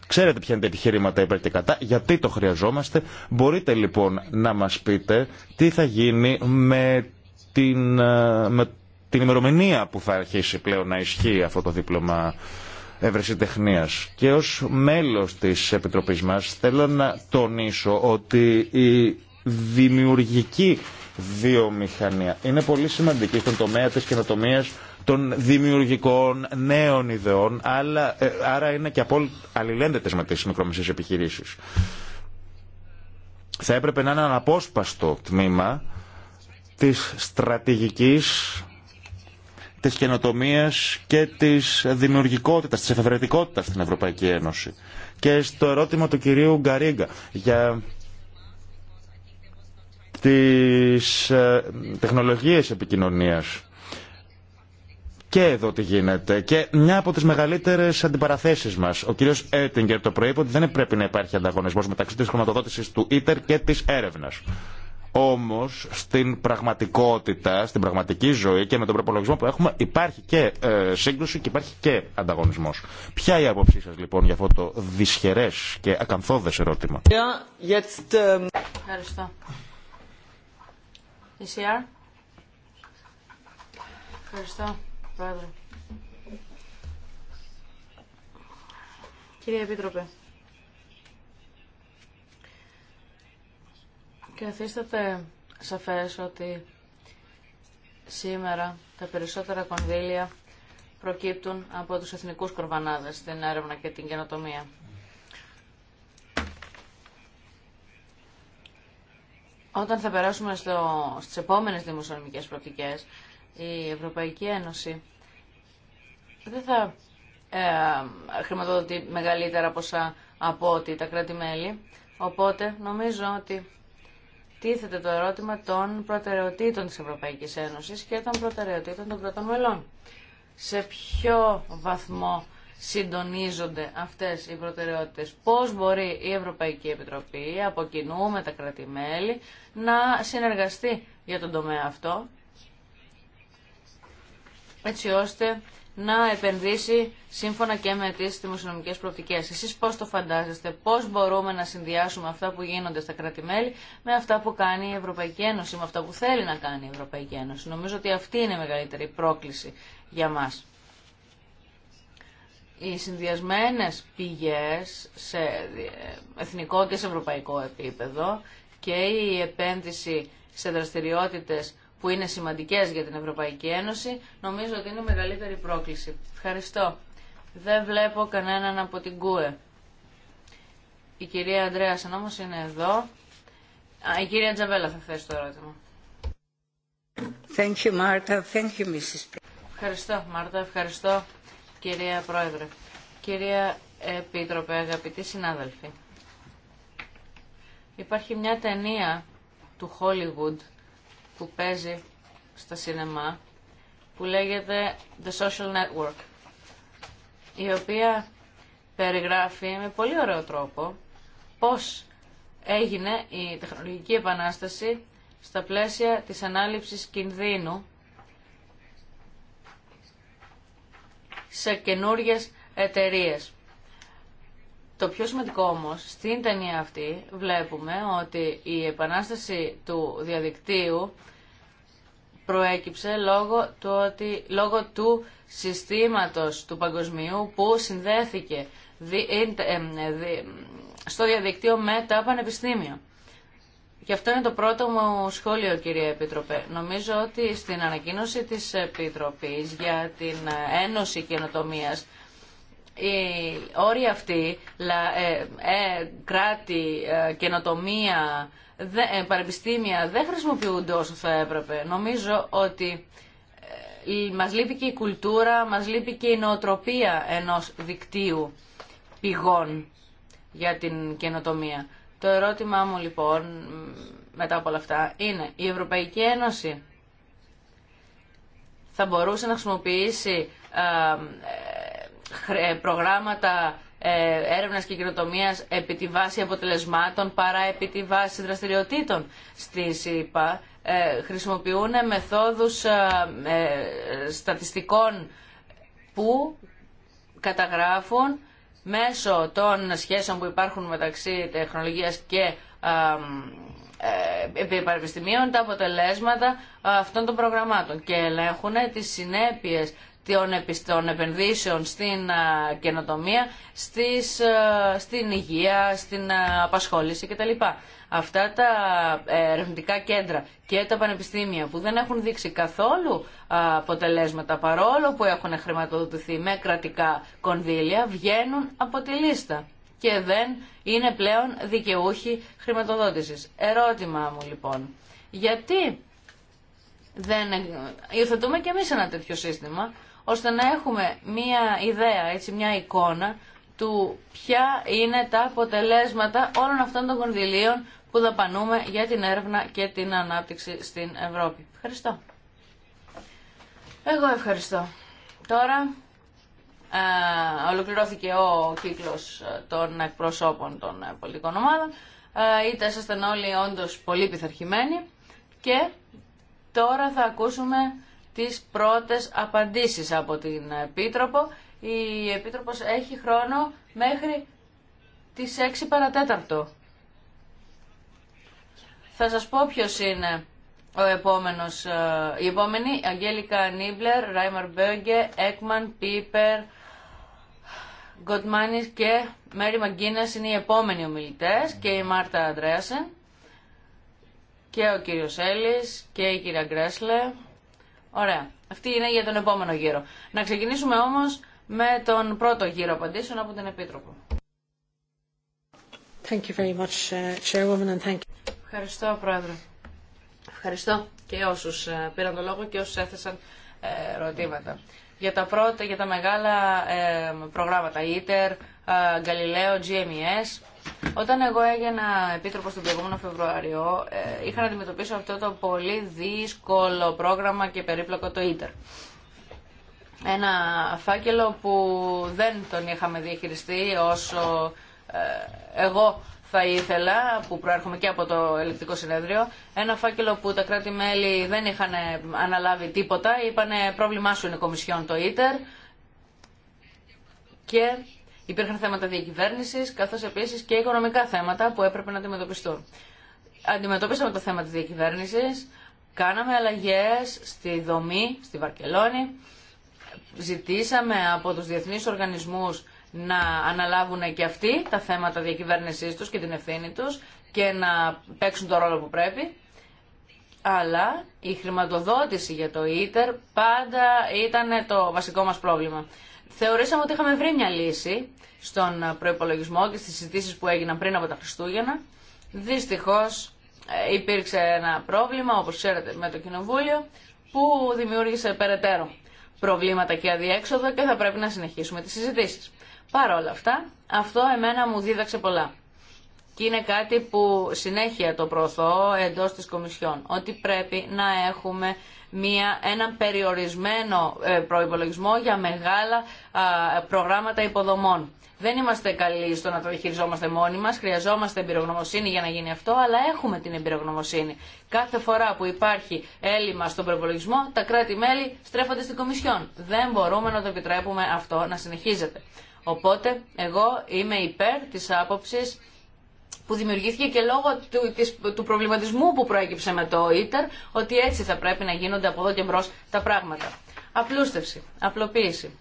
Ξέρετε ποια είναι τα επιχειρήματα υπέρ και κατά, γιατί το χρειαζόμαστε. Μπορείτε λοιπόν να μας πείτε τι θα γίνει με την, ε, με την ημερομηνία που θα αρχίσει πλέον να ισχύει αυτό το δίπλωμα ευρεσιτεχνίας. Και ως μέλος της Επιτροπής μας θέλω να τονίσω ότι η δημιουργική βιομηχανία. Είναι πολύ σημαντική στον τομέα της καινοτομίας των δημιουργικών νέων ιδεών, αλλά, ε, άρα είναι και απόλυτα αλληλένδετες με τις μικρομεσαίες επιχειρήσεις. Θα έπρεπε να είναι ένα απόσπαστο τμήμα της στρατηγικής της καινοτομίας και της δημιουργικότητας, της εφευρετικότητας στην Ευρωπαϊκή Ένωση. Και στο ερώτημα του κυρίου Γκαρίγκα για τις ε, τεχνολογίες επικοινωνίας. Και εδώ τι γίνεται. Και μια από τι μεγαλύτερε αντιπαραθέσει μα. Ο κύριο Έτιγκερ το πρωί είπε ότι δεν πρέπει να υπάρχει ανταγωνισμός μεταξύ τη χρηματοδότηση του ΙΤΕΡ και της έρευνα. Όμω στην πραγματικότητα, στην πραγματική ζωή και με τον προπολογισμό που έχουμε υπάρχει και ε, σύγκρουση και υπάρχει και ανταγωνισμό. Ποια είναι η άποψή σα λοιπόν για αυτό το δυσχερέ και ακαθόδε ερώτημα. Ευχαριστώ. ECR. Ευχαριστώ, Πρόεδρε. Κύριε Επίτροπε, καθίσταται σαφές ότι σήμερα τα περισσότερα κονδύλια προκύπτουν από τους εθνικούς κορβανάδες στην έρευνα και την καινοτομία. Όταν θα περάσουμε στο, στις επόμενες δημοσιονομικές προοπτικές, η Ευρωπαϊκή Ένωση δεν θα ε, χρηματοδοτεί μεγαλύτερα ποσά από ότι τα κράτη-μέλη. Οπότε νομίζω ότι τίθεται το ερώτημα των προτεραιοτήτων της Ευρωπαϊκής Ένωσης και των προτεραιοτήτων των κρατών μελών. Σε ποιο βαθμό συντονίζονται αυτές οι προτεραιότητες. Πώς μπορεί η Ευρωπαϊκή Επιτροπή από κοινού με τα κρατημέλη να συνεργαστεί για τον τομέα αυτό έτσι ώστε να επενδύσει σύμφωνα και με τις δημοσιονομικές προοπτικές. Εσείς πώς το φαντάζεστε, πώς μπορούμε να συνδυάσουμε αυτά που γίνονται στα κρατημέλη με αυτά που κάνει η Ευρωπαϊκή Ένωση, με αυτά που θέλει να κάνει η Ευρωπαϊκή Ένωση. Νομίζω ότι αυτή είναι η μεγαλύτερη πρόκληση για μας οι συνδυασμένες πηγές σε εθνικό και σε ευρωπαϊκό επίπεδο και η επένδυση σε δραστηριότητες που είναι σημαντικές για την Ευρωπαϊκή Ένωση, νομίζω ότι είναι μεγαλύτερη πρόκληση. Ευχαριστώ. Δεν βλέπω κανέναν από την ΚΟΕ. Η κυρία Αντρέα όμως είναι εδώ. η κυρία Τζαβέλα θα θέσει το ερώτημα. Thank you, Martha. Thank you, Mrs. Ευχαριστώ, Μάρτα. Ευχαριστώ Κυρία Πρόεδρε, κυρία Επίτροπε, αγαπητοί συνάδελφοι. Υπάρχει μια ταινία του Hollywood που παίζει στα σινεμά που λέγεται The Social Network η οποία περιγράφει με πολύ ωραίο τρόπο πώς έγινε η τεχνολογική επανάσταση στα πλαίσια της ανάληψης κινδύνου σε καινούριε εταιρείε. Το πιο σημαντικό όμως, στην ταινία αυτή βλέπουμε ότι η επανάσταση του διαδικτύου προέκυψε λόγω του, ότι, λόγω του συστήματος του παγκοσμίου που συνδέθηκε ε, ε, ε, στο διαδικτύο με τα πανεπιστήμια. Και αυτό είναι το πρώτο μου σχόλιο, κύριε Επίτροπε. Νομίζω ότι στην ανακοίνωση της Επιτροπής για την Ένωση Καινοτομίας οι όροι αυτοί, ε, ε, κράτη, ε, καινοτομία, πανεπιστήμια, δεν χρησιμοποιούνται όσο θα έπρεπε. Νομίζω ότι μας λείπει και η κουλτούρα, μας λείπει και η νοοτροπία ενός δικτύου πηγών για την καινοτομία. Το ερώτημά μου λοιπόν μετά από όλα αυτά είναι η Ευρωπαϊκή Ένωση θα μπορούσε να χρησιμοποιήσει ε, ε, ε, προγράμματα έρευνας και κοινοτομίας επί τη βάση αποτελεσμάτων παρά επί τη βάση δραστηριοτήτων στη ΣΥΠΑ. Χρησιμοποιούν μεθόδους στατιστικών που καταγράφουν μέσω των σχέσεων που υπάρχουν μεταξύ τεχνολογίας και ε, πανεπιστημίων τα αποτελέσματα ε, αυτών των προγραμμάτων και ελέγχουν τις συνέπειες των επενδύσεων στην ε, καινοτομία, στις, στην υγεία, στην απασχόληση κτλ αυτά τα ε, ερευνητικά κέντρα και τα πανεπιστήμια που δεν έχουν δείξει καθόλου αποτελέσματα παρόλο που έχουν χρηματοδοτηθεί με κρατικά κονδύλια βγαίνουν από τη λίστα και δεν είναι πλέον δικαιούχοι χρηματοδότησης. Ερώτημα μου λοιπόν, γιατί δεν υιοθετούμε και εμείς ένα τέτοιο σύστημα ώστε να έχουμε μία ιδέα, έτσι, μία εικόνα του ποια είναι τα αποτελέσματα όλων αυτών των κονδυλίων που δαπανούμε για την έρευνα και την ανάπτυξη στην Ευρώπη. Ευχαριστώ. Εγώ ευχαριστώ. Τώρα ε, ολοκληρώθηκε ο κύκλος ε, των εκπροσώπων των ε, πολιτικών ομάδων. Ε, είτε όλοι όντως πολύ πειθαρχημένοι και τώρα θα ακούσουμε τις πρώτες απαντήσεις από την Επίτροπο. Η Επίτροπος έχει χρόνο μέχρι τις 6 παρατέταρτο. Θα σας πω ποιος είναι ο επόμενος, ε, η επόμενη. Αγγέλικα Νίμπλερ, Ράιμαρ Μπέγκε, Έκμαν, Πίπερ, Γκοτμάνις και Μέρι Μαγκίνας είναι οι επόμενοι ομιλητές και η Μάρτα Αντρέασεν και ο κύριος Έλλης και η κυρία Γκρέσλε. Ωραία. Αυτή είναι για τον επόμενο γύρο. Να ξεκινήσουμε όμως με τον πρώτο γύρο απαντήσεων από την Επίτροπο. Thank you very much, uh, Chairwoman, and Ευχαριστώ, Πρόεδρε. Ευχαριστώ και όσους ε, πήραν το λόγο και όσους έθεσαν ε, ερωτήματα. Για τα πρώτα, για τα μεγάλα ε, προγράμματα, ITER, Galileo, GMES, όταν εγώ έγινα επίτροπο τον προηγούμενο Φεβρουάριο, είχα να αντιμετωπίσω αυτό το πολύ δύσκολο πρόγραμμα και περίπλοκο το ITER. Ένα φάκελο που δεν τον είχαμε διαχειριστεί όσο εγώ θα ήθελα, που προέρχομαι και από το ελεκτικό συνέδριο, ένα φάκελο που τα κράτη-μέλη δεν είχαν αναλάβει τίποτα, είπανε πρόβλημά σου είναι κομισιόν το ίτερ και υπήρχαν θέματα διακυβέρνησης, καθώς επίσης και οικονομικά θέματα που έπρεπε να αντιμετωπιστούν. Αντιμετωπίσαμε το θέμα της διακυβέρνησης, κάναμε αλλαγές στη δομή, στη Βαρκελόνη, ζητήσαμε από τους διεθνείς οργανισμούς να αναλάβουν και αυτοί τα θέματα διακυβέρνησή του και την ευθύνη του και να παίξουν το ρόλο που πρέπει. Αλλά η χρηματοδότηση για το ΙΤΕΡ πάντα ήταν το βασικό μας πρόβλημα. Θεωρήσαμε ότι είχαμε βρει μια λύση στον προϋπολογισμό και στις συζητήσεις που έγιναν πριν από τα Χριστούγεννα. Δυστυχώς ε, υπήρξε ένα πρόβλημα, όπως ξέρετε, με το Κοινοβούλιο, που δημιούργησε περαιτέρω προβλήματα και αδιέξοδο και θα πρέπει να συνεχίσουμε τις συζητήσεις. Παρ' όλα αυτά, αυτό εμένα μου δίδαξε πολλά. Και είναι κάτι που συνέχεια το προωθώ εντός της Κομισιόν, ότι πρέπει να έχουμε μια, έναν περιορισμένο ε, προϋπολογισμό για μεγάλα προγράμματα υποδομών. Δεν είμαστε καλοί στο να το χειριζόμαστε μόνοι μας, χρειαζόμαστε εμπειρογνωμοσύνη για να γίνει αυτό, αλλά έχουμε την εμπειρογνωμοσύνη. Κάθε φορά που υπάρχει έλλειμμα στον προπολογισμό, τα κράτη-μέλη στρέφονται στην Κομισιόν. Δεν μπορούμε να το επιτρέπουμε αυτό να συνεχίζεται. Οπότε εγώ είμαι υπέρ της άποψης που δημιουργήθηκε και λόγω του, του προβληματισμού που προέκυψε με το ΙΤΕΡ, ότι έτσι θα πρέπει να γίνονται από εδώ και μπρος τα πράγματα. Απλούστευση, απλοποίηση.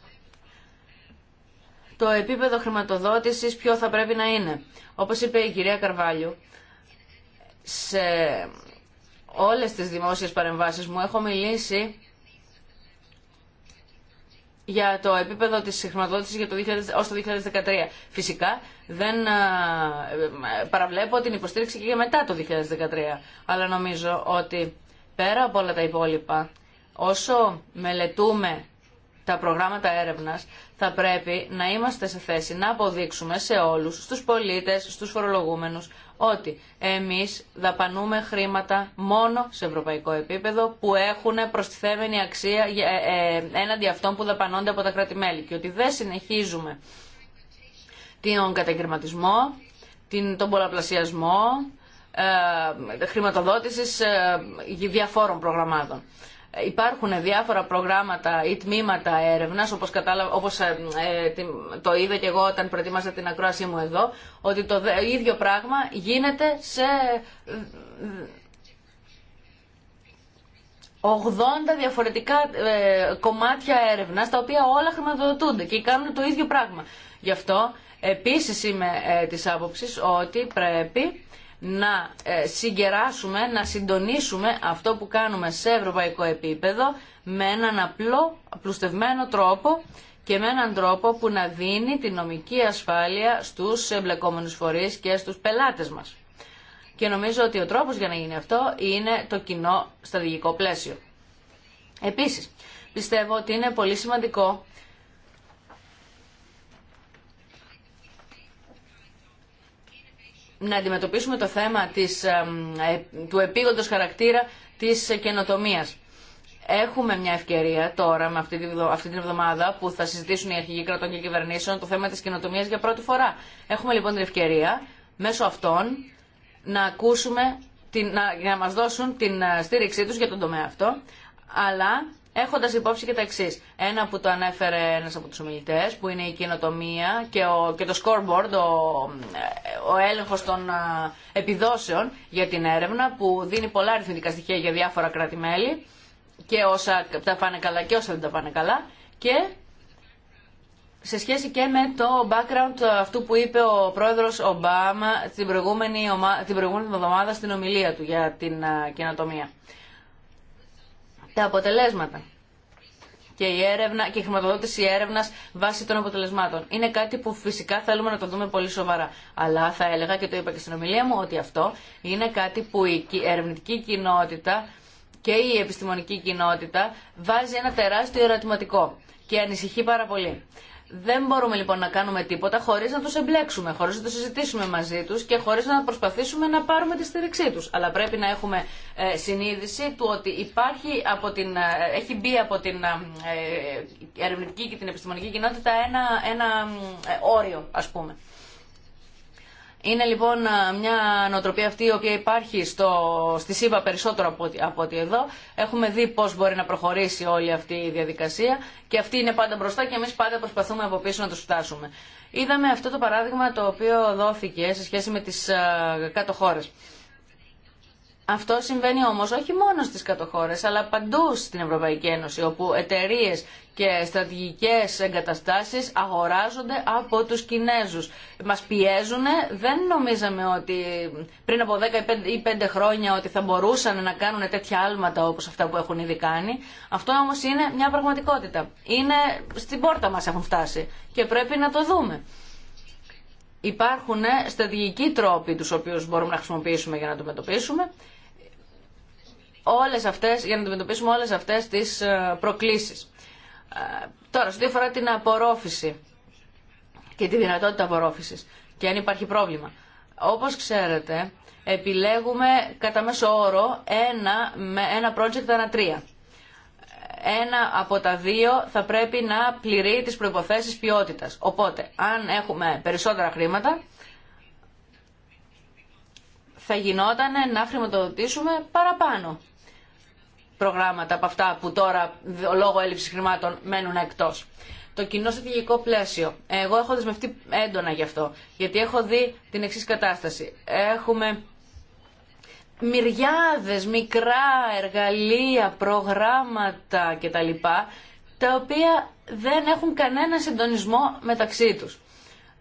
Το επίπεδο χρηματοδότησης ποιο θα πρέπει να είναι. Όπως είπε η κυρία Καρβάλιου, σε όλες τις δημόσιες παρεμβάσεις μου έχω μιλήσει για το επίπεδο της χρηματοδότησης για το 2000, ως το 2013. Φυσικά δεν ε, παραβλέπω την υποστήριξη και για μετά το 2013. Αλλά νομίζω ότι πέρα από όλα τα υπόλοιπα, όσο μελετούμε τα προγράμματα έρευνας, θα πρέπει να είμαστε σε θέση να αποδείξουμε σε όλους, στους πολίτες, στους φορολογούμενους, ότι εμείς δαπανούμε χρήματα μόνο σε ευρωπαϊκό επίπεδο που έχουν προστιθέμενη αξία ε, ε, έναντι αυτών που δαπανώνται από τα κράτη-μέλη και ότι δεν συνεχίζουμε τον την, τον πολλαπλασιασμό ε, χρηματοδότησης διαφόρων προγραμμάτων υπάρχουν διάφορα προγράμματα ή τμήματα έρευνα, όπω όπως, ε, ε, το είδα και εγώ όταν προετοίμασα την ακρόασή μου εδώ, ότι το ίδιο πράγμα γίνεται σε 80 διαφορετικά ε, κομμάτια έρευνα, τα οποία όλα χρηματοδοτούνται και κάνουν το ίδιο πράγμα. Γι' αυτό επίση είμαι ε, τη άποψη ότι πρέπει να ε, συγκεράσουμε, να συντονίσουμε αυτό που κάνουμε σε ευρωπαϊκό επίπεδο με έναν απλό, απλουστευμένο τρόπο και με έναν τρόπο που να δίνει τη νομική ασφάλεια στους εμπλεκόμενους φορείς και στους πελάτες μας. Και νομίζω ότι ο τρόπος για να γίνει αυτό είναι το κοινό στρατηγικό πλαίσιο. Επίσης, πιστεύω ότι είναι πολύ σημαντικό να αντιμετωπίσουμε το θέμα ε, του επίγοντος χαρακτήρα της καινοτομίας. Έχουμε μια ευκαιρία τώρα, με αυτή την εβδομάδα, που θα συζητήσουν οι αρχηγοί κρατών και κυβερνήσεων το θέμα της καινοτομίας για πρώτη φορά. Έχουμε λοιπόν την ευκαιρία, μέσω αυτών, να ακούσουμε, την, να, να μας δώσουν την ε, στήριξή τους για τον τομέα αυτό, αλλά έχοντας υπόψη και τα εξή. Ένα που το ανέφερε ένα από τους ομιλητές, που είναι η καινοτομία και, ο, και το scoreboard, ο, ο έλεγχος των επιδόσεων για την έρευνα, που δίνει πολλά αριθμητικά στοιχεία για διάφορα κράτη-μέλη, και όσα τα πάνε καλά και όσα δεν τα πάνε καλά, και σε σχέση και με το background αυτού που είπε ο πρόεδρος Ομπάμα την προηγούμενη, την προηγούμενη εβδομάδα στην ομιλία του για την καινοτομία τα αποτελέσματα και η, έρευνα, και η χρηματοδότηση έρευνα βάσει των αποτελεσμάτων. Είναι κάτι που φυσικά θέλουμε να το δούμε πολύ σοβαρά. Αλλά θα έλεγα και το είπα και στην ομιλία μου ότι αυτό είναι κάτι που η ερευνητική κοινότητα και η επιστημονική κοινότητα βάζει ένα τεράστιο ερωτηματικό και ανησυχεί πάρα πολύ. Δεν μπορούμε λοιπόν να κάνουμε τίποτα χωρί να του εμπλέξουμε, χωρί να το συζητήσουμε μαζί του και χωρί να προσπαθήσουμε να πάρουμε τη στήριξή του. Αλλά πρέπει να έχουμε ε, συνείδηση του ότι υπάρχει από την, ε, έχει μπει από την ε, ερευνητική και την επιστημονική κοινότητα ένα, ένα όριο, α πούμε. Είναι λοιπόν μια νοοτροπία αυτή η οποία υπάρχει στο, στη ΣΥΠΑ περισσότερο από, από ότι εδώ. Έχουμε δει πώ μπορεί να προχωρήσει όλη αυτή η διαδικασία και αυτή είναι πάντα μπροστά και εμεί πάντα προσπαθούμε από πίσω να του φτάσουμε. Είδαμε αυτό το παράδειγμα το οποίο δόθηκε σε σχέση με τι ε, κάτω χώρε. Αυτό συμβαίνει όμω όχι μόνο στι κατοχώρε, αλλά παντού στην Ευρωπαϊκή Ένωση, όπου εταιρείε και στρατηγικέ εγκαταστάσει αγοράζονται από του Κινέζους. Μα πιέζουν, δεν νομίζαμε ότι πριν από 10 ή 5 χρόνια ότι θα μπορούσαν να κάνουν τέτοια άλματα όπω αυτά που έχουν ήδη κάνει. Αυτό όμω είναι μια πραγματικότητα. Είναι στην πόρτα μα έχουν φτάσει και πρέπει να το δούμε υπάρχουν στρατηγικοί τρόποι τους οποίους μπορούμε να χρησιμοποιήσουμε για να το μετωπίσουμε όλες αυτές, για να αντιμετωπίσουμε όλες αυτές τις ε, προκλήσεις. Ε, τώρα, σε αφορά την απορρόφηση και τη δυνατότητα απορρόφησης και αν υπάρχει πρόβλημα. Όπως ξέρετε, επιλέγουμε κατά μέσο όρο ένα, με ένα project ανά τρία. Ένα από τα δύο θα πρέπει να πληρεί τις προϋποθέσεις ποιότητας. Οπότε, αν έχουμε περισσότερα χρήματα, θα γινόταν να χρηματοδοτήσουμε παραπάνω προγράμματα από αυτά που τώρα λόγω έλλειψη χρημάτων μένουν εκτό. Το κοινό στρατηγικό πλαίσιο. Εγώ έχω δεσμευτεί έντονα γι' αυτό. Γιατί έχω δει την εξή κατάσταση. Έχουμε μυριάδες, μικρά εργαλεία, προγράμματα κτλ. τα οποία δεν έχουν κανένα συντονισμό μεταξύ τους.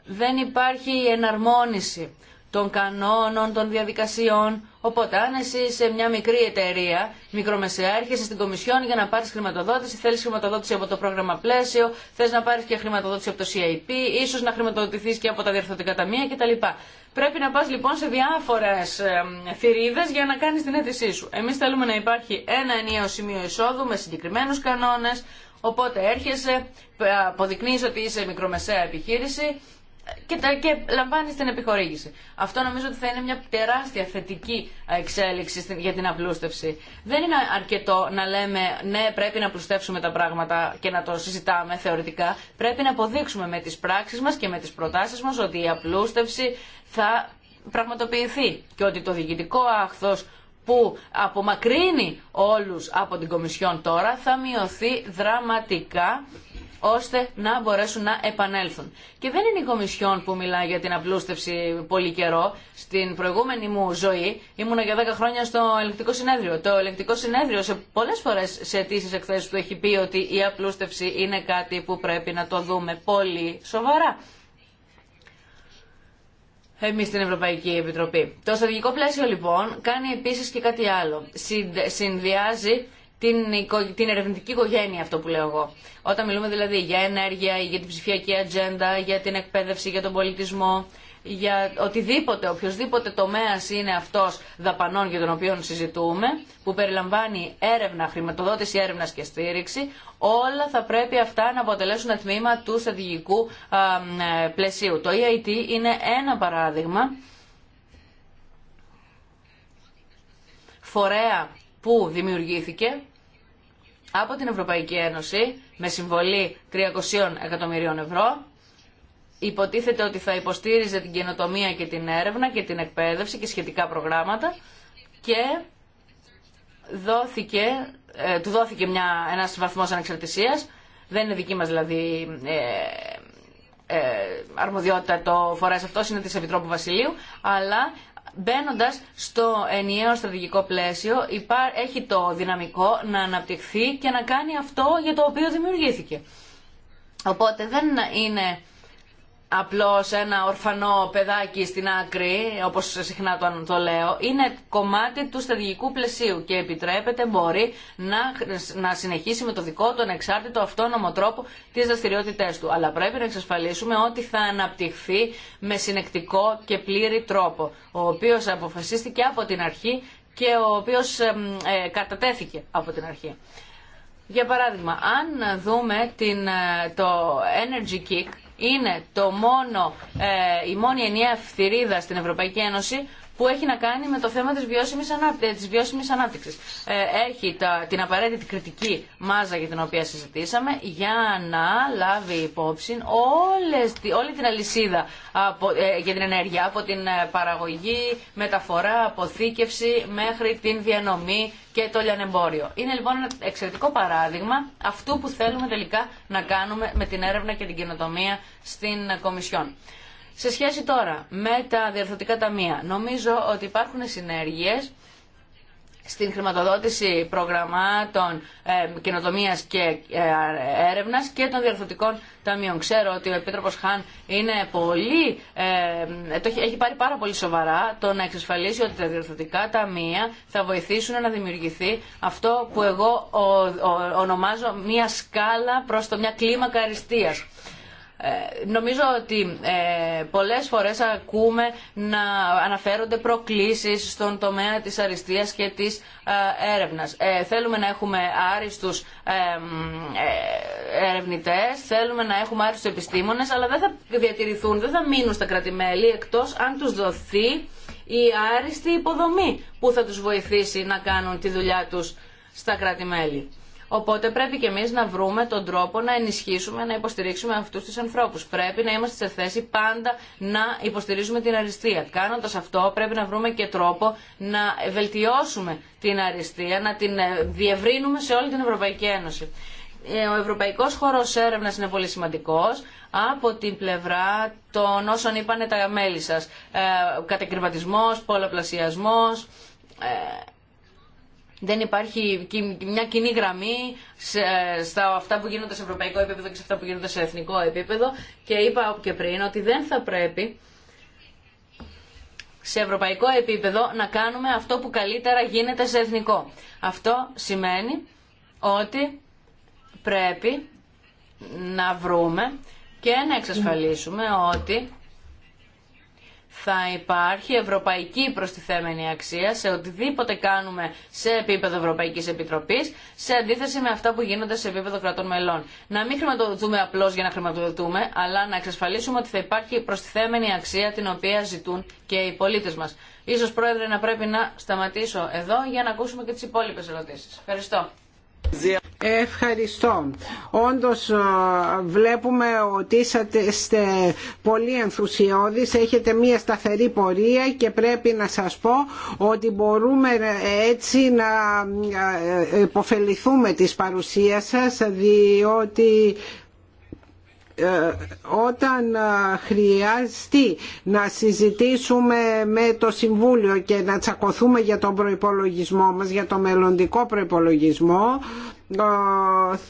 Δεν υπάρχει εναρμόνιση των κανόνων, των διαδικασιών. Οπότε, αν εσύ σε μια μικρή εταιρεία, μικρομεσαία, έρχεσαι στην Κομισιόν για να πάρει χρηματοδότηση, θέλει χρηματοδότηση από το πρόγραμμα πλαίσιο, θε να πάρει και χρηματοδότηση από το CIP, ίσω να χρηματοδοτηθεί και από τα διορθωτικά ταμεία κτλ. Πρέπει να πα λοιπόν σε διάφορε θηρίδε για να κάνει την αίτησή σου. Εμεί θέλουμε να υπάρχει ένα ενιαίο σημείο εισόδου με συγκεκριμένου κανόνε, οπότε έρχεσαι, αποδεικνύει ότι είσαι μικρομεσαία επιχείρηση, και, και λαμβάνει την επιχορήγηση. Αυτό νομίζω ότι θα είναι μια τεράστια θετική εξέλιξη για την απλούστευση. Δεν είναι αρκετό να λέμε ναι πρέπει να απλουστεύσουμε τα πράγματα και να το συζητάμε θεωρητικά. Πρέπει να αποδείξουμε με τις πράξει μας και με τις προτάσεις μας ότι η απλούστευση θα πραγματοποιηθεί και ότι το διοικητικό άχθος που απομακρύνει όλους από την Κομισιόν τώρα θα μειωθεί δραματικά ώστε να μπορέσουν να επανέλθουν. Και δεν είναι η Κομισιόν που μιλά για την απλούστευση πολύ καιρό. Στην προηγούμενη μου ζωή ήμουνα για 10 χρόνια στο ελεκτικό συνέδριο. Το ελεκτικό συνέδριο σε πολλές φορές σε αιτήσεις εκθέσεις του έχει πει ότι η απλούστευση είναι κάτι που πρέπει να το δούμε πολύ σοβαρά εμεί στην Ευρωπαϊκή Επιτροπή. Το στρατηγικό πλαίσιο λοιπόν κάνει επίση και κάτι άλλο. Συνδυάζει την, την ερευνητική οικογένεια, αυτό που λέω εγώ. Όταν μιλούμε δηλαδή για ενέργεια, για την ψηφιακή ατζέντα, για την εκπαίδευση, για τον πολιτισμό, για οτιδήποτε, οποιοδήποτε τομέα είναι αυτός δαπανών για τον οποίο συζητούμε, που περιλαμβάνει έρευνα, χρηματοδότηση έρευνα και στήριξη, όλα θα πρέπει αυτά να αποτελέσουν τμήμα του στρατηγικού ε, πλαισίου. Το EIT είναι ένα παράδειγμα φορέα που δημιουργήθηκε από την Ευρωπαϊκή Ένωση με συμβολή 300 εκατομμυρίων ευρώ υποτίθεται ότι θα υποστήριζε την καινοτομία και την έρευνα και την εκπαίδευση και σχετικά προγράμματα και δόθηκε, ε, του δόθηκε μια, ένας βαθμός ανεξαρτησίας, δεν είναι δική μας δηλαδή ε, ε αρμοδιότητα το φορέας αυτό είναι της Επιτρόπου Βασιλείου, αλλά μπαίνοντα στο ενιαίο στρατηγικό πλαίσιο, έχει το δυναμικό να αναπτυχθεί και να κάνει αυτό για το οποίο δημιουργήθηκε. Οπότε δεν είναι απλώς ένα ορφανό παιδάκι στην άκρη, όπως συχνά το, το λέω, είναι κομμάτι του στρατηγικού πλαισίου και επιτρέπεται, μπορεί να, να συνεχίσει με το δικό του ανεξάρτητο αυτόνομο τρόπο τις δραστηριότητε του. Αλλά πρέπει να εξασφαλίσουμε ότι θα αναπτυχθεί με συνεκτικό και πλήρη τρόπο, ο οποίος αποφασίστηκε από την αρχή και ο οποίος ε, κατατέθηκε από την αρχή. Για παράδειγμα, αν δούμε την, ε, το Energy Kick, είναι το μόνο, ε, η μόνη ενιαία φθυρίδα στην Ευρωπαϊκή Ένωση που έχει να κάνει με το θέμα της βιώσιμης, ανάπτυξης, ε, της βιώσιμης ανάπτυξης. Ε, έχει τα, την απαραίτητη κριτική μάζα για την οποία συζητήσαμε για να λάβει υπόψη όλες, όλη την αλυσίδα από, ε, για την ενέργεια από την παραγωγή, μεταφορά, αποθήκευση μέχρι την διανομή και το λιανεμπόριο. Είναι λοιπόν ένα εξαιρετικό παράδειγμα αυτού που θέλουμε τελικά να κάνουμε με την έρευνα και την καινοτομία στην Κομισιόν. Σε σχέση τώρα με τα διαρθρωτικά ταμεία, νομίζω ότι υπάρχουν συνέργειες στην χρηματοδότηση προγραμμάτων ε, καινοτομία και ε, έρευνα και των διαρθρωτικών ταμείων. Ξέρω ότι ο Επίτροπο Χαν είναι πολύ, ε, το έχει, πάρει πάρα πολύ σοβαρά το να εξασφαλίσει ότι τα διαρθρωτικά ταμεία θα βοηθήσουν να δημιουργηθεί αυτό που εγώ ο, ονομάζω μια σκάλα προ το μια κλίμακα αριστεία. Ε, νομίζω ότι ε, πολλές φορές ακούμε να αναφέρονται προκλήσεις στον τομέα της αριστείας και της ε, έρευνας. Θέλουμε να έχουμε άριστους ερευνητές, θέλουμε να έχουμε άριστους επιστήμονες, αλλά δεν θα διατηρηθούν, δεν θα μείνουν στα κρατημέλη εκτός αν τους δοθεί η άριστη υποδομή που θα τους βοηθήσει να κάνουν τη δουλειά τους στα κράτη-μέλη. Οπότε πρέπει και εμεί να βρούμε τον τρόπο να ενισχύσουμε, να υποστηρίξουμε αυτού του ανθρώπου. Πρέπει να είμαστε σε θέση πάντα να υποστηρίζουμε την αριστεία. Κάνοντα αυτό, πρέπει να βρούμε και τρόπο να βελτιώσουμε την αριστεία, να την ε, διευρύνουμε σε όλη την Ευρωπαϊκή Ένωση. Ε, ο Ευρωπαϊκός Χώρος έρευνα είναι πολύ σημαντικό από την πλευρά των όσων είπανε τα μέλη σα. Ε, πολλαπλασιασμό. Ε, δεν υπάρχει μια κοινή γραμμή σε, στα αυτά που γίνονται σε ευρωπαϊκό επίπεδο και σε αυτά που γίνονται σε εθνικό επίπεδο και είπα και πριν ότι δεν θα πρέπει σε ευρωπαϊκό επίπεδο να κάνουμε αυτό που καλύτερα γίνεται σε εθνικό. Αυτό σημαίνει ότι πρέπει να βρούμε και να εξασφαλίσουμε ότι θα υπάρχει ευρωπαϊκή προστιθέμενη αξία σε οτιδήποτε κάνουμε σε επίπεδο Ευρωπαϊκής Επιτροπής, σε αντίθεση με αυτά που γίνονται σε επίπεδο κρατών μελών. Να μην χρηματοδοτούμε απλώς για να χρηματοδοτούμε, αλλά να εξασφαλίσουμε ότι θα υπάρχει προστιθέμενη αξία την οποία ζητούν και οι πολίτε μας. Ίσως, Πρόεδρε, να πρέπει να σταματήσω εδώ για να ακούσουμε και τι υπόλοιπε ερωτήσει. Ευχαριστώ. Ευχαριστώ. Όντως βλέπουμε ότι είσαστε πολύ ενθουσιώδης, έχετε μία σταθερή πορεία και πρέπει να σας πω ότι μπορούμε ε, έτσι να ε, ε, υποφεληθούμε της παρουσίας σας διότι ε, όταν ε, χρειαστεί να συζητήσουμε με το Συμβούλιο και να τσακωθούμε για τον προϋπολογισμό μας, για το μελλοντικό προϋπολογισμό,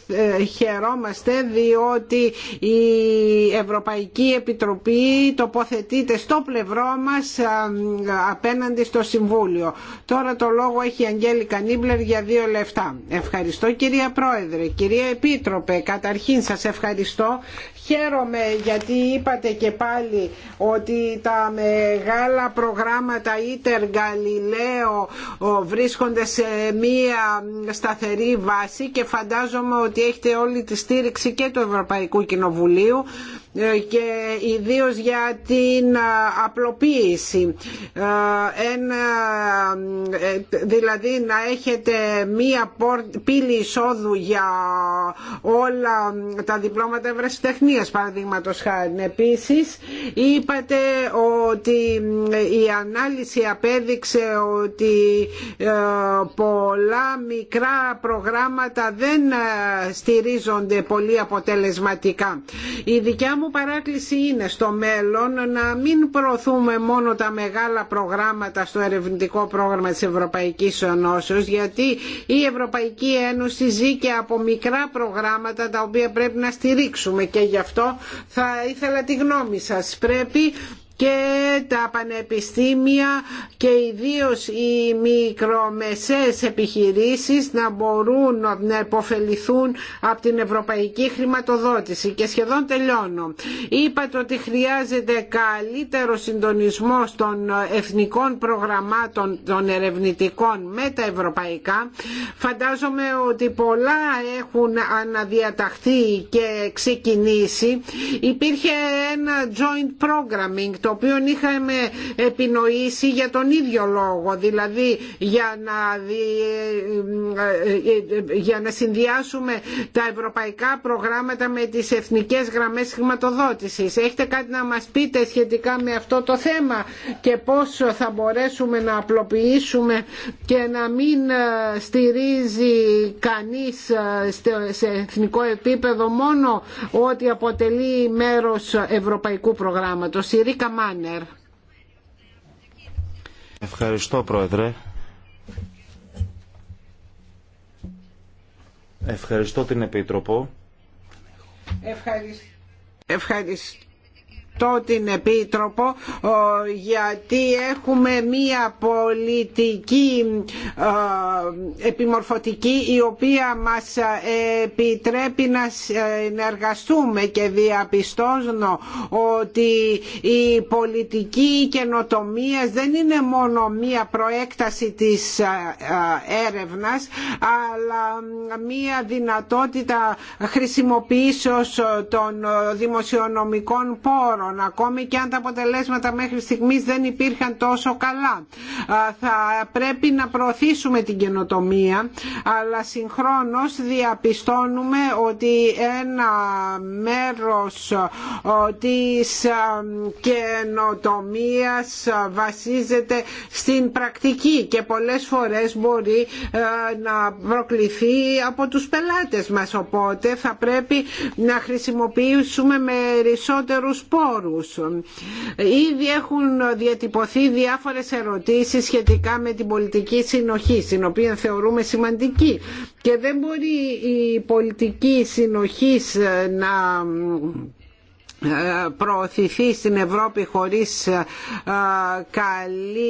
ε, χαιρόμαστε διότι η Ευρωπαϊκή Επιτροπή τοποθετείται στο πλευρό μας ε, απέναντι στο Συμβούλιο. Τώρα το λόγο έχει η Αγγέλη Νίμπλερ για δύο λεφτά. Ευχαριστώ κυρία Πρόεδρε, κυρία Επίτροπε, καταρχήν σας ευχαριστώ Χαίρομαι γιατί είπατε και πάλι ότι τα μεγάλα προγράμματα Ήτερ, Γαλιλαίο ε, βρίσκονται σε μία σταθερή βάση και φαντάζομαι ότι έχετε όλη τη στήριξη και του Ευρωπαϊκού Κοινοβουλίου και ιδίως για την απλοποίηση. Ε, δηλαδή να έχετε μία πύλη εισόδου για όλα τα διπλώματα ευρεσιτεχνίας παραδείγματος χάρη. Επίσης είπατε ότι η ανάλυση απέδειξε ότι ε, πολλά μικρά προγράμματα δεν ε, στηρίζονται πολύ αποτελεσματικά. Η δικιά μου παράκληση είναι στο μέλλον να μην προωθούμε μόνο τα μεγάλα προγράμματα στο ερευνητικό πρόγραμμα της Ευρωπαϊκής Ενώσεως γιατί η Ευρωπαϊκή Ένωση ζει και από μικρά προγράμματα τα οποία πρέπει να στηρίξουμε και γι' αυτό θα ήθελα τη γνώμη σας. Πρέπει και τα πανεπιστήμια και ιδίως οι μικρομεσαίες επιχειρήσεις να μπορούν να υποφεληθούν από την ευρωπαϊκή χρηματοδότηση. Και σχεδόν τελειώνω. Είπατε ότι χρειάζεται καλύτερο συντονισμό των εθνικών προγραμμάτων των ερευνητικών με τα ευρωπαϊκά. Φαντάζομαι ότι πολλά έχουν αναδιαταχθεί και ξεκινήσει. Υπήρχε ένα joint programming το οποίο είχαμε επινοήσει για τον ίδιο λόγο, δηλαδή για να, ε, ε, ε, για να συνδυάσουμε τα ευρωπαϊκά προγράμματα με τις εθνικές γραμμές χρηματοδότησης. Έχετε κάτι να μας πείτε σχετικά με αυτό το θέμα και πώς θα μπορέσουμε να απλοποιήσουμε και να μην στηρίζει κανείς σε εθνικό επίπεδο μόνο ό,τι αποτελεί μέρος ευρωπαϊκού προγράμματος. Ευχαριστώ Πρόεδρε. Ευχαριστώ την Επίτροπο. Ευχαριστώ αυτό την Επίτροπο γιατί έχουμε μία πολιτική επιμορφωτική η οποία μας επιτρέπει να συνεργαστούμε και διαπιστώνω ότι η πολιτική καινοτομία δεν είναι μόνο μία προέκταση της έρευνας αλλά μία δυνατότητα χρησιμοποιήσεως των δημοσιονομικών πόρων ακόμη και αν τα αποτελέσματα μέχρι στιγμής δεν υπήρχαν τόσο καλά. Θα πρέπει να προωθήσουμε την καινοτομία αλλά συγχρόνως διαπιστώνουμε ότι ένα μέρος της καινοτομίας βασίζεται στην πρακτική και πολλές φορές μπορεί να προκληθεί από τους πελάτες μας οπότε θα πρέπει να χρησιμοποιήσουμε περισσότερους πόρους Ήδη έχουν διατυπωθεί διάφορες ερωτήσεις σχετικά με την πολιτική συνοχή, την οποία θεωρούμε σημαντική. Και δεν μπορεί η πολιτική συνοχής να προωθηθεί στην Ευρώπη χωρίς καλή,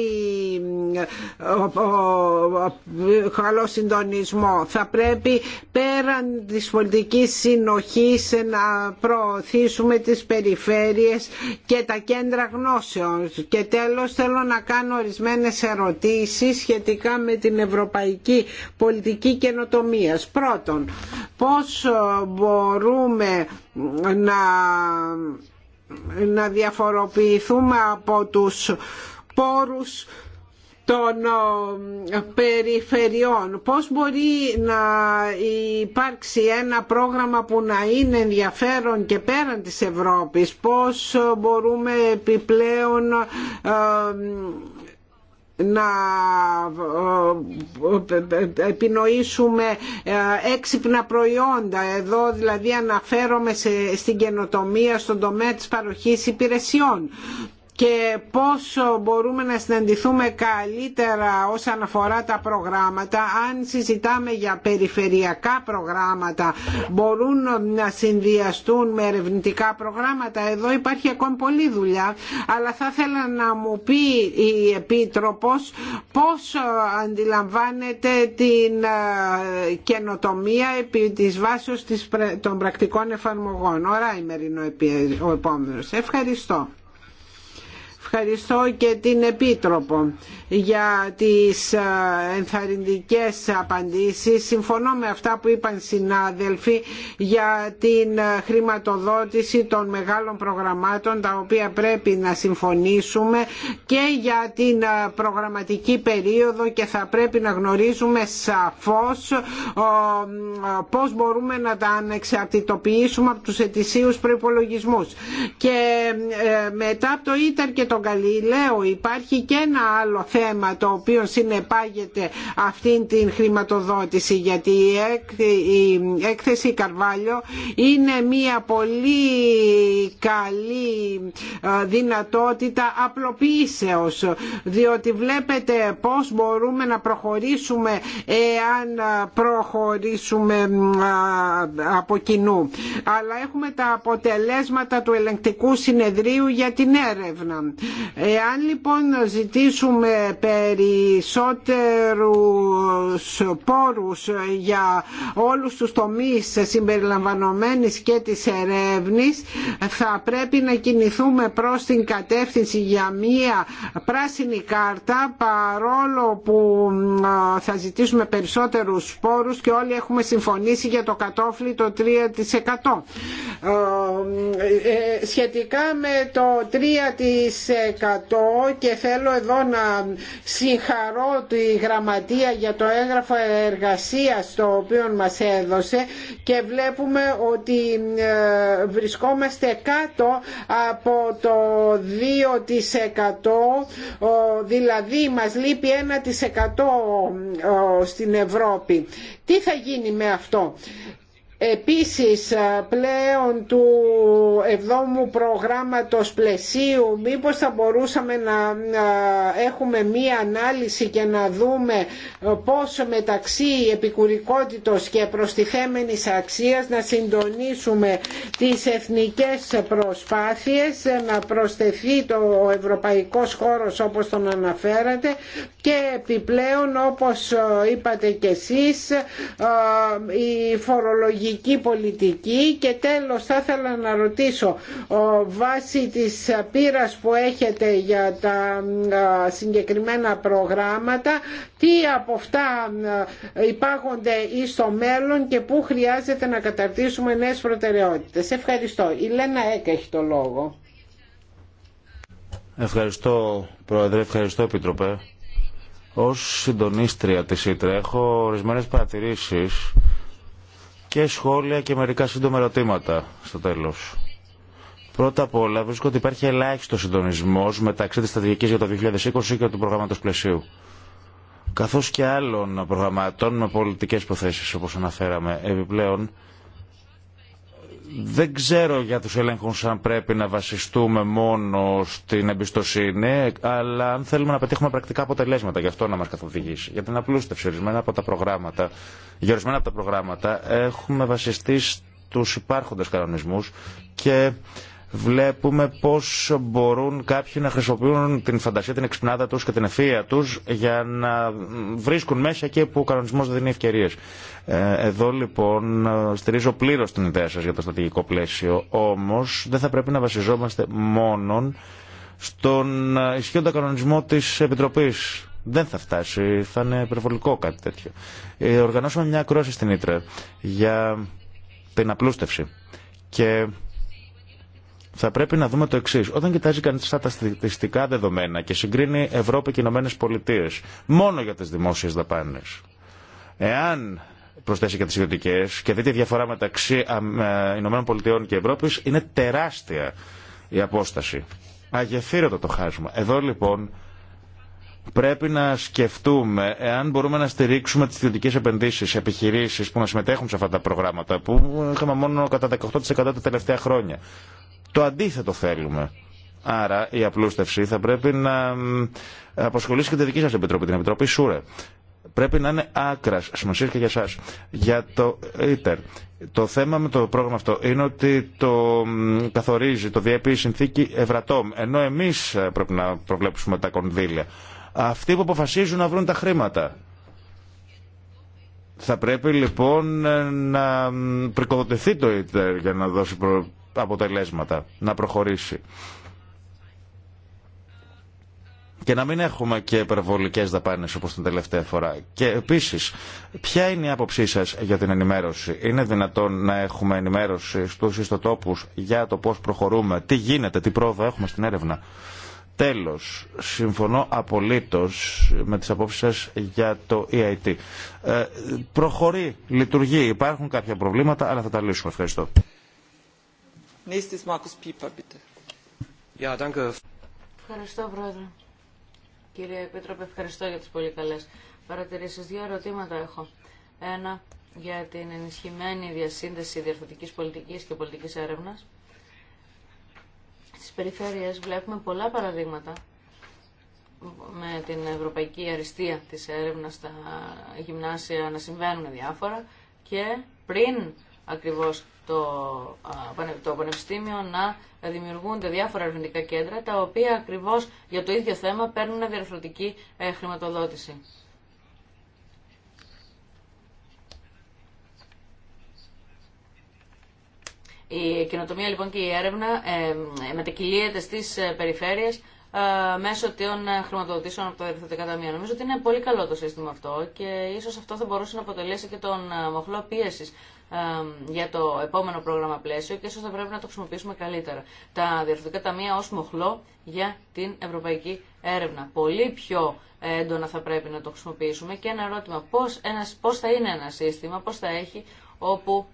καλό συντονισμό. Θα πρέπει πέραν της πολιτικής συνοχής να προωθήσουμε τις περιφέρειες και τα κέντρα γνώσεων. Και τέλος θέλω να κάνω ορισμένες ερωτήσεις σχετικά με την ευρωπαϊκή πολιτική καινοτομίας. Πρώτον, πώς μπορούμε να ε, να διαφοροποιηθούμε από τους πόρους των ε, περιφερειών. Πώς μπορεί να υπάρξει ένα πρόγραμμα που να είναι ενδιαφέρον και πέραν της Ευρώπης. Πώς μπορούμε επιπλέον ε, να ε, ε, επινοήσουμε ε, έξυπνα προϊόντα. Εδώ δηλαδή αναφέρομαι στην καινοτομία στον τομέα της παροχής υπηρεσιών και πόσο μπορούμε να συναντηθούμε καλύτερα όσον αφορά τα προγράμματα. Αν συζητάμε για περιφερειακά προγράμματα μπορούν να συνδυαστούν με ερευνητικά προγράμματα. Εδώ υπάρχει ακόμη πολλή δουλειά, αλλά θα ήθελα να μου πει η Επίτροπος πώς αντιλαμβάνεται την ε, καινοτομία επί της βάσης των πρακτικών εφαρμογών. Ωραία ημερινό ο επόμενος. Ευχαριστώ. Ευχαριστώ και την Επίτροπο για τις ε, ενθαρρυντικές απαντήσεις. Συμφωνώ με αυτά που είπαν συνάδελφοι για την ε, χρηματοδότηση των μεγάλων προγραμμάτων τα οποία πρέπει να συμφωνήσουμε και για την ε, προγραμματική περίοδο και θα πρέπει να γνωρίζουμε σαφώς πώς μπορούμε να τα ανεξαρτητοποιήσουμε από τους ετησίους προϋπολογισμούς. Και μετά το ΙΤΑΡ και το τον υπάρχει και ένα άλλο θέμα το οποίο συνεπάγεται αυτήν την χρηματοδότηση γιατί η έκθεση Καρβάλιο είναι μια πολύ καλή ε, δυνατότητα απλοποίησεως διότι βλέπετε πώς μπορούμε να προχωρήσουμε εάν προχωρήσουμε ε, από κοινού αλλά έχουμε τα αποτελέσματα του ελεγκτικού συνεδρίου για την έρευνα Εάν λοιπόν ζητήσουμε περισσότερους πόρους για όλους τους τομείς συμπεριλαμβανομένης και της ερεύνης θα πρέπει να κινηθούμε προς την κατεύθυνση για μία πράσινη κάρτα παρόλο που θα ζητήσουμε περισσότερους πόρους και όλοι έχουμε συμφωνήσει για το κατόφλι το 3%. Ε, ε, σχετικά με το 3% και θέλω εδώ να συγχαρώ τη γραμματεία για το έγγραφο εργασίας το οποίο μας έδωσε και βλέπουμε ότι ε, βρισκόμαστε κάτω από το 2% δηλαδή μας λείπει 1% στην Ευρώπη. Τι θα γίνει με αυτό επίσης πλέον του εβδόμου προγράμματος πλαισίου μήπως θα μπορούσαμε να έχουμε μία ανάλυση και να δούμε πόσο μεταξύ επικουρικότητος και προστιθέμενης αξίας να συντονίσουμε τις εθνικές προσπάθειες ε, να προσθεθεί το ευρωπαϊκός χώρος όπως τον αναφέρατε και επιπλέον όπως είπατε και εσείς η φορολογία πολιτική και τέλος θα ήθελα να ρωτήσω βάσει της πείρας που έχετε για τα συγκεκριμένα προγράμματα τι από αυτά υπάγονται ή στο μέλλον και πού χρειάζεται να καταρτήσουμε νέες προτεραιότητες. Ευχαριστώ. Η Λένα Έκα έχει το λόγο. Ευχαριστώ Πρόεδρε, ευχαριστώ Επίτροπε. Ως συντονίστρια της ΙΤΡΕ έχω ορισμένες παρατηρήσεις και σχόλια και μερικά σύντομα ερωτήματα στο τέλος. Πρώτα απ' όλα βρίσκω ότι υπάρχει ελάχιστο συντονισμό μεταξύ τη στρατηγική για το 2020 και του προγράμματο πλαισίου. Καθώ και άλλων προγραμμάτων με πολιτικέ προθέσει, όπω αναφέραμε. Επιπλέον, δεν ξέρω για τους ελέγχους αν πρέπει να βασιστούμε μόνο στην εμπιστοσύνη, αλλά αν θέλουμε να πετύχουμε πρακτικά αποτελέσματα, γι' αυτό να μας καθοδηγήσει. Για την απλούστευση, ορισμένα από τα προγράμματα, για ορισμένα από τα προγράμματα έχουμε βασιστεί στους υπάρχοντες κανονισμούς και βλέπουμε πώς μπορούν κάποιοι να χρησιμοποιούν την φαντασία, την εξυπνάδα τους και την ευφύεια τους για να βρίσκουν μέσα εκεί που ο κανονισμός δεν δίνει ευκαιρίες. Ε, εδώ λοιπόν στηρίζω πλήρως την ιδέα σας για το στρατηγικό πλαίσιο, όμως δεν θα πρέπει να βασιζόμαστε μόνον στον ισχύοντα κανονισμό της Επιτροπής. Δεν θα φτάσει, θα είναι υπερβολικό κάτι τέτοιο. Ε, οργανώσαμε μια ακρόαση στην Ήτρε για την απλούστευση. Και θα πρέπει να δούμε το εξή. Όταν κοιτάζει κανεί αυτά τα στατιστικά δεδομένα και συγκρίνει Ευρώπη και Ηνωμένε Πολιτείε μόνο για τι δημόσιε δαπάνε, εάν προσθέσει και τι ιδιωτικέ και δείτε τη διαφορά μεταξύ Ηνωμένων Πολιτείων και Ευρώπη, είναι τεράστια η απόσταση. Αγεφύρωτο το χάσμα. Εδώ λοιπόν πρέπει να σκεφτούμε εάν μπορούμε να στηρίξουμε τις επενδύσει επενδύσεις, επιχειρήσει που να συμμετέχουν σε αυτά τα προγράμματα που είχαμε μόνο κατά 18% τα τελευταία χρόνια. Το αντίθετο θέλουμε. Άρα η απλούστευση θα πρέπει να απασχολήσει και τη δική σας επιτροπή, την Επιτροπή ΣΟΥΡΕ. Πρέπει να είναι άκρα σημασία και για εσά. Για το ΙΤΕΡ. Το θέμα με το πρόγραμμα αυτό είναι ότι το καθορίζει, το διέπει η συνθήκη Ευρατόμ. Ενώ εμεί ε, πρέπει να προβλέψουμε τα κονδύλια. Αυτοί που αποφασίζουν να βρουν τα χρήματα. Θα πρέπει λοιπόν ε, να πρικοδοτηθεί το ΙΤΕΡ για να δώσει τα αποτελέσματα, να προχωρήσει. Και να μην έχουμε και υπερβολικέ δαπάνε όπω την τελευταία φορά. Και επίση, ποια είναι η άποψή σα για την ενημέρωση. Είναι δυνατόν να έχουμε ενημέρωση στου ιστοτόπου για το πώ προχωρούμε, τι γίνεται, τι πρόοδο έχουμε στην έρευνα. Τέλο, συμφωνώ απολύτω με τι απόψει σα για το EIT. Ε, προχωρεί, λειτουργεί, υπάρχουν κάποια προβλήματα, αλλά θα τα λύσουμε. Ευχαριστώ. Nächstes Markus Pieper, bitte. Ja, danke. Ευχαριστώ, Πρόεδρε. Κύριε Επίτροπε, ευχαριστώ για τις πολύ καλές παρατηρήσεις. Δύο ερωτήματα έχω. Ένα για την ενισχυμένη διασύνδεση διαρθρωτικής πολιτικής και πολιτικής έρευνας. Στις περιφέρειες βλέπουμε πολλά παραδείγματα με την ευρωπαϊκή αριστεία της έρευνας στα γυμνάσια να συμβαίνουν διάφορα και πριν ακριβώς το, το Πανεπιστήμιο να δημιουργούνται διάφορα ερευνητικά κέντρα, τα οποία ακριβώς για το ίδιο θέμα παίρνουν διαρθρωτική ε, χρηματοδότηση. Η κοινοτομία λοιπόν και η έρευνα ε, ε μετακυλίεται στις ε, περιφέρειες μέσω των χρηματοδοτήσεων από το διευθυντικά ταμεία. Νομίζω ότι είναι πολύ καλό το σύστημα αυτό και ίσως αυτό θα μπορούσε να αποτελέσει και τον μοχλό πίεση για το επόμενο πρόγραμμα πλαίσιο και ίσως θα πρέπει να το χρησιμοποιήσουμε καλύτερα. Τα διευθυντικά ταμεία ως μοχλό για την ευρωπαϊκή έρευνα. Πολύ πιο έντονα θα πρέπει να το χρησιμοποιήσουμε και ένα ερώτημα πώς, ένας, πώς θα είναι ένα σύστημα, πώς θα έχει όπου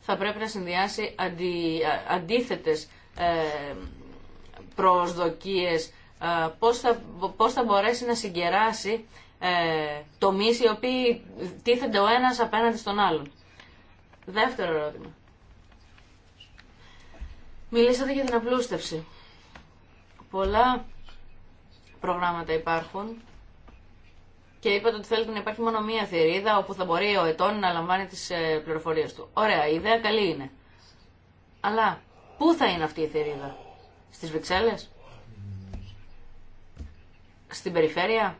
θα πρέπει να συνδυάσει αντί, αντίθετες ε, προσδοκίες, πώς θα μπορέσει να συγκεράσει ε, τομείς οι οποίοι τίθενται ο ένας απέναντι στον άλλον. Δεύτερο ερώτημα. Μιλήσατε για την απλούστευση. Πολλά προγράμματα υπάρχουν και είπατε ότι θέλετε να υπάρχει μόνο μία θηρίδα όπου θα μπορεί ο ετών να λαμβάνει τις ε, πληροφορίες του. Ωραία, η ιδέα καλή είναι. Αλλά πού θα είναι αυτή η θηρίδα, στις Βρυξέλλες, στην περιφέρεια,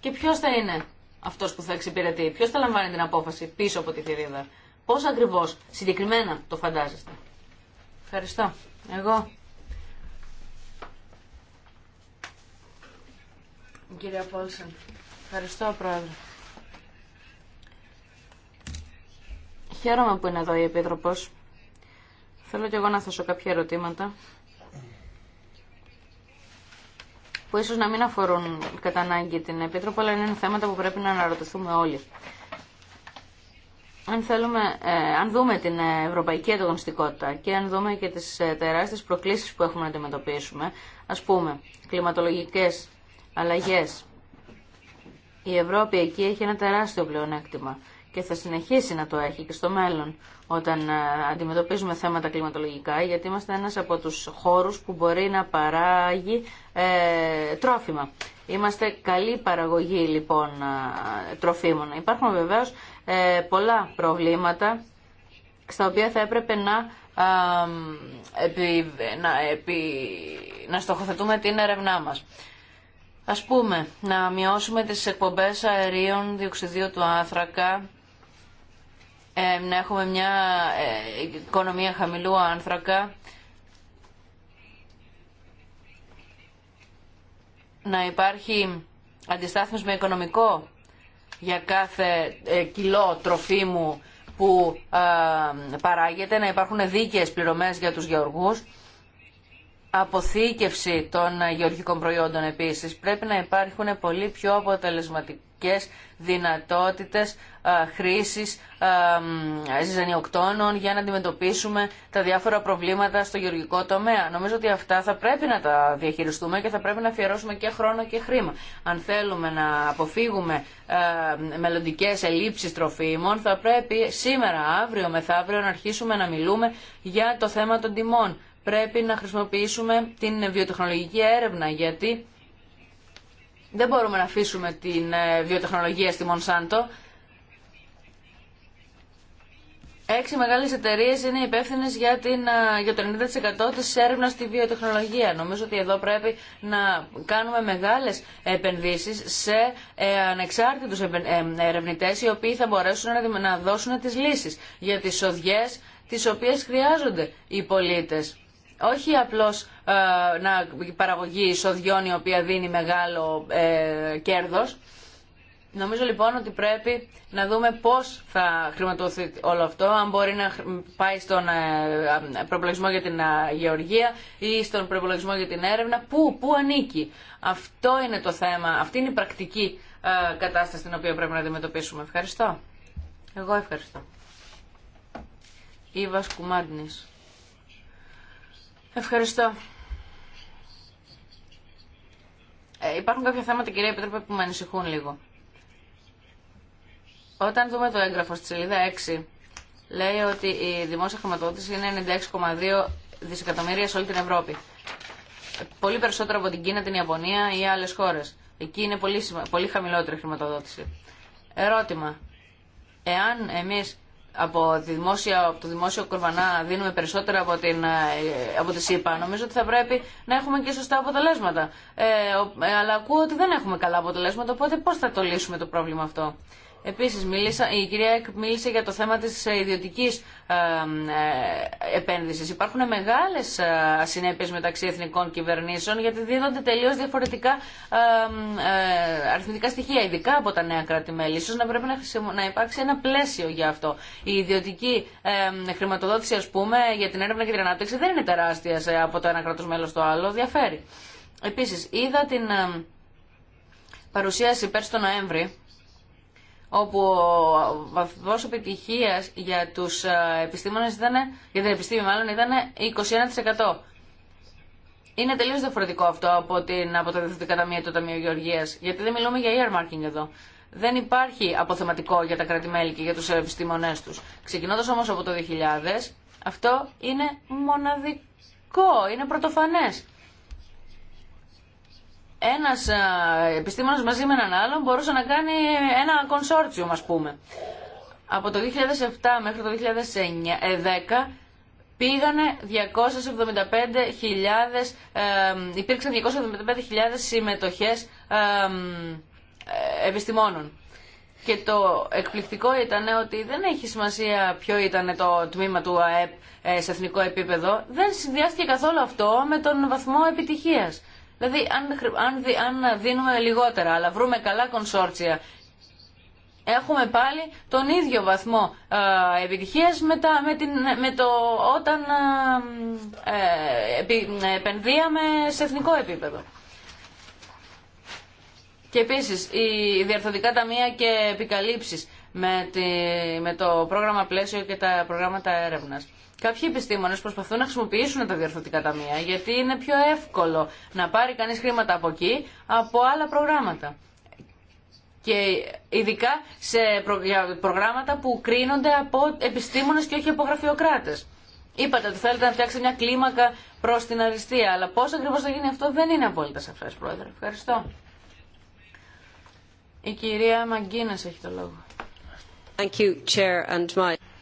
και ποιο θα είναι αυτό που θα εξυπηρετεί, ποιο θα λαμβάνει την απόφαση πίσω από τη θηρίδα. Πώ ακριβώ, συγκεκριμένα το φαντάζεστε. Ευχαριστώ. Εγώ. Κύριε Πόλσεν, ευχαριστώ πρόεδρε. Χαίρομαι που είναι εδώ η Επίτροπος. Θέλω κι εγώ να θέσω κάποια ερωτήματα που ίσως να μην αφορούν κατά ανάγκη την Επίτροπο, αλλά είναι θέματα που πρέπει να αναρωτηθούμε όλοι. Αν, θέλουμε, ε, αν δούμε την ευρωπαϊκή ανταγωνιστικότητα και αν δούμε και τις ε, τεράστιες προκλήσεις που έχουμε να αντιμετωπίσουμε, ας πούμε, κλιματολογικές αλλαγές, η Ευρώπη εκεί έχει ένα τεράστιο πλεονέκτημα και θα συνεχίσει να το έχει και στο μέλλον όταν ε, αντιμετωπίζουμε θέματα κλιματολογικά γιατί είμαστε ένας από τους χώρους που μπορεί να παράγει ε, τρόφιμα. Είμαστε καλή παραγωγή λοιπόν ε, τροφίμων. Υπάρχουν βεβαίως ε, πολλά προβλήματα στα οποία θα έπρεπε να, επι, να, επι, να στοχοθετούμε την έρευνά μας. Ας πούμε, να μειώσουμε τις εκπομπές αερίων διοξιδίου του άνθρακα ε, να έχουμε μια ε, οικονομία χαμηλού άνθρακα, να υπάρχει αντιστάθμιση με οικονομικό για κάθε ε, κιλό τροφίμου που παράγεται, να υπάρχουν δίκαιες πληρωμές για τους γεωργούς, αποθήκευση των γεωργικών προϊόντων επίσης. Πρέπει να υπάρχουν πολύ πιο αποτελεσματικά σημαντικές δυνατότητες ε, χρήσης ε, ζυζανιοκτώνων για να αντιμετωπίσουμε τα διάφορα προβλήματα στο γεωργικό τομέα. Νομίζω ότι αυτά θα πρέπει να τα διαχειριστούμε και θα πρέπει να αφιερώσουμε και χρόνο και χρήμα. Αν θέλουμε να αποφύγουμε ε, μελλοντικέ ελλείψεις τροφίμων θα πρέπει σήμερα, αύριο, μεθαύριο να αρχίσουμε να μιλούμε για το θέμα των τιμών. Πρέπει να χρησιμοποιήσουμε την βιοτεχνολογική έρευνα γιατί δεν μπορούμε να αφήσουμε την ε, βιοτεχνολογία στη Μονσάντο. Έξι μεγάλε εταιρείε είναι υπεύθυνε για, ε, για το 90% τη έρευνα στη βιοτεχνολογία. Νομίζω ότι εδώ πρέπει να κάνουμε μεγάλε επενδύσει σε ε, ανεξάρτητου ερευνητέ οι οποίοι θα μπορέσουν να δώσουν τι λύσει για τι οδιέ τι οποίε χρειάζονται οι πολίτε όχι απλώς ε, να παραγωγή εισοδιών η οποία δίνει μεγάλο ε, κέρδος. Νομίζω λοιπόν ότι πρέπει να δούμε πώς θα χρηματοδοθεί όλο αυτό, αν μπορεί να πάει στον ε, ε, προπολογισμό για την ε, γεωργία ή στον προπολογισμό για την έρευνα, πού, πού ανήκει. Αυτό είναι το θέμα, αυτή είναι η πρακτική κατάσταση την οποία πρέπει να αντιμετωπίσουμε. Ευχαριστώ. Εγώ ευχαριστώ. Ήβας Κουμάντνης. Ευχαριστώ. Ε, υπάρχουν κάποια θέματα, κυρία Επιτροπέ, που με ανησυχούν λίγο. Όταν δούμε το έγγραφο στη σελίδα 6, λέει ότι η δημόσια χρηματοδότηση είναι 96,2 δισεκατομμύρια σε όλη την Ευρώπη. Πολύ περισσότερο από την Κίνα, την Ιαπωνία ή άλλε χώρε. Εκεί είναι πολύ, πολύ χαμηλότερη η χρηματοδότηση. Ερώτημα. χαμηλοτερη χρηματοδοτηση εμεί από, δημόσια, από το δημόσιο κορβανά δίνουμε περισσότερα από, την, ε, από τη ΣΥΠΑ, νομίζω ότι θα πρέπει να έχουμε και σωστά αποτελέσματα. Ε, ε, αλλά ακούω ότι δεν έχουμε καλά αποτελέσματα, οπότε πώς θα το λύσουμε το πρόβλημα αυτό. Επίσης, μίλησα, η κυρία Εκ μίλησε για το θέμα της ε, ιδιωτικής ε, επένδυσης. Υπάρχουν μεγάλες ε, συνέπειες μεταξύ εθνικών κυβερνήσεων γιατί δίδονται τελείως διαφορετικά αριθμητικά στοιχεία, ειδικά από τα νέα κράτη-μέλη. Ίσως να πρέπει να υπάρξει ένα πλαίσιο για αυτό. Η ιδιωτική χρηματοδότηση, ας πούμε, για την έρευνα και την ανάπτυξη δεν είναι τεράστια από το ένα κράτος μέλος στο άλλο, διαφέρει. Επίσης, είδα την παρουσίαση πέρσι τον Νοέμβρη όπου ο βαθμό επιτυχία για τους ε, επιστήμονες ήταν, για την επιστήμη μάλλον ήταν 21%. Είναι τελείω διαφορετικό αυτό από, την, από τα διευθυντικά ταμεία του Ταμείου Γεωργία. Γιατί δεν μιλούμε για earmarking εδώ. Δεν υπάρχει αποθεματικό για τα κράτη-μέλη και για του επιστήμονέ του. Ξεκινώντα όμω από το 2000, αυτό είναι μοναδικό, είναι πρωτοφανέ. Ένα επιστήμονα μαζί με έναν άλλον μπορούσε να κάνει ένα κονσόρτσιο α πούμε. Από το 2007 μέχρι το 2010 ε, πήγανε 275.000, ε, υπήρξαν 275.000 συμμετοχές ε, ε, επιστημόνων. Και το εκπληκτικό ήταν ότι δεν έχει σημασία ποιο ήταν το τμήμα του ΑΕΠ ε, σε εθνικό επίπεδο. Δεν συνδυάστηκε καθόλου αυτό με τον βαθμό επιτυχίας. Δηλαδή, αν, δίνουμε λιγότερα, αλλά βρούμε καλά κονσόρτσια έχουμε πάλι τον ίδιο βαθμό ε, επιτυχίας με, τα, με, την, με το όταν ε, ε επενδύαμε σε εθνικό επίπεδο. Και επίσης, οι διαρθωτικά ταμεία και επικαλύψεις με, τη, με το πρόγραμμα πλαίσιο και τα προγράμματα έρευνα. Κάποιοι επιστήμονε προσπαθούν να χρησιμοποιήσουν τα διορθωτικά ταμεία γιατί είναι πιο εύκολο να πάρει κανεί χρήματα από εκεί από άλλα προγράμματα. Και ειδικά σε προγράμματα που κρίνονται από επιστήμονε και όχι από γραφειοκράτε. Είπατε ότι θέλετε να φτιάξετε μια κλίμακα προ την αριστεία, αλλά πώ ακριβώ θα γίνει αυτό δεν είναι απόλυτα σαφέ, Πρόεδρε. Ευχαριστώ. Η κυρία Μαγκίνα έχει το λόγο.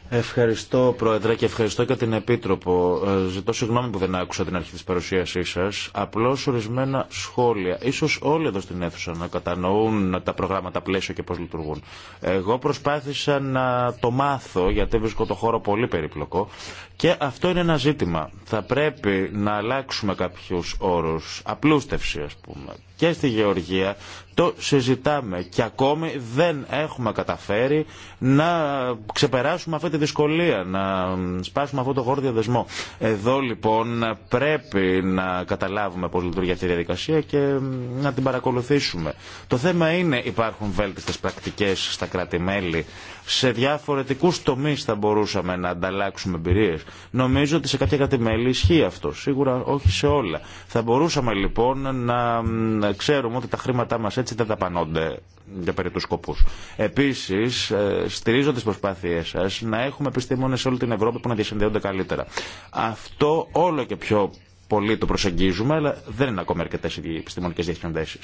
Ευχαριστώ Πρόεδρε και ευχαριστώ και την Επίτροπο. Ε, ζητώ συγγνώμη που δεν άκουσα την αρχή της παρουσίασής σας. Απλώς ορισμένα σχόλια. Ίσως όλοι εδώ στην αίθουσα να κατανοούν τα προγράμματα πλαίσιο και πώς λειτουργούν. Εγώ προσπάθησα να το μάθω γιατί βρίσκω το χώρο πολύ περιπλοκό και αυτό είναι ένα ζήτημα. Θα πρέπει να αλλάξουμε κάποιους όρους. Απλούστευση ας πούμε. Και στη Γεωργία το συζητάμε και ακόμη δεν έχουμε καταφέρει να ξεπεράσουμε αυτή τη δυσκολία, να σπάσουμε αυτό το γόρδιο δεσμό. Εδώ λοιπόν πρέπει να καταλάβουμε πώς λειτουργεί αυτή η διαδικασία και να την παρακολουθήσουμε. Το θέμα είναι υπάρχουν βέλτιστες πρακτικές στα κράτη-μέλη σε διάφορετικούς τομείς θα μπορούσαμε να ανταλλάξουμε εμπειρίες. Νομίζω ότι σε κάποια κατημέλη ισχύει αυτό, σίγουρα όχι σε όλα. Θα μπορούσαμε λοιπόν να ξέρουμε ότι τα χρήματά μας έτσι δεν ταπανώνται για περίπτωση σκοπού. Επίση, ε, στηρίζω τι προσπάθειέ σα να έχουμε επιστήμονε σε όλη την Ευρώπη που να διασυνδέονται καλύτερα. Αυτό όλο και πιο πολύ το προσεγγίζουμε, αλλά δεν είναι ακόμα αρκετέ οι επιστημονικέ διασυνδέσει.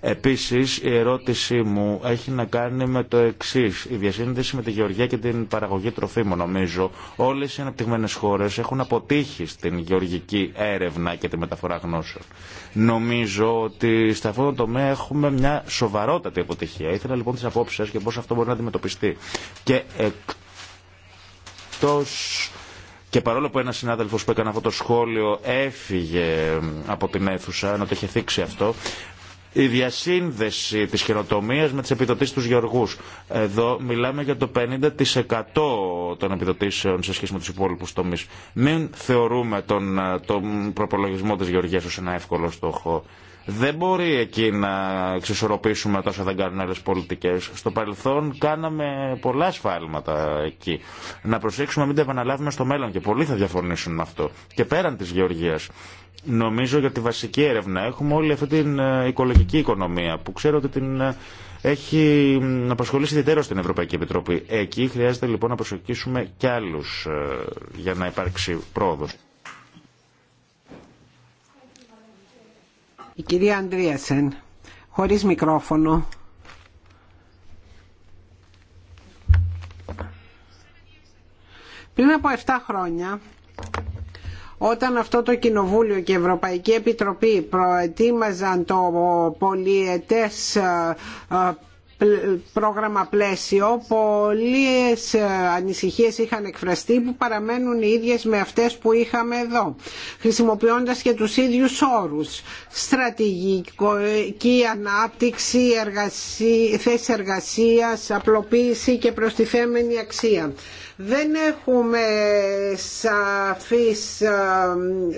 Επίση, η ερώτησή μου έχει να κάνει με το εξή. Η διασύνδεση με τη γεωργία και την παραγωγή τροφίμων, νομίζω. Όλε οι αναπτυγμένε χώρε έχουν αποτύχει στην γεωργική έρευνα και τη μεταφορά γνώσεων. Νομίζω ότι σε αυτό το τομέα έχουμε μια σοβαρότατη αποτυχία. Ήθελα λοιπόν τι απόψει σα και πώ αυτό μπορεί να αντιμετωπιστεί. Και εκτό και παρόλο που ένα συνάδελφο που έκανε αυτό το σχόλιο έφυγε από την αίθουσα, ενώ το είχε θίξει αυτό, η διασύνδεση τη χειροτομία με τις επιδοτήσει του γεωργού. Εδώ μιλάμε για το 50% των επιδοτήσεων σε σχέση με του υπόλοιπου τομεί. Μην θεωρούμε τον, ε, τον προπολογισμό τη Γεωργία ως ένα εύκολο στόχο. Δεν μπορεί εκεί να ξεσορροπήσουμε τόσο δεν κάνουν πολιτικέ. Στο παρελθόν κάναμε πολλά σφάλματα εκεί. Να προσέξουμε μην τα επαναλάβουμε στο μέλλον και πολλοί θα διαφωνήσουν με αυτό. Και πέραν τη γεωργία. Νομίζω για τη βασική έρευνα έχουμε όλη αυτή την ε, οικολογική οικονομία που ξέρω ότι την ε, έχει απασχολήσει ιδιαίτερα στην Ευρωπαϊκή Επιτροπή. Εκεί χρειάζεται λοιπόν να προσεγγίσουμε κι άλλου ε, για να υπάρξει πρόοδο. Η κυρία Αντρίασεν, χωρίς μικρόφωνο. Πριν από 7 χρόνια, όταν αυτό το Κοινοβούλιο και η Ευρωπαϊκή Επιτροπή προετοίμαζαν το πολιετές ε, πρόγραμμα πλαίσιο πολλές ε, ανησυχίες είχαν εκφραστεί που παραμένουν οι ίδιες με αυτές που είχαμε εδώ χρησιμοποιώντας και τους ίδιους όρους στρατηγική ανάπτυξη εργασία, θέσεις εργασίας απλοποίηση και προστιθέμενη αξία δεν έχουμε σαφείς ε,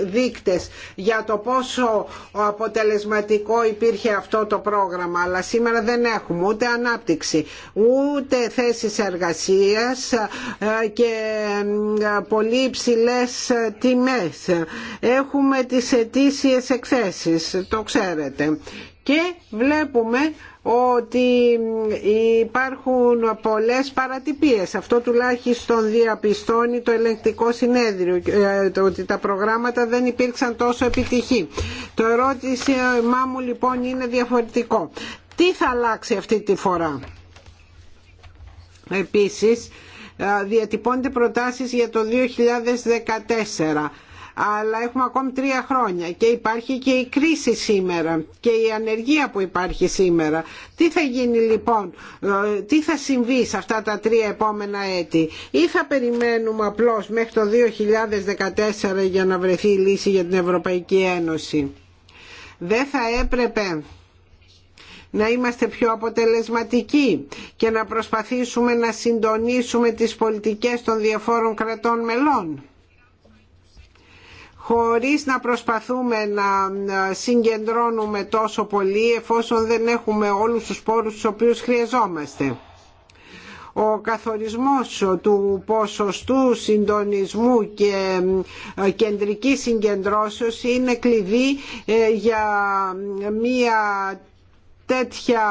δείκτες για το πόσο αποτελεσματικό υπήρχε αυτό το πρόγραμμα αλλά σήμερα δεν έχουμε ούτε ανάπτυξη ούτε θέσεις εργασίας ε, και ε, πολύ υψηλές τιμές έχουμε τις ετήσιες εκθέσεις το ξέρετε και βλέπουμε ότι υπάρχουν πολλές παρατυπίες. Αυτό τουλάχιστον διαπιστώνει το ελεγκτικό συνέδριο ε, ότι τα προγράμματα δεν υπήρξαν τόσο επιτυχή. Το ερώτημά μου λοιπόν είναι διαφορετικό. Τι θα αλλάξει αυτή τη φορά. Επίσης ε, διατυπώνται προτάσεις για το 2014 αλλά έχουμε ακόμη τρία χρόνια και υπάρχει και η κρίση σήμερα και η ανεργία που υπάρχει σήμερα. Τι θα γίνει λοιπόν, ε, τι θα συμβεί σε αυτά τα τρία επόμενα έτη ή θα περιμένουμε απλώς μέχρι το 2014 για να βρεθεί η λύση για την Ευρωπαϊκή Ένωση. Δεν θα έπρεπε να είμαστε πιο αποτελεσματικοί και να προσπαθήσουμε να συντονίσουμε τις πολιτικές των διαφόρων κρατών μελών χωρίς να προσπαθούμε να συγκεντρώνουμε τόσο πολύ εφόσον δεν έχουμε όλους τους πόρους τους οποίους χρειαζόμαστε ο καθορισμός του ποσοστού συντονισμού και ε, κεντρικής συγκεντρώσεως είναι κλειδί ε, για μία τέτοια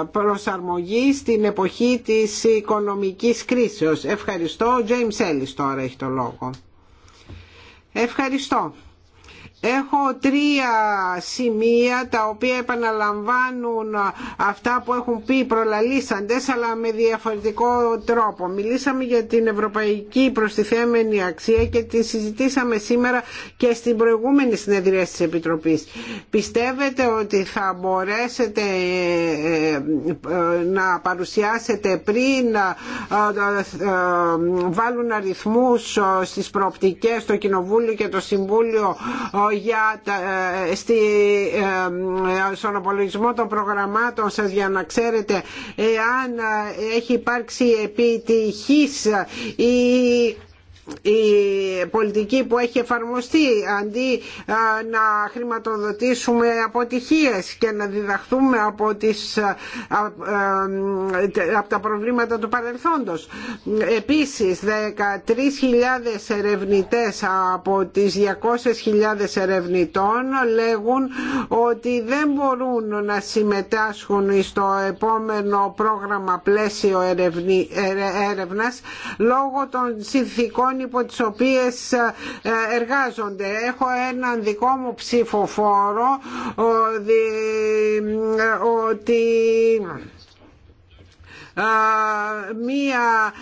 ε, προσαρμογή στην εποχή της οικονομικής κρίσεως. Ευχαριστώ. Ο James Ellis τώρα έχει το λόγο. Ευχαριστώ. Έχω τρία σημεία τα οποία επαναλαμβάνουν αυτά που έχουν πει οι προλαλήσαντες αλλά με διαφορετικό τρόπο. Μιλήσαμε για την ευρωπαϊκή προστιθέμενη αξία και τη συζητήσαμε σήμερα και στην προηγούμενη συνεδρία της Επιτροπής. Πιστεύετε ότι θα μπορέσετε ε, ε, να παρουσιάσετε πριν ε, βάλουν αριθμούς στις προοπτικές στο Κοινοβούλιο και το Συμβούλιο ε, στη, ε, στον απολογισμό των προγραμμάτων σας για να ξέρετε εάν ε, έχει υπάρξει επιτυχής η η πολιτική που έχει εφαρμοστεί αντί να χρηματοδοτήσουμε αποτυχίες και να διδαχθούμε από, τις, από τα προβλήματα του παρελθόντος. Επίσης 13.000 ερευνητές από τις 200.000 ερευνητών λέγουν ότι δεν μπορούν να συμμετάσχουν στο επόμενο πρόγραμμα πλαίσιο ε, ε, έρευνας λόγω των συνθήκων υπό τις οποίες εργάζονται. Έχω έναν δικό μου ψηφοφόρο ότι μία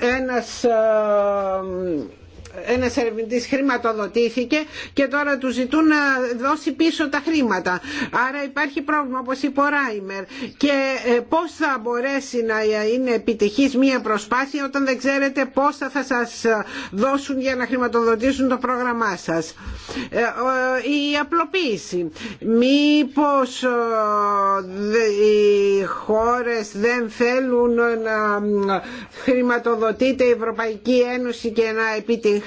ένας ένας ερευνητής χρηματοδοτήθηκε και τώρα του ζητούν να δώσει πίσω τα χρήματα. Άρα υπάρχει πρόβλημα όπως είπε ο Ράιμερ και ε, πώς θα μπορέσει να είναι επιτυχής μία προσπάθεια όταν δεν ξέρετε πώς θα σας δώσουν για να χρηματοδοτήσουν το πρόγραμμά σας. Ε, η απλοποίηση. Μήπως ε, οι χώρες δεν θέλουν να χρηματοδοτείται η Ευρωπαϊκή Ένωση και να επιτυχθούν.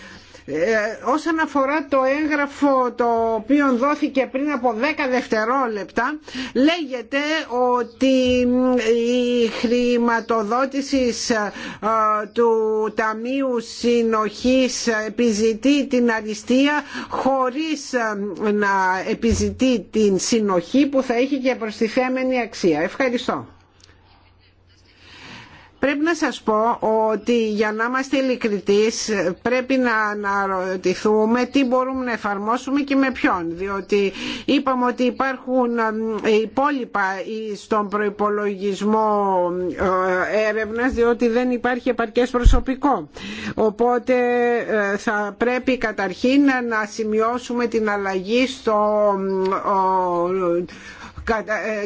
Ε, όσον αφορά το έγγραφο το οποίο δόθηκε πριν από 10 δευτερόλεπτα λέγεται ότι η χρηματοδότηση ε, του Ταμείου Συνοχής επιζητεί την αριστεία χωρίς ε, να επιζητεί την συνοχή που θα έχει και προστιθέμενη αξία. Ευχαριστώ. Πρέπει να σας πω ότι για να είμαστε ειλικριτείς πρέπει να αναρωτηθούμε τι μπορούμε να εφαρμόσουμε και με ποιον. Διότι είπαμε ότι υπάρχουν ε, υπόλοιπα στον προϋπολογισμό ε, έρευνας διότι δεν υπάρχει επαρκές προσωπικό. Οπότε ε, θα πρέπει καταρχήν να σημειώσουμε την αλλαγή στο ε,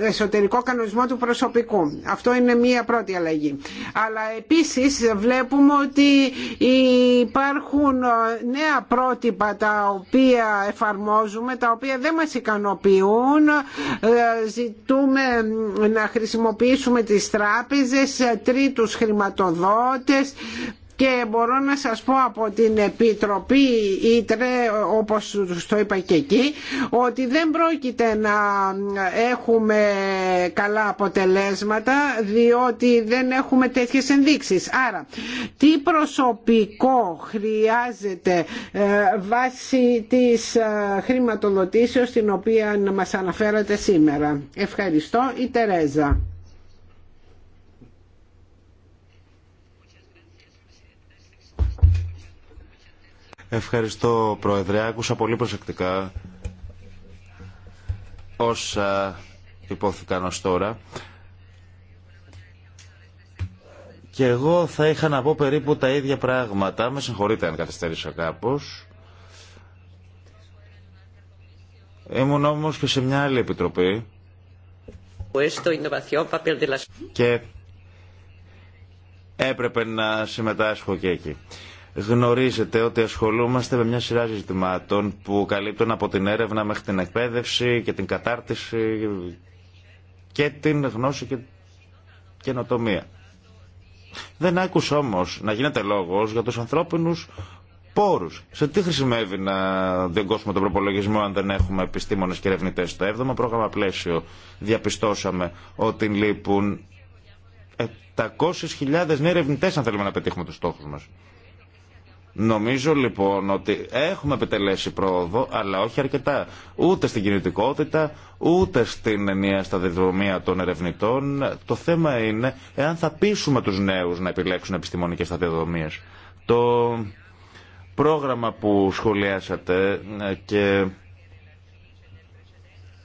ε, εσωτερικό κανονισμό του προσωπικού. Αυτό είναι μία πρώτη αλλαγή. Αλλά επίσης βλέπουμε ότι υπάρχουν ε, νέα πρότυπα τα οποία εφαρμόζουμε, τα οποία δεν μας ικανοποιούν. Ζητούμε να χρησιμοποιήσουμε τις τράπεζες, τρίτους χρηματοδότες, και μπορώ να σας πω από την Επιτροπή Ήτρε όπως το είπα και εκεί ότι δεν πρόκειται να έχουμε καλά αποτελέσματα διότι δεν έχουμε τέτοιες ενδείξεις. Άρα τι προσωπικό χρειάζεται ε, βάσει της ε, χρηματοδοτήσεως την οποία μας αναφέρατε σήμερα. Ευχαριστώ η Τερέζα. Ευχαριστώ, Πρόεδρε. Άκουσα πολύ προσεκτικά όσα υπόθηκαν ως τώρα. Και εγώ θα είχα να πω περίπου τα ίδια πράγματα. Με συγχωρείτε αν καθυστέρησα κάπως. Ήμουν όμως και σε μια άλλη επιτροπή. Και έπρεπε να συμμετάσχω και εκεί. Γνωρίζετε ότι ασχολούμαστε με μια σειρά ζητημάτων που καλύπτουν από την έρευνα μέχρι την εκπαίδευση και την κατάρτιση και την γνώση και καινοτομία. Δεν άκουσα όμως να γίνεται λόγος για τους ανθρώπινους πόρους. Σε τι χρησιμεύει να διεγκώσουμε τον προπολογισμό αν δεν έχουμε επιστήμονες και ερευνητέ. Στο 7ο πρόγραμμα πλαίσιο διαπιστώσαμε ότι λείπουν 700.000 νέοι ερευνητέ αν θέλουμε να πετύχουμε τους στόχους μας. Νομίζω λοιπόν ότι έχουμε επιτελέσει πρόοδο, αλλά όχι αρκετά. Ούτε στην κινητικότητα, ούτε στην ενιαία σταδιοδρομία των ερευνητών. Το θέμα είναι εάν θα πείσουμε τους νέους να επιλέξουν επιστημονικές σταδιοδρομίες. Το πρόγραμμα που σχολιάσατε ε, και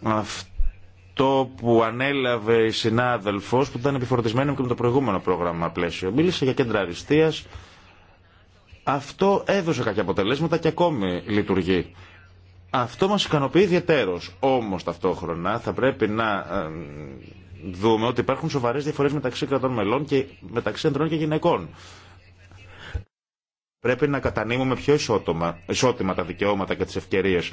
αυτό που ανέλαβε η συνάδελφος που ήταν επιφορτισμένο και με το προηγούμενο πρόγραμμα πλαίσιο. Μίλησε για κέντρα αριστείας, αυτό έδωσε κάποια αποτελέσματα και ακόμη λειτουργεί. Αυτό μας ικανοποιεί ιδιαίτερος. Όμως ταυτόχρονα θα πρέπει να δούμε ότι υπάρχουν σοβαρές διαφορές μεταξύ κρατών μελών και μεταξύ ανδρών και γυναικών. Πρέπει να κατανείμουμε πιο ισότομα, ισότιμα τα δικαιώματα και τις ευκαιρίες.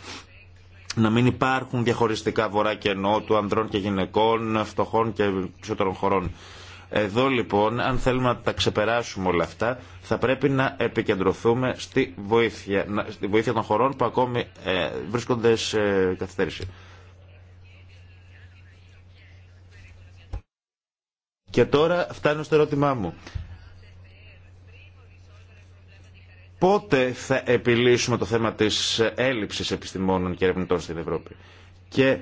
Να μην υπάρχουν διαχωριστικά βορρά και νότου, ανδρών και γυναικών, φτωχών και περισσότερων χωρών. Εδώ λοιπόν, αν θέλουμε να τα ξεπεράσουμε όλα αυτά, θα πρέπει να επικεντρωθούμε στη βοήθεια, στη βοήθεια των χωρών που ακόμη ε, βρίσκονται σε καθυστέρηση. Και τώρα φτάνω στο ερώτημά μου. Πότε θα επιλύσουμε το θέμα της έλλειψης επιστημόνων και ερευνητών στην Ευρώπη και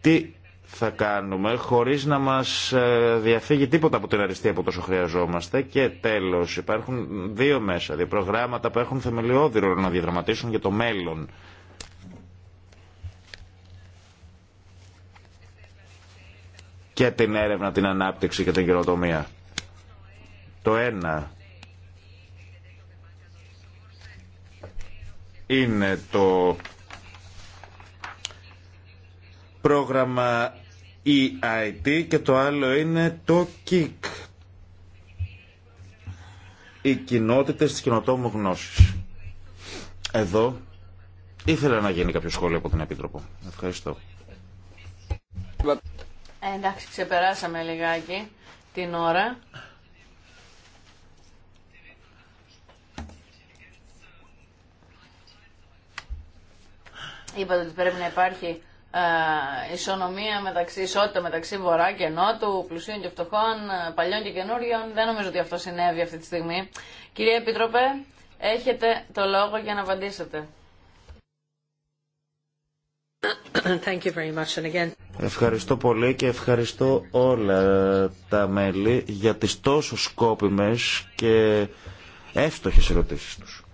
τι θα κάνουμε χωρίς να μας ε, διαφύγει τίποτα από την αριστεία που τόσο χρειαζόμαστε και τέλος υπάρχουν δύο μέσα, δύο προγράμματα που έχουν θεμελιώδη ρόλο να διαδραματίσουν για το μέλλον. Και την έρευνα, την ανάπτυξη και την καινοτομία. Το ένα είναι το πρόγραμμα η IT και το άλλο είναι το ΚΙΚ. Οι κοινότητε τη κοινοτόμου γνώση. Εδώ ήθελα να γίνει κάποιο σχόλιο από την Επίτροπο. Ευχαριστώ. Ε, εντάξει, ξεπεράσαμε λιγάκι την ώρα. Είπατε ότι πρέπει να υπάρχει ε, ισονομία μεταξύ, ισότητα μεταξύ βορρά και νότου, πλουσίων και φτωχών, ε, παλιών και καινούριων. Δεν νομίζω ότι αυτό συνέβη αυτή τη στιγμή. Κυρία Επίτροπε, έχετε το λόγο για να απαντήσετε. Thank you very much. And again... Ευχαριστώ πολύ και ευχαριστώ όλα τα μέλη για τις τόσο σκόπιμες και εύστοχες ερωτήσεις τους.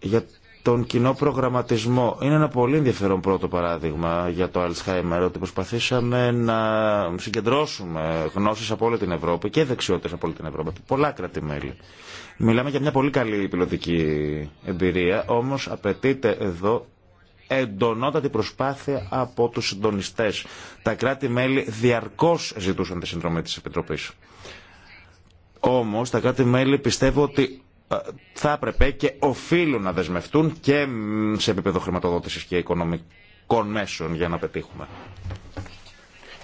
Για τον κοινό προγραμματισμό. Είναι ένα πολύ ενδιαφέρον πρώτο παράδειγμα για το Alzheimer, ότι προσπαθήσαμε να συγκεντρώσουμε γνώσεις από όλη την Ευρώπη και δεξιότητες από όλη την ευρωπη από πολλά κράτη-μέλη. Μιλάμε για μια πολύ καλή πιλωτική εμπειρία, όμως απαιτείται εδώ εντονότατη προσπάθεια από τους συντονιστές. Τα κράτη-μέλη διαρκώς ζητούσαν τη συνδρομή της Επιτροπής. Όμως τα κράτη-μέλη πιστεύω ότι ε, θα έπρεπε και οφείλουν να δεσμευτούν και σε επίπεδο χρηματοδότησης και οικονομικών μέσων για να πετύχουμε.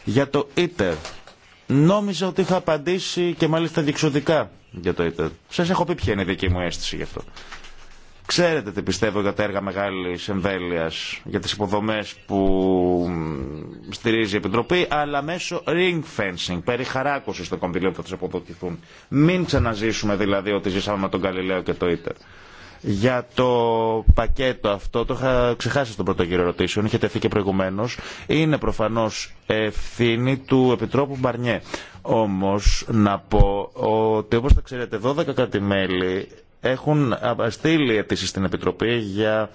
Για το ΙΤΕΡ. Νόμιζα ότι είχα απαντήσει και μάλιστα διεξοδικά για το ΙΤΕΡ. Σας έχω πει ποια είναι η δική μου αίσθηση γι' αυτό. Ξέρετε τι πιστεύω για τα έργα μεγάλη εμβέλεια, για τι υποδομέ που στηρίζει η Επιτροπή, αλλά μέσω ring fencing, περί χαράκωση των κομπιλίων που θα του αποδοτηθούν. Μην ξαναζήσουμε δηλαδή ότι ζήσαμε με τον Καλλιλέο και το Ίτερ. Για το πακέτο αυτό, το είχα ξεχάσει στον πρώτο γύρο ερωτήσεων, είχε τεθεί και προηγουμένω. Είναι προφανώ ευθύνη του Επιτρόπου Μπαρνιέ. Όμω, να πω ότι όπω θα ξέρετε, 12 κράτη-μέλη έχουν στείλει αιτήσει στην Επιτροπή για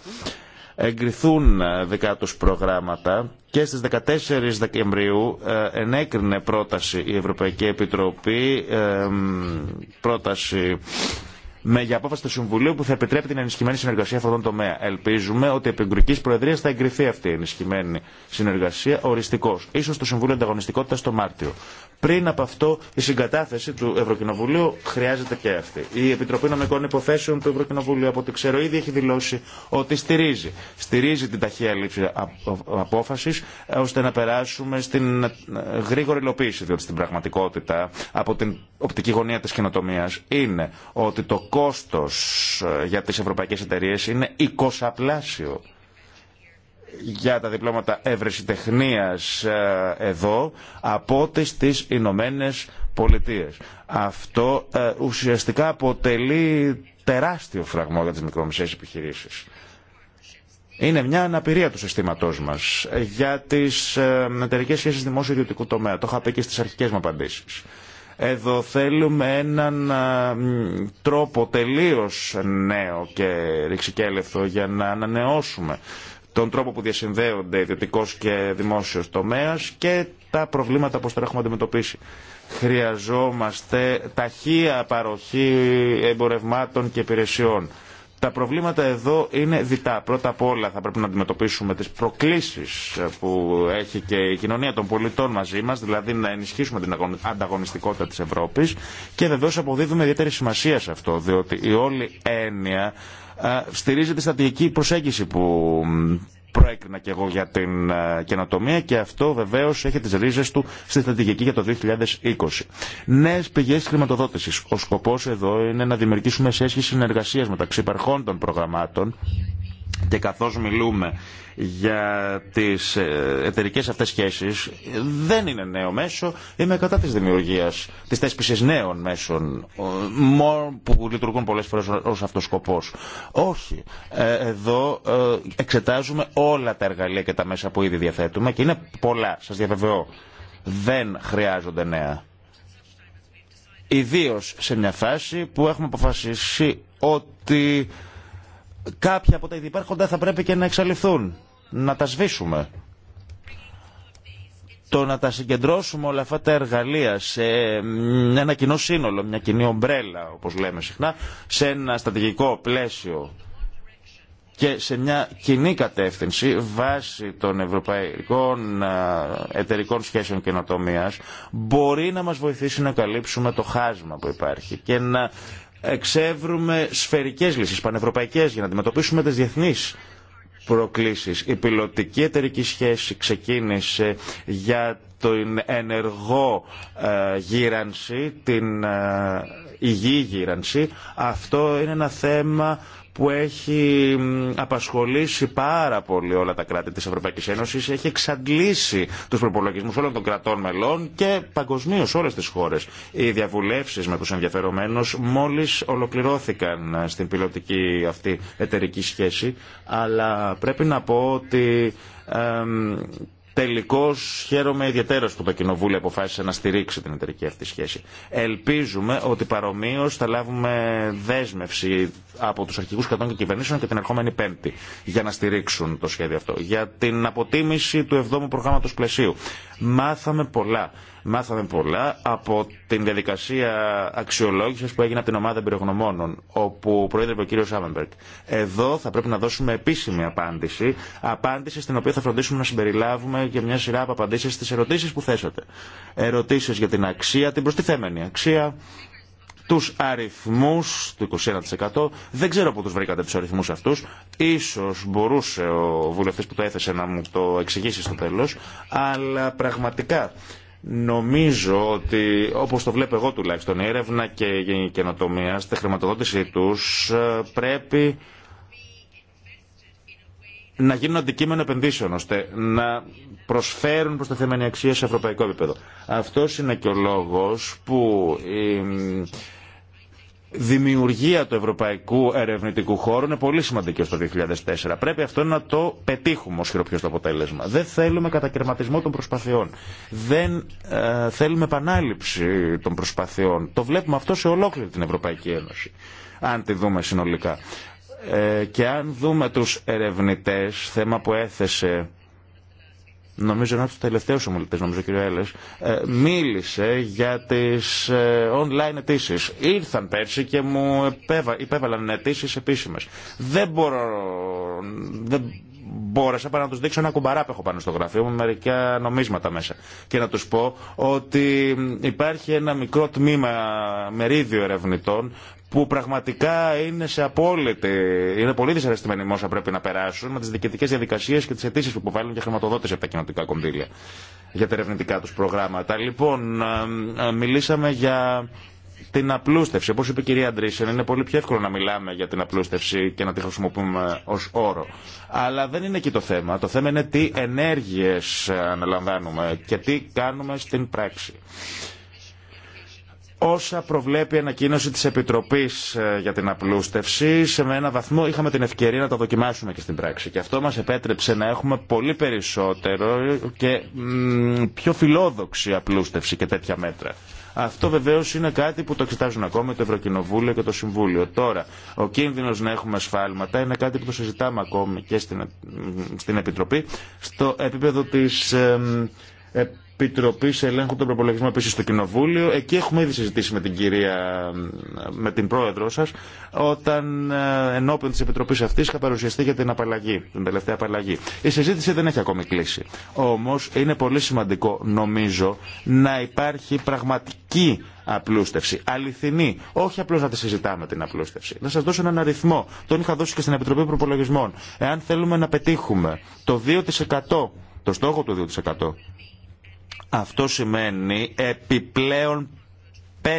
εγκριθούν δικά τους προγράμματα και στις 14 Δεκεμβρίου ε, ενέκρινε πρόταση η Ευρωπαϊκή Επιτροπή ε, πρόταση με για απόφαση του Συμβουλίου που θα επιτρέπει την ενισχυμένη συνεργασία αυτών των τομέα. Ελπίζουμε ότι επί Ουγγρική Προεδρία θα εγκριθεί αυτή η ενισχυμένη συνεργασία οριστικώ, ίσω στο Συμβούλιο Ανταγωνιστικότητα το Μάρτιο. Πριν από αυτό, η συγκατάθεση του Ευρωκοινοβουλίου χρειάζεται και αυτή. Η Επιτροπή Νομικών Υποθέσεων του Ευρωκοινοβουλίου, από ό,τι ξέρω, ήδη έχει δηλώσει ότι στηρίζει. Στηρίζει την ταχεία λήψη απόφαση, ώστε να περάσουμε στην ε, γρήγορη υλοποίηση, διότι στην πραγματικότητα, από την οπτική γωνία τη καινοτομία, είναι ότι το κόστος ε, για τις ευρωπαϊκές εταιρείες είναι 20 πλάσιο για τα διπλώματα ευρεσιτεχνίας ε, εδώ από ό,τι στις Ηνωμένε Πολιτείες. Αυτό ε, ουσιαστικά αποτελεί τεράστιο φραγμό για τις μικρομεσαίες επιχειρήσεις. Είναι μια αναπηρία του συστήματό μα για τι εταιρικέ σχέσει δημόσιο-ιδιωτικού τομέα. Το είχα πει και στι αρχικέ μου απαντήσει. Εδώ θέλουμε έναν τρόπο τελείως νέο και ρηξικέλευθο για να ανανεώσουμε τον τρόπο που διασυνδέονται ιδιωτικό και δημόσιο τομέα και τα προβλήματα που τώρα έχουμε αντιμετωπίσει. Χρειαζόμαστε ταχεία παροχή εμπορευμάτων και υπηρεσιών. Τα προβλήματα εδώ είναι διτά. Πρώτα απ' όλα θα πρέπει να αντιμετωπίσουμε τις προκλήσεις ε, που έχει και η κοινωνία των πολιτών μαζί μας, δηλαδή να ενισχύσουμε την ανταγωνιστικότητα της Ευρώπης και βεβαίω αποδίδουμε ιδιαίτερη σημασία σε αυτό, διότι η όλη έννοια ε, στηρίζεται τη στρατηγική προσέγγιση που προέκρινα και εγώ για την ε, καινοτομία και αυτό βεβαίω έχει τι ρίζε του στη στρατηγική για το 2020. Νέε πηγέ χρηματοδότηση. Ο σκοπό εδώ είναι να δημιουργήσουμε σχέση συνεργασία μεταξύ υπαρχών των προγραμμάτων και καθώς μιλούμε για τις ε, εταιρικέ αυτές σχέσεις, δεν είναι νέο μέσο. Είμαι κατά της δημιουργίας, της τέσπισης νέων μέσων, που λειτουργούν πολλές φορές ως αυτός σκοπός. Όχι. Ε, εδώ ε, εξετάζουμε όλα τα εργαλεία και τα μέσα που ήδη διαθέτουμε και είναι πολλά, σας διαβεβαιώ. Δεν χρειάζονται νέα. Ιδίως σε μια φάση που έχουμε αποφασίσει ότι κάποια από τα ήδη υπάρχοντα θα πρέπει και να εξαλειφθούν, να τα σβήσουμε. Το να τα συγκεντρώσουμε όλα αυτά τα εργαλεία σε ένα κοινό σύνολο, μια κοινή ομπρέλα όπως λέμε συχνά, σε ένα στρατηγικό πλαίσιο και σε μια κοινή κατεύθυνση βάσει των ευρωπαϊκών εταιρικών σχέσεων καινοτομία μπορεί να μας βοηθήσει να καλύψουμε το χάσμα που υπάρχει και να εξεύρουμε σφαιρικές λύσεις, πανευρωπαϊκές, για να αντιμετωπίσουμε τις διεθνείς προκλήσεις. Η πιλωτική εταιρική σχέση ξεκίνησε για την ενεργό ε, γύρανση, την ε, υγιή γύρανση. Αυτό είναι ένα θέμα που έχει απασχολήσει πάρα πολύ όλα τα κράτη της Ευρωπαϊκής Ένωσης, έχει εξαντλήσει τους προπολογισμούς όλων των κρατών μελών και παγκοσμίω όλες τις χώρες. Οι διαβουλεύσεις με τους ενδιαφερομένους μόλις ολοκληρώθηκαν ε, στην πιλωτική αυτή εταιρική σχέση, αλλά πρέπει να πω ότι ε, Τελικώ χαίρομαι ιδιαίτερα που το Κοινοβούλιο αποφάσισε να στηρίξει την εταιρική αυτή σχέση. Ελπίζουμε ότι παρομοίω θα λάβουμε δέσμευση από του αρχηγού κρατών και κυβερνήσεων και την ερχόμενη Πέμπτη για να στηρίξουν το σχέδιο αυτό. Για την αποτίμηση του 7ου προγράμματο πλαισίου. Μάθαμε πολλά. Μάθαμε πολλά από την διαδικασία αξιολόγηση που έγινε από την ομάδα εμπειρογνωμόνων, όπου προέδρευε ο κ. Σαβενμπερκ. Εδώ θα πρέπει να δώσουμε επίσημη απάντηση, απάντηση στην οποία θα φροντίσουμε να συμπεριλάβουμε και μια σειρά από απαντήσεις στις ερωτήσεις που θέσατε. Ερωτήσει για την αξία, την προστιθέμενη αξία, του αριθμού του 21%. Δεν ξέρω πού τους βρήκατε του αριθμού αυτού. Ίσως μπορούσε ο βουλευτής που το έθεσε να μου το εξηγήσει στο τέλο. Αλλά πραγματικά νομίζω ότι όπω το βλέπω εγώ τουλάχιστον η έρευνα και η καινοτομία στη χρηματοδότησή του ε, πρέπει να γίνουν αντικείμενο επενδύσεων, ώστε να προσφέρουν προσταθέμενη αξία σε ευρωπαϊκό επίπεδο. Αυτός είναι και ο λόγος που η δημιουργία του ευρωπαϊκού ερευνητικού χώρου είναι πολύ σημαντική ως το 2004. Πρέπει αυτό να το πετύχουμε ως το αποτέλεσμα. Δεν θέλουμε κατακαιρματισμό των προσπαθειών. Δεν ε, θέλουμε επανάληψη των προσπαθειών. Το βλέπουμε αυτό σε ολόκληρη την Ευρωπαϊκή Ένωση αν τη δούμε συνολικά. Ε, και αν δούμε τους ερευνητές, θέμα που έθεσε νομίζω ένα από τους τελευταίους ομιλητές, νομίζω κύριο Έλλες, ε, μίλησε για τις ε, online αιτήσει. Ήρθαν πέρσι και μου υπέβαλαν αιτήσει επίσημες. Δεν μπορώ... Δεν μπόρεσα παρά να του δείξω ένα κουμπαρά που έχω πάνω στο γραφείο με μερικά νομίσματα μέσα. Και να του πω ότι υπάρχει ένα μικρό τμήμα μερίδιο ερευνητών που πραγματικά είναι σε απόλυτη. Είναι πολύ δυσαρεστημένοι με πρέπει να περάσουν, με τι διοικητικέ διαδικασίε και τι αιτήσει που υποβάλλουν για χρηματοδότηση από τα κοινοτικά κονδύλια για τα ερευνητικά του προγράμματα. Λοιπόν, μιλήσαμε για την απλούστευση. Όπω είπε η κυρία Αντρίσεν, είναι πολύ πιο εύκολο να μιλάμε για την απλούστευση και να τη χρησιμοποιούμε ω όρο. Αλλά δεν είναι εκεί το θέμα. Το θέμα είναι τι ενέργειε αναλαμβάνουμε και τι κάνουμε στην πράξη όσα προβλέπει η ανακοίνωση της Επιτροπής ε, για την απλούστευση, σε ένα βαθμό είχαμε την ευκαιρία να τα δοκιμάσουμε και στην πράξη. Και αυτό μας επέτρεψε να έχουμε πολύ περισσότερο και πιο φιλόδοξη απλούστευση και τέτοια μέτρα. Αυτό βεβαίω είναι κάτι που το εξετάζουν ακόμα το Ευρωκοινοβούλιο και το Συμβούλιο. Τώρα, ο κίνδυνο να έχουμε σφάλματα είναι κάτι που το συζητάμε ακόμη και στην, στην Επιτροπή στο επίπεδο τη ε, Επιτροπή Ελέγχου των Προπολογισμών επίση στο Κοινοβούλιο. Εκεί έχουμε ήδη συζητήσει με την κυρία, με την πρόεδρό σα, όταν ε, ενώπιον τη Επιτροπή αυτή είχα παρουσιαστεί για την απαλλαγή, την τελευταία απαλλαγή. Η συζήτηση δεν έχει ακόμη κλείσει. Όμω είναι πολύ σημαντικό, νομίζω, να υπάρχει πραγματική απλούστευση. Αληθινή. Όχι απλώ να τη συζητάμε την απλούστευση. Να σα δώσω έναν αριθμό. Τον είχα δώσει και στην Επιτροπή Προπολογισμών. Εάν θέλουμε να πετύχουμε το 2%, το στόχο του 2%, αυτό σημαίνει επιπλέον 5.200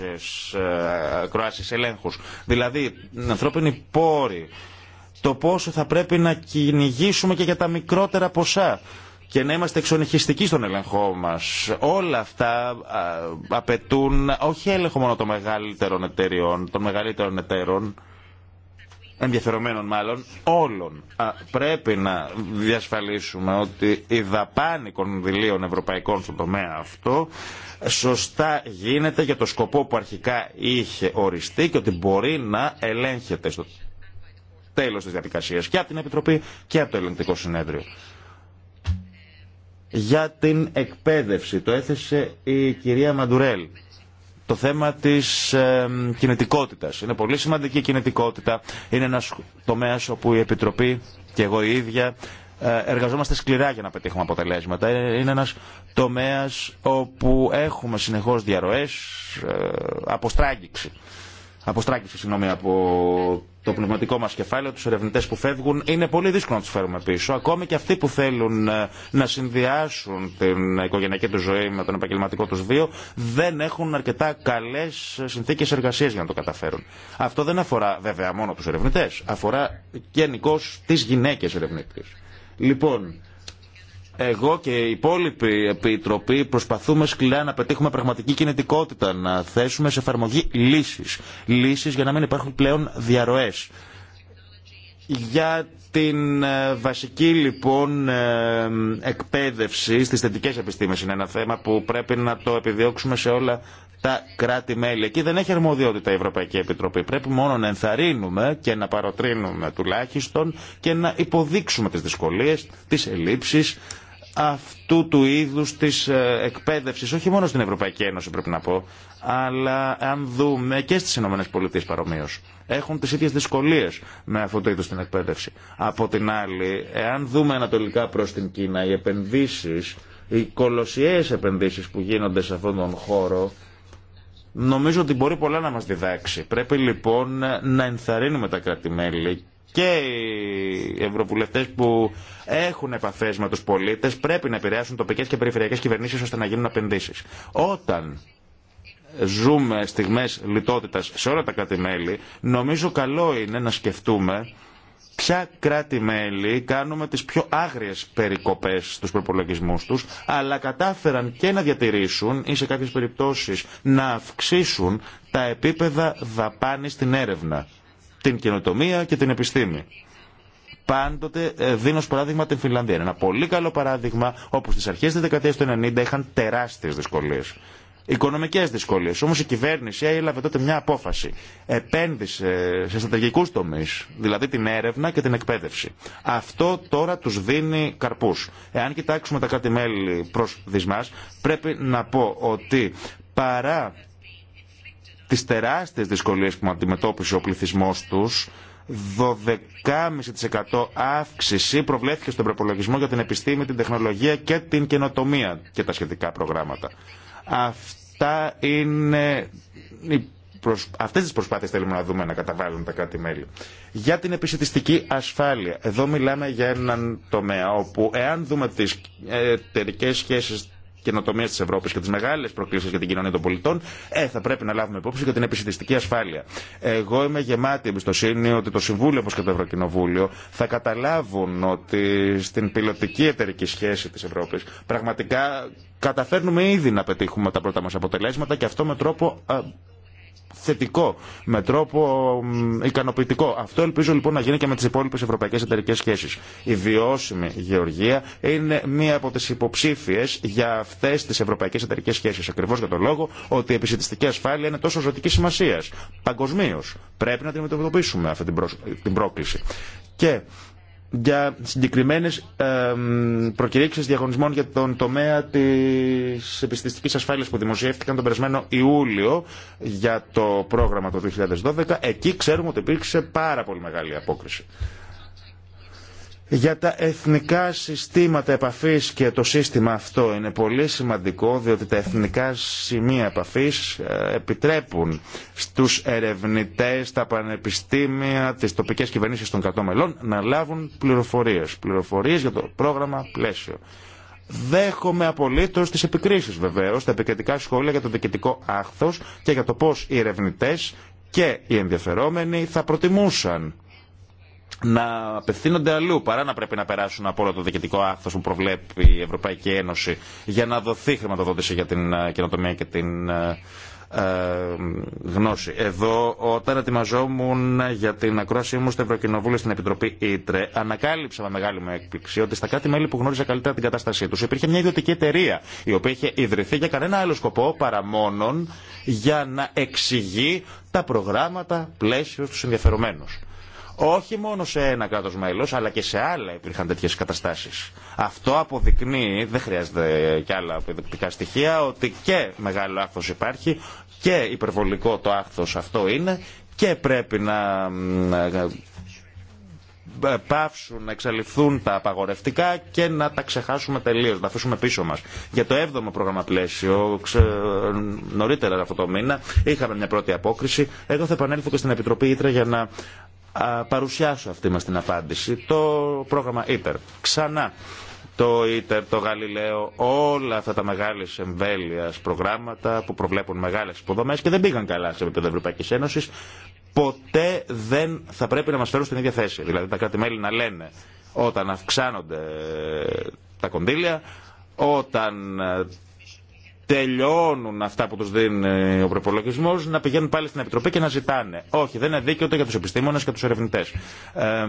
ε, κροάσεις ελέγχους. Δηλαδή, ανθρώπινοι πόροι, το πόσο θα πρέπει να κυνηγήσουμε και για τα μικρότερα ποσά και να είμαστε εξονυχιστικοί στον έλεγχό μας. Όλα αυτά ε, απαιτούν όχι έλεγχο μόνο των μεγαλύτερων εταιριών, των μεγαλύτερων εταίρων, ενδιαφερομένων μάλλον, όλων. πρέπει να διασφαλίσουμε ότι η δαπάνη κονδυλίων ευρωπαϊκών στον τομέα αυτό σωστά γίνεται για το σκοπό που αρχικά είχε οριστεί και ότι μπορεί να ελέγχεται στο τέλος της διαδικασίας και από την Επιτροπή και από το Ελληνικό Συνέδριο. Για την εκπαίδευση το έθεσε η κυρία Μαντουρέλ το θέμα της ε, κινητικότητας. Είναι πολύ σημαντική η κινητικότητα. Είναι ένας τομέας όπου η Επιτροπή και εγώ η ίδια ε, εργαζόμαστε σκληρά για να πετύχουμε αποτελέσματα. Ε, είναι ένας τομέας όπου έχουμε συνεχώς διαρροές, ε, αποστράγγιξη αποστράκηση συγγνώμη, από το πνευματικό μας κεφάλαιο, τους ερευνητέ που φεύγουν, είναι πολύ δύσκολο να του φέρουμε πίσω. Ακόμη και αυτοί που θέλουν ε, να συνδυάσουν την οικογενειακή του ζωή με τον επαγγελματικό του βίο, δεν έχουν αρκετά καλές συνθήκες εργασίας για να το καταφέρουν. Αυτό δεν αφορά βέβαια μόνο τους ερευνητέ. αφορά γενικώ τι γυναίκε ερευνητές. Λοιπόν, εγώ και οι υπόλοιποι επιτροποί προσπαθούμε σκληρά να πετύχουμε πραγματική κινητικότητα, να θέσουμε σε εφαρμογή λύσεις. Λύσεις για να μην υπάρχουν πλέον διαρροές. Για την ε, βασική λοιπόν ε, εκπαίδευση στις θετικές επιστήμες είναι ένα θέμα που πρέπει να το επιδιώξουμε σε όλα τα κράτη-μέλη. Εκεί δεν έχει αρμοδιότητα η Ευρωπαϊκή Επιτροπή. Πρέπει μόνο να ενθαρρύνουμε και να παροτρύνουμε τουλάχιστον και να υποδείξουμε τις δυσκολίες, τις ελλείψεις, αυτού του είδους της ε, εκπαίδευσης, όχι μόνο στην Ευρωπαϊκή Ένωση πρέπει να πω, αλλά αν δούμε και στις Ηνωμένες Πολιτείες παρομοίως, έχουν τις ίδιες δυσκολίες με αυτού του είδους την εκπαίδευση. Από την άλλη, εάν δούμε ανατολικά προς την Κίνα, οι επενδύσεις, οι κολοσιαίες επενδύσεις που γίνονται σε αυτόν τον χώρο, Νομίζω ότι μπορεί πολλά να μας διδάξει. Πρέπει λοιπόν να ενθαρρύνουμε τα κράτη-μέλη και οι ευρωβουλευτέ που έχουν επαφέ με του πολίτε πρέπει να επηρεάσουν τοπικέ και περιφερειακές κυβερνήσει ώστε να γίνουν επενδύσει. Όταν ζούμε στιγμές λιτότητας σε όλα τα κράτη-μέλη, νομίζω καλό είναι να σκεφτούμε ποια κράτη-μέλη κάνουμε τις πιο άγριες περικοπές στους προπολογισμού τους, αλλά κατάφεραν και να διατηρήσουν ή σε κάποιες περιπτώσεις να αυξήσουν τα επίπεδα δαπάνη στην έρευνα την καινοτομία και την επιστήμη. Πάντοτε ε, δίνω ως παράδειγμα την Φιλανδία. Είναι ένα πολύ καλό παράδειγμα όπου στις αρχές της δεκαετίας του 1990 είχαν τεράστιες δυσκολίες. Οικονομικές δυσκολίες. Όμως η κυβέρνηση έλαβε τότε μια απόφαση. Επένδυσε σε στρατηγικούς τομείς, δηλαδή την έρευνα και την εκπαίδευση. Αυτό τώρα τους δίνει καρπούς. Εάν κοιτάξουμε τα κρατη μέλη προς δυσμάς, πρέπει να πω ότι παρά τις τεράστιες δυσκολίες που αντιμετώπισε ο πληθυσμός τους, 12,5% αύξηση προβλέφθηκε στον προπολογισμό για την επιστήμη, την τεχνολογία και την καινοτομία και τα σχετικά προγράμματα. Αυτά είναι Αυτές τις προσπάθειες θέλουμε να δούμε να καταβάλουν τα κάτι μελη Για την επισητιστική ασφάλεια. Εδώ μιλάμε για έναν τομέα όπου εάν δούμε τις εταιρικέ σχέσεις καινοτομία τη Ευρώπη και τι μεγάλε προκλήσει για την κοινωνία των πολιτών, ε, θα πρέπει να λάβουμε υπόψη και την επιστημιστική ασφάλεια. Εγώ είμαι γεμάτη εμπιστοσύνη ότι το Συμβούλιο, όπω και το Ευρωκοινοβούλιο, θα καταλάβουν ότι στην πιλωτική εταιρική σχέση τη Ευρώπη πραγματικά καταφέρνουμε ήδη να πετύχουμε τα πρώτα μα αποτελέσματα και αυτό με τρόπο θετικό, με τρόπο ικανοποιητικό. Αυτό ελπίζω λοιπόν να γίνει και με τι υπόλοιπε ευρωπαϊκέ εταιρικέ σχέσει. Η βιώσιμη γεωργία είναι μία από τι υποψήφιε για αυτέ τι ευρωπαϊκέ εταιρικέ σχέσει. Ακριβώ για τον λόγο ότι η επισητιστική ασφάλεια είναι τόσο ζωτική σημασία. Παγκοσμίω πρέπει να την αντιμετωπίσουμε αυτή την, πρόκληση. Και για συγκεκριμένες ε, προκηρύξεις διαγωνισμών για τον τομέα της επιστηστικής ασφάλειας που δημοσιεύτηκαν τον περασμένο Ιούλιο για το πρόγραμμα το 2012. Εκεί ξέρουμε ότι υπήρξε πάρα πολύ μεγάλη απόκριση. Για τα εθνικά συστήματα επαφής και το σύστημα αυτό είναι πολύ σημαντικό διότι τα εθνικά σημεία επαφής ε, επιτρέπουν στους ερευνητές, τα πανεπιστήμια, τις τοπικές κυβερνήσεις των κρατών να λάβουν πληροφορίες, πληροφορίες για το πρόγραμμα πλαίσιο. Δέχομαι απολύτως τις επικρίσεις βεβαίως, τα επικριτικά σχόλια για το διοικητικό άχθος και για το πώς οι ερευνητές και οι ενδιαφερόμενοι θα προτιμούσαν να απευθύνονται αλλού παρά να πρέπει να περάσουν από όλο το διοικητικό άκθο που προβλέπει η Ευρωπαϊκή Ένωση για να δοθεί χρηματοδότηση για την ε, καινοτομία και την ε, ε, γνώση. Εδώ, όταν ετοιμαζόμουν για την ακρόασή μου στο Ευρωκοινοβούλιο στην Επιτροπή Ήτρε, ανακάλυψα με μεγάλη μου έκπληξη ότι στα κάτι μέλη που γνώριζα καλύτερα την κατάστασή του υπήρχε μια ιδιωτική εταιρεία, η οποία είχε ιδρυθεί για κανένα άλλο σκοπό παρά μόνον για να εξηγεί τα προγράμματα πλαίσιο στου ενδιαφερομένου. Όχι μόνο σε ένα κράτο μέλο, αλλά και σε άλλα υπήρχαν τέτοιε καταστάσει. Αυτό αποδεικνύει, δεν χρειάζεται κι άλλα αποδεικτικά στοιχεία, ότι και μεγάλο άχθο υπάρχει και υπερβολικό το άχθο αυτό είναι και πρέπει να ε, πάυσουν, να εξαλειφθούν τα απαγορευτικά και να τα ξεχάσουμε τελείως, να αφήσουμε πίσω μας. Για το 7ο πρόγραμμα πλαίσιο, νωρίτερα αυτό το μήνα, είχαμε μια πρώτη απόκριση. Εδώ θα επανέλθω και στην Επιτροπή Ήτρα για να παρουσιάσω αυτή μας την απάντηση. Το πρόγραμμα ITER. Ξανά το ITER, το Γαλιλαίο, όλα αυτά τα μεγάλες εμβέλειας προγράμματα που προβλέπουν μεγάλε υποδομέ και δεν πήγαν καλά σε επίπεδο Ευρωπαϊκή Ένωση, ποτέ δεν θα πρέπει να μα φέρουν στην ίδια θέση. Δηλαδή τα κράτη-μέλη να λένε όταν αυξάνονται τα κονδύλια, όταν ε, τελειώνουν αυτά που του δίνει ο προπολογισμό να πηγαίνουν πάλι στην Επιτροπή και να ζητάνε. Όχι, δεν είναι δίκαιο ούτε για του επιστήμονε και του ερευνητέ. Ε,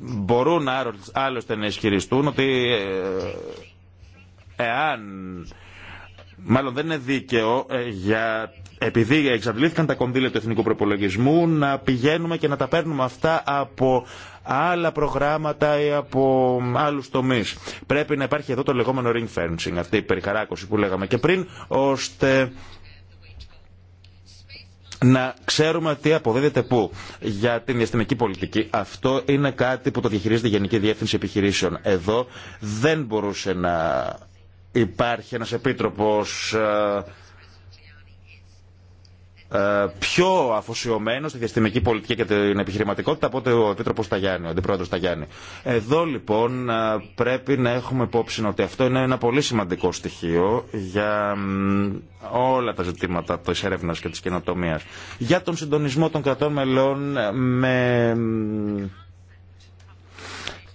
μπορούν άλλωστε να ισχυριστούν ότι ε, εάν. Μάλλον δεν είναι δίκαιο ε, για επειδή εξαντλήθηκαν τα κονδύλια του εθνικού προπολογισμού, να πηγαίνουμε και να τα παίρνουμε αυτά από άλλα προγράμματα ή από άλλου τομεί. Πρέπει να υπάρχει εδώ το λεγόμενο ring fencing, αυτή η περιχαράκωση που λέγαμε και πριν, ώστε να ξέρουμε τι αποδίδεται πού για την διαστημική πολιτική. Αυτό είναι κάτι που το διαχειρίζεται η Γενική Διεύθυνση Επιχειρήσεων. Εδώ δεν μπορούσε να υπάρχει ένας επίτροπος ε, ε, πιο αφοσιωμένο στη διαστημική πολιτική και την επιχειρηματικότητα από ότι ο Επίτροπο Σταγιάννη, ο Αντιπρόεδρο Σταγιάννη. Εδώ λοιπόν ε, πρέπει να έχουμε υπόψη ότι αυτό είναι ένα πολύ σημαντικό στοιχείο για όλα τα ζητήματα τη έρευνα και τη καινοτομία. Για τον συντονισμό των κρατών μελών ε, με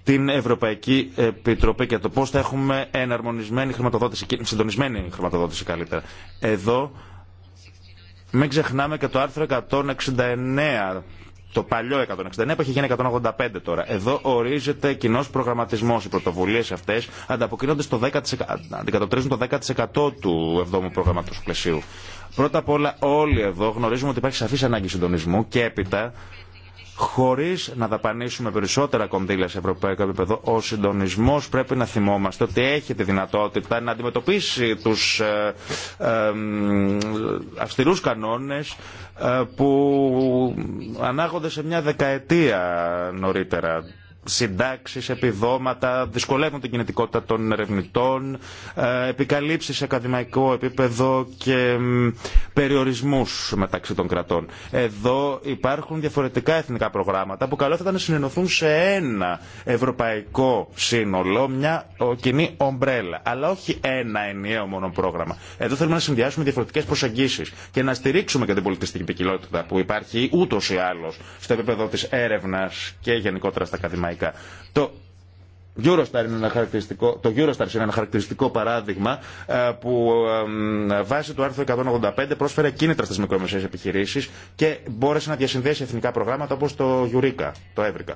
την Ευρωπαϊκή Επιτροπή και το πώς θα έχουμε εναρμονισμένη χρηματοδότηση, συντονισμένη χρηματοδότηση καλύτερα. Εδώ μην ξεχνάμε και το άρθρο 169 το παλιό 169 που έχει γίνει 185 τώρα. Εδώ ορίζεται κοινό προγραμματισμό. Οι πρωτοβουλίε αυτέ ανταποκρίνονται στο 10%, το 10% του 7ου πλαισίου. Πρώτα απ' όλα, όλοι εδώ γνωρίζουμε ότι υπάρχει σαφή ανάγκη συντονισμού και έπειτα χωρί να δαπανίσουμε περισσότερα κονδύλια σε ευρωπαϊκό επίπεδο, ο συντονισμό πρέπει να θυμόμαστε ότι έχει τη δυνατότητα να αντιμετωπίσει του ε, ε, αυστηρού κανόνε ε, που ανάγονται σε μια δεκαετία νωρίτερα Συντάξει, επιδόματα, δυσκολεύουν την κινητικότητα των ερευνητών, ε, επικαλύψεις σε ακαδημαϊκό επίπεδο και περιορισμούς μεταξύ των κρατών. Εδώ υπάρχουν διαφορετικά εθνικά προγράμματα που καλό θα ήταν να συνενωθούν σε ένα ευρωπαϊκό σύνολο, μια κοινή ομπρέλα, αλλά όχι ένα ενιαίο μόνο πρόγραμμα. Εδώ θέλουμε να συνδυάσουμε διαφορετικές προσεγγίσεις και να στηρίξουμε και την πολιτιστική ποικιλότητα που υπάρχει ούτως ή άλλως στο επίπεδο τη έρευνας και γενικότερα στα ακαδημαϊκά το Eurostar είναι ένα χαρακτηριστικό, το Eurostar είναι ένα χαρακτηριστικό παράδειγμα ε, που ε, ε, βάσει του άρθρου 185 πρόσφερε κίνητρα στις μικρομεσαίες επιχειρήσεις και μπόρεσε να διασυνδέσει εθνικά προγράμματα όπως το Eureka, το Εύρικα.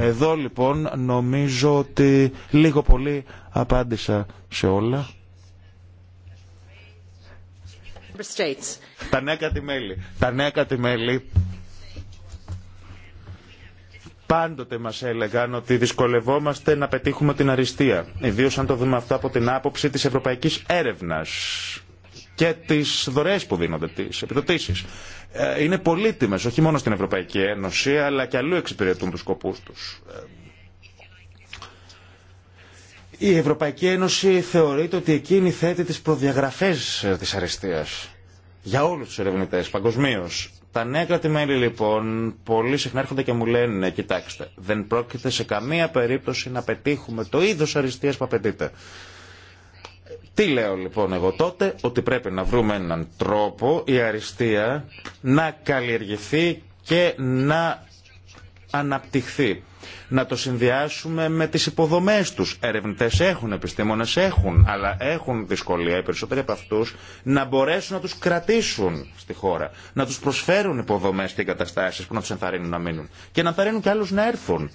Εδώ λοιπόν νομίζω ότι λίγο πολύ απάντησα σε όλα. Τα νέα κατημέλη. Τα νέα κατημέλη Πάντοτε μα έλεγαν ότι δυσκολευόμαστε να πετύχουμε την αριστεία. Ιδίω αν το δούμε αυτό από την άποψη τη ευρωπαϊκή έρευνα και τι δωρεέ που δίνονται, τι επιδοτήσει. Ε, είναι πολύτιμε, όχι μόνο στην Ευρωπαϊκή Ένωση, αλλά και αλλού εξυπηρετούν του σκοπού του. Ε, η Ευρωπαϊκή Ένωση θεωρείται ότι εκείνη θέτει τι προδιαγραφέ τη αριστεία για όλου του ερευνητέ, παγκοσμίω. Τα νέα λοιπόν πολύ συχνά έρχονται και μου λένε κοιτάξτε δεν πρόκειται σε καμία περίπτωση να πετύχουμε το είδος αριστείας που απαιτείται. Τι λέω λοιπόν εγώ τότε, ότι πρέπει να βρούμε έναν τρόπο η αριστεία να καλλιεργηθεί και να αναπτυχθεί να το συνδυάσουμε με τις υποδομές τους. Ερευνητές έχουν, επιστήμονες έχουν, αλλά έχουν δυσκολία οι περισσότεροι από αυτούς να μπορέσουν να τους κρατήσουν στη χώρα, να τους προσφέρουν υποδομές και εγκαταστάσεις που να τους ενθαρρύνουν να μείνουν και να ενθαρρύνουν και άλλους να έρθουν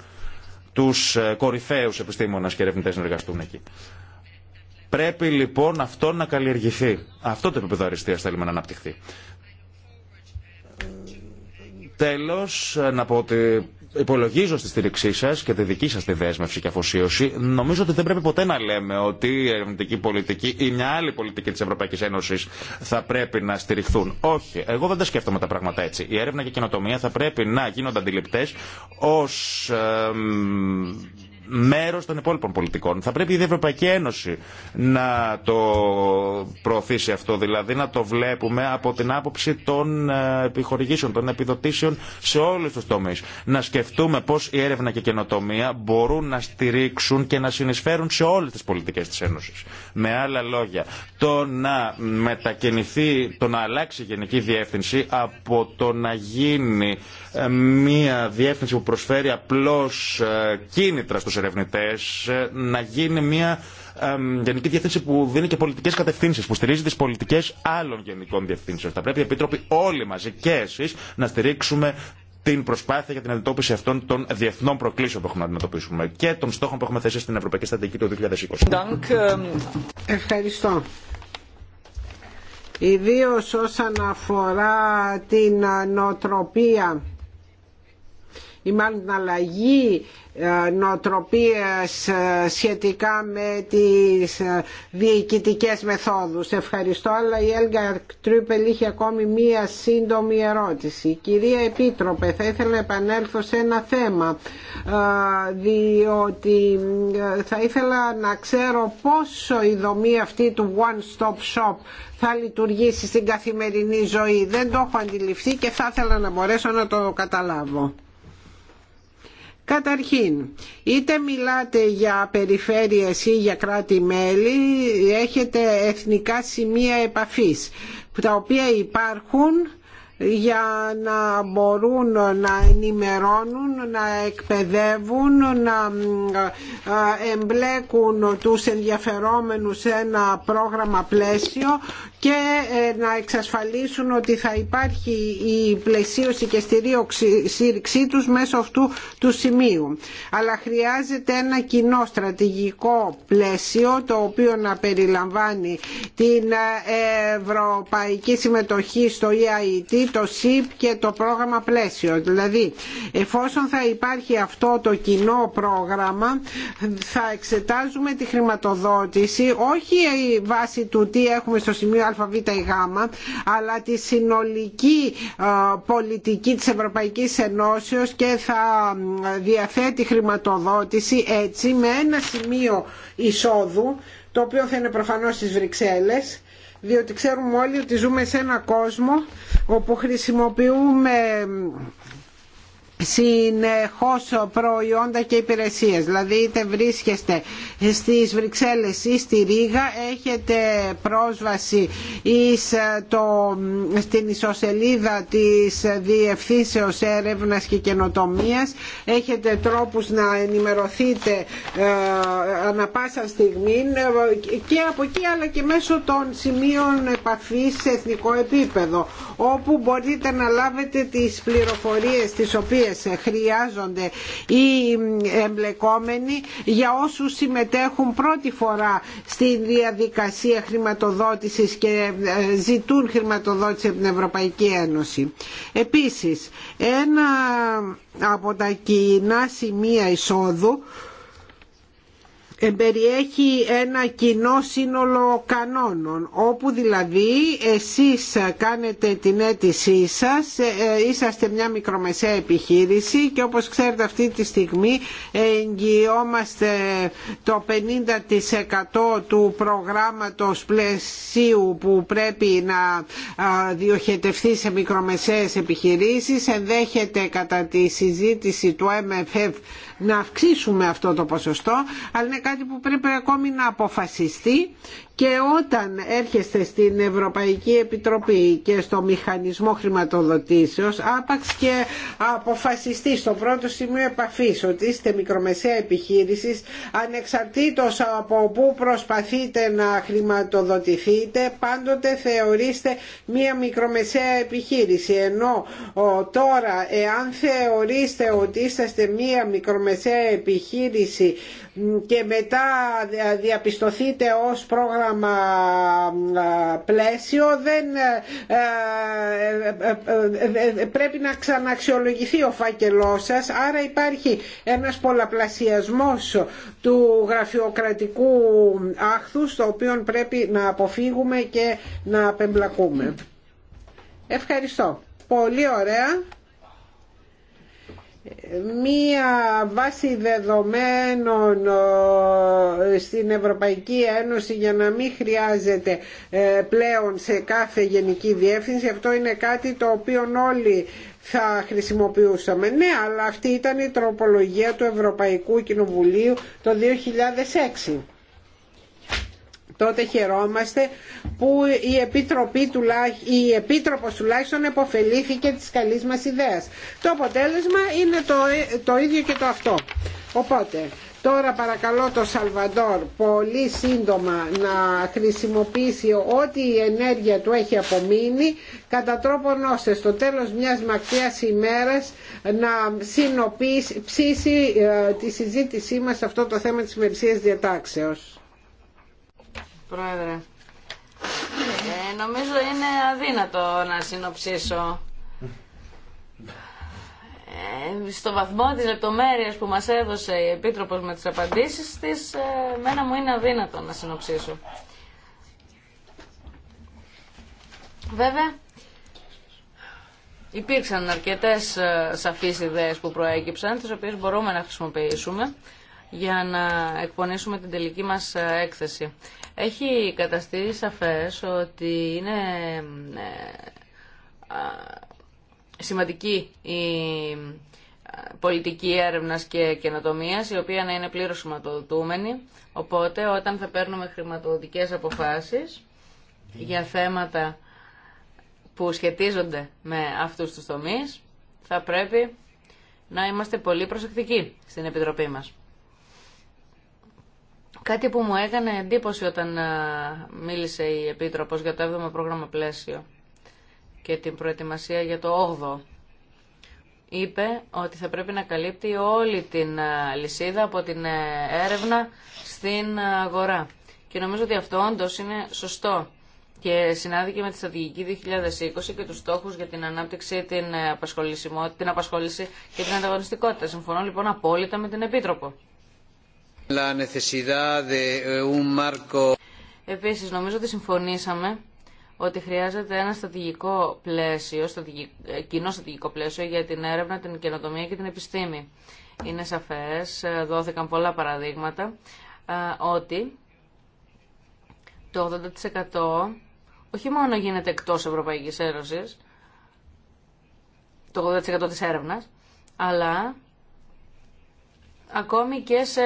τους ε, κορυφαίους επιστήμονες και ερευνητές να εργαστούν εκεί. Πρέπει λοιπόν αυτό να καλλιεργηθεί. Αυτό το επίπεδο αριστείας θέλουμε να αναπτυχθεί. Τέλος, να πω ότι υπολογίζω στη στήριξή σα και τη δική σα τη δέσμευση και αφοσίωση. Νομίζω ότι δεν πρέπει ποτέ να λέμε ότι η ερευνητική πολιτική ή μια άλλη πολιτική τη Ευρωπαϊκή Ένωση θα πρέπει να στηριχθούν. Όχι, εγώ δεν τα σκέφτομαι τα πράγματα έτσι. Η έρευνα και η καινοτομία θα πρέπει να γίνονται αντιληπτέ ω μέρο των υπόλοιπων πολιτικών. Θα πρέπει η Ευρωπαϊκή Ένωση να το προωθήσει αυτό, δηλαδή να το βλέπουμε από την άποψη των ε, επιχορηγήσεων, των επιδοτήσεων σε όλου του τομεί. Να σκεφτούμε πώ η έρευνα και η καινοτομία μπορούν να στηρίξουν και να συνεισφέρουν σε όλε τι πολιτικέ τη Ένωση. Με άλλα λόγια, το να μετακινηθεί, το να αλλάξει η γενική διεύθυνση από το να γίνει ε, μια διεύθυνση που προσφέρει απλώ ε, κίνητρα τους ερευνητές, ε, να γίνει μια γενική διεύθυνση που δίνει και πολιτικές κατευθύνσεις, που στηρίζει τις πολιτικές άλλων γενικών διευθύνσεων. Θα πρέπει οι Επίτροποι όλοι μαζί και εσείς να στηρίξουμε την προσπάθεια για την αντιμετώπιση αυτών των διεθνών προκλήσεων που έχουμε να αντιμετωπίσουμε και των στόχων που έχουμε θέσει στην Ευρωπαϊκή Στατική του 2020. Ε, Ευχαριστώ. Ιδίω όσον αφορά την νοοτροπία ή μάλλον την αλλαγή ε, νοοτροπίας ε, σχετικά με τις ε, διοικητικές μεθόδους. Ευχαριστώ, αλλά η Έλγα Τρίπελ είχε ακόμη μία σύντομη ερώτηση. Κυρία Επίτροπε, θα ήθελα να επανέλθω σε ένα θέμα, διότι θα ήθελα να ξέρω πόσο η δομή αυτή του one-stop shop θα λειτουργήσει στην καθημερινή ζωή. Δεν το έχω αντιληφθεί και θα ήθελα να μπορέσω να το καταλάβω. Καταρχήν, είτε μιλάτε για περιφέρειες ή για κράτη-μέλη, έχετε εθνικά σημεία επαφής, τα οποία υπάρχουν για να μπορούν να ενημερώνουν, να εκπαιδεύουν, να εμπλέκουν τους ενδιαφερόμενους σε ένα πρόγραμμα πλαίσιο και ε, να εξασφαλίσουν ότι θα υπάρχει η πλαισίωση και στηρίξή τους μέσω αυτού του σημείου. Αλλά χρειάζεται ένα κοινό στρατηγικό πλαίσιο το οποίο να περιλαμβάνει την ε, ευρωπαϊκή συμμετοχή στο EIT, το SIP και το πρόγραμμα πλαίσιο. Δηλαδή εφόσον θα υπάρχει αυτό το κοινό πρόγραμμα θα εξετάζουμε τη χρηματοδότηση όχι η βάση του τι έχουμε στο σημείο αλλά τη συνολική ε, πολιτική της Ευρωπαϊκής Ενώσεως και θα ε, διαθέτει χρηματοδότηση έτσι με ένα σημείο εισόδου το οποίο θα είναι προφανώς στις Βρυξέλλες διότι ξέρουμε όλοι ότι ζούμε σε ένα κόσμο όπου χρησιμοποιούμε συνεχώς προϊόντα και υπηρεσίες. Δηλαδή είτε βρίσκεστε στις Βρυξέλλες ή στη Ρήγα έχετε πρόσβαση ή ε, στην ισοσελίδα της Διευθύνσεως Έρευνας και Καινοτομίας. Έχετε τρόπους να ενημερωθείτε ε, ανα πάσα στιγμή ε, και από εκεί αλλά και μέσω των σημείων επαφής σε εθνικό επίπεδο όπου μπορείτε να λάβετε τις πληροφορίες τις οποίες χρειάζονται οι εμπλεκόμενοι για όσους συμμετέχουν πρώτη φορά στη διαδικασία χρηματοδότησης και ε, ζητούν χρηματοδότηση από την Ευρωπαϊκή Ένωση. Επίσης, ένα από τα κοινά σημεία εισόδου περιέχει ένα κοινό σύνολο κανόνων όπου δηλαδή εσείς κάνετε την αίτησή σας ε, είσαστε μια μικρομεσαία επιχείρηση και όπως ξέρετε αυτή τη στιγμή εγγυόμαστε το 50% του προγράμματος πλαισίου που πρέπει να διοχετευτεί σε μικρομεσαίες επιχειρήσεις ενδέχεται κατά τη συζήτηση του MFF να αυξήσουμε αυτό το ποσοστό αλλά είναι κάτι που πρέπει ακόμη να αποφασιστεί και όταν έρχεστε στην Ευρωπαϊκή Επιτροπή και στο μηχανισμό χρηματοδοτήσεως άπαξ και αποφασιστεί στο πρώτο σημείο επαφής ότι είστε μικρομεσαία επιχείρηση, ανεξαρτήτως από πού προσπαθείτε να χρηματοδοτηθείτε πάντοτε θεωρείστε μία μικρομεσαία επιχείρηση ενώ τώρα εάν θεωρείστε ότι είστε μία μικρομεσαία επιχείρηση και μετά διαπιστωθείτε ως πρόγραμμα πλαίσιο δεν ε, ε, ε, πρέπει να ξαναξιολογηθεί ο φάκελός σας άρα υπάρχει ένας πολλαπλασιασμός του γραφειοκρατικού άχθους το οποίο πρέπει να αποφύγουμε και να απεμπλακούμε. Ευχαριστώ. Πολύ ωραία μία βάση δεδομένων ε, στην Ευρωπαϊκή Ένωση για να μην χρειάζεται ε, πλέον σε κάθε γενική διεύθυνση. Αυτό είναι κάτι το οποίο όλοι θα χρησιμοποιούσαμε. Ναι, αλλά αυτή ήταν η τροπολογία του Ευρωπαϊκού Κοινοβουλίου το 2006 τότε χαιρόμαστε που η, Επιτροπή, η Επίτροπος τουλάχιστον επωφελήθηκε της καλής μας ιδέας. Το αποτέλεσμα είναι το, το ίδιο και το αυτό. Οπότε, Τώρα παρακαλώ το Σαλβαντόρ πολύ σύντομα να χρησιμοποιήσει ό,τι η ενέργεια του έχει απομείνει κατά τρόπο ώστε στο τέλος μιας μακριάς ημέρας να ψήσει ε, τη συζήτησή μας σε αυτό το θέμα της Μερσίας διατάξεως. Πρόεδρε. Ε, νομίζω είναι αδύνατο να συνοψίσω ε, στο βαθμό της λεπτομέρειας που μας έδωσε η Επίτροπος με τις απαντήσεις της, ε, μένα μου είναι αδύνατο να συνοψίσω. Βέβαια, υπήρξαν αρκετές ε, σαφείς ιδέες που προέκυψαν, τις οποίες μπορούμε να χρησιμοποιήσουμε για να εκπονήσουμε την τελική μας ε, έκθεση. Έχει καταστεί σαφές ότι είναι ε, σημαντική η ε, πολιτική έρευνα και καινοτομία, η οποία να είναι πλήρω χρηματοδοτούμενη. Οπότε, όταν θα παίρνουμε χρηματοδοτικέ αποφάσει για θέματα που σχετίζονται με αυτούς του τομεί, θα πρέπει να είμαστε πολύ προσεκτικοί στην Επιτροπή μας. Κάτι που μου έκανε εντύπωση όταν μίλησε η Επίτροπος για το 7ο πρόγραμμα πλαίσιο και την προετοιμασία για το 8ο. Είπε ότι θα πρέπει να καλύπτει όλη την λυσίδα από την ε, έρευνα στην αγορά. Και νομίζω ότι αυτό όντω είναι σωστό και συνάδει και με τη στρατηγική 2020 και τους στόχους για την ανάπτυξη, την, ε, την απασχόληση και την ανταγωνιστικότητα. Συμφωνώ λοιπόν απόλυτα με την Επίτροπο. Eh, Επίσης, νομίζω ότι συμφωνήσαμε ότι χρειάζεται ένα στρατηγικό πλαίσιο, ε, κοινό στρατηγικό πλαίσιο για την έρευνα, την καινοτομία και την επιστήμη. Είναι σαφές, ε, δόθηκαν πολλά παραδείγματα, ε, ότι το 80% όχι μόνο γίνεται εκτός Ευρωπαϊκής Ένωσης, το 80% της έρευνας, αλλά ακόμη και σε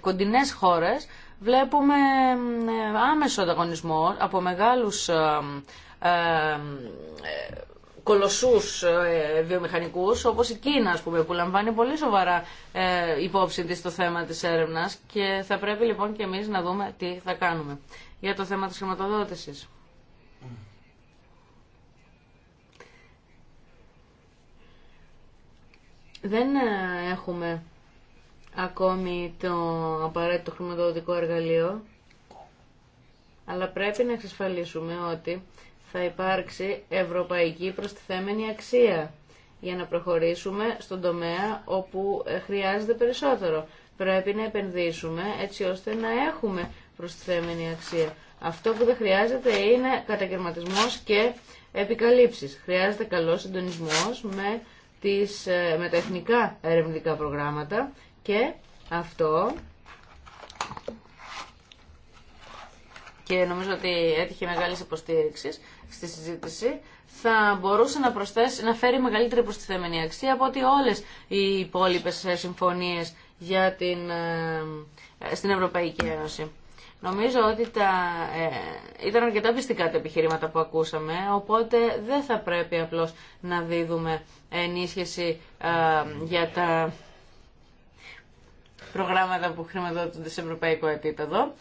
κοντινές χώρες βλέπουμε άμεσο ανταγωνισμό από μεγάλους ε, ε, κολοσσούς ε, βιομηχανικούς όπως η Κίνα που λαμβάνει πολύ σοβαρά υπόψη της το θέμα της έρευνας και θα πρέπει λοιπόν και εμείς να δούμε τι θα κάνουμε για το θέμα της χρηματοδότησης. Δεν έχουμε ακόμη το απαραίτητο χρηματοδοτικό εργαλείο, αλλά πρέπει να εξασφαλίσουμε ότι θα υπάρξει ευρωπαϊκή προστιθέμενη αξία για να προχωρήσουμε στον τομέα όπου χρειάζεται περισσότερο. Πρέπει να επενδύσουμε έτσι ώστε να έχουμε προστιθέμενη αξία. Αυτό που δεν χρειάζεται είναι κατακαιρματισμός και επικαλύψεις. Χρειάζεται καλός συντονισμός με, τις, ε, με τα εθνικά ερευνητικά προγράμματα και αυτό και νομίζω ότι έτυχε μεγάλη υποστήριξη στη συζήτηση, θα μπορούσε να, προσθέσει, να φέρει μεγαλύτερη προστιθέμενη αξία από ότι όλες οι υπόλοιπε ε, συμφωνίες για την, ε, ε, στην Ευρωπαϊκή Ένωση. Νομίζω ότι τα, ε, ήταν αρκετά πιστικά τα επιχειρήματα που ακούσαμε, οπότε δεν θα πρέπει απλώς να δίδουμε ενίσχυση για τα προγράμματα που χρηματοδοτούνται σε ευρωπαϊκό επίπεδο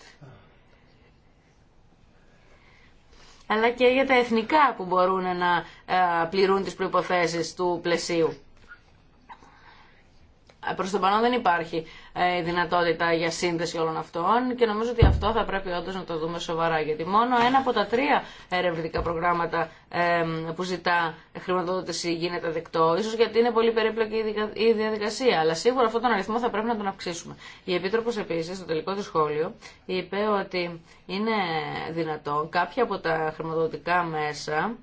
αλλά και για τα εθνικά που μπορούν να ε, πληρούν τις προϋποθέσεις του πλαισίου. Προ το παρόν δεν υπάρχει ε, δυνατότητα για σύνδεση όλων αυτών και νομίζω ότι αυτό θα πρέπει όντω να το δούμε σοβαρά. Γιατί μόνο ένα από τα τρία ερευνητικά προγράμματα που ζητά χρηματοδότηση γίνεται δεκτό. σω γιατί είναι πολύ περίπλοκη η διαδικασία. Αλλά σίγουρα αυτόν τον αριθμό θα πρέπει να τον αυξήσουμε. Η Επίτροπο επίση, στο τελικό του σχόλιο, είπε ότι είναι δυνατό κάποια από τα χρηματοδοτικά μέσα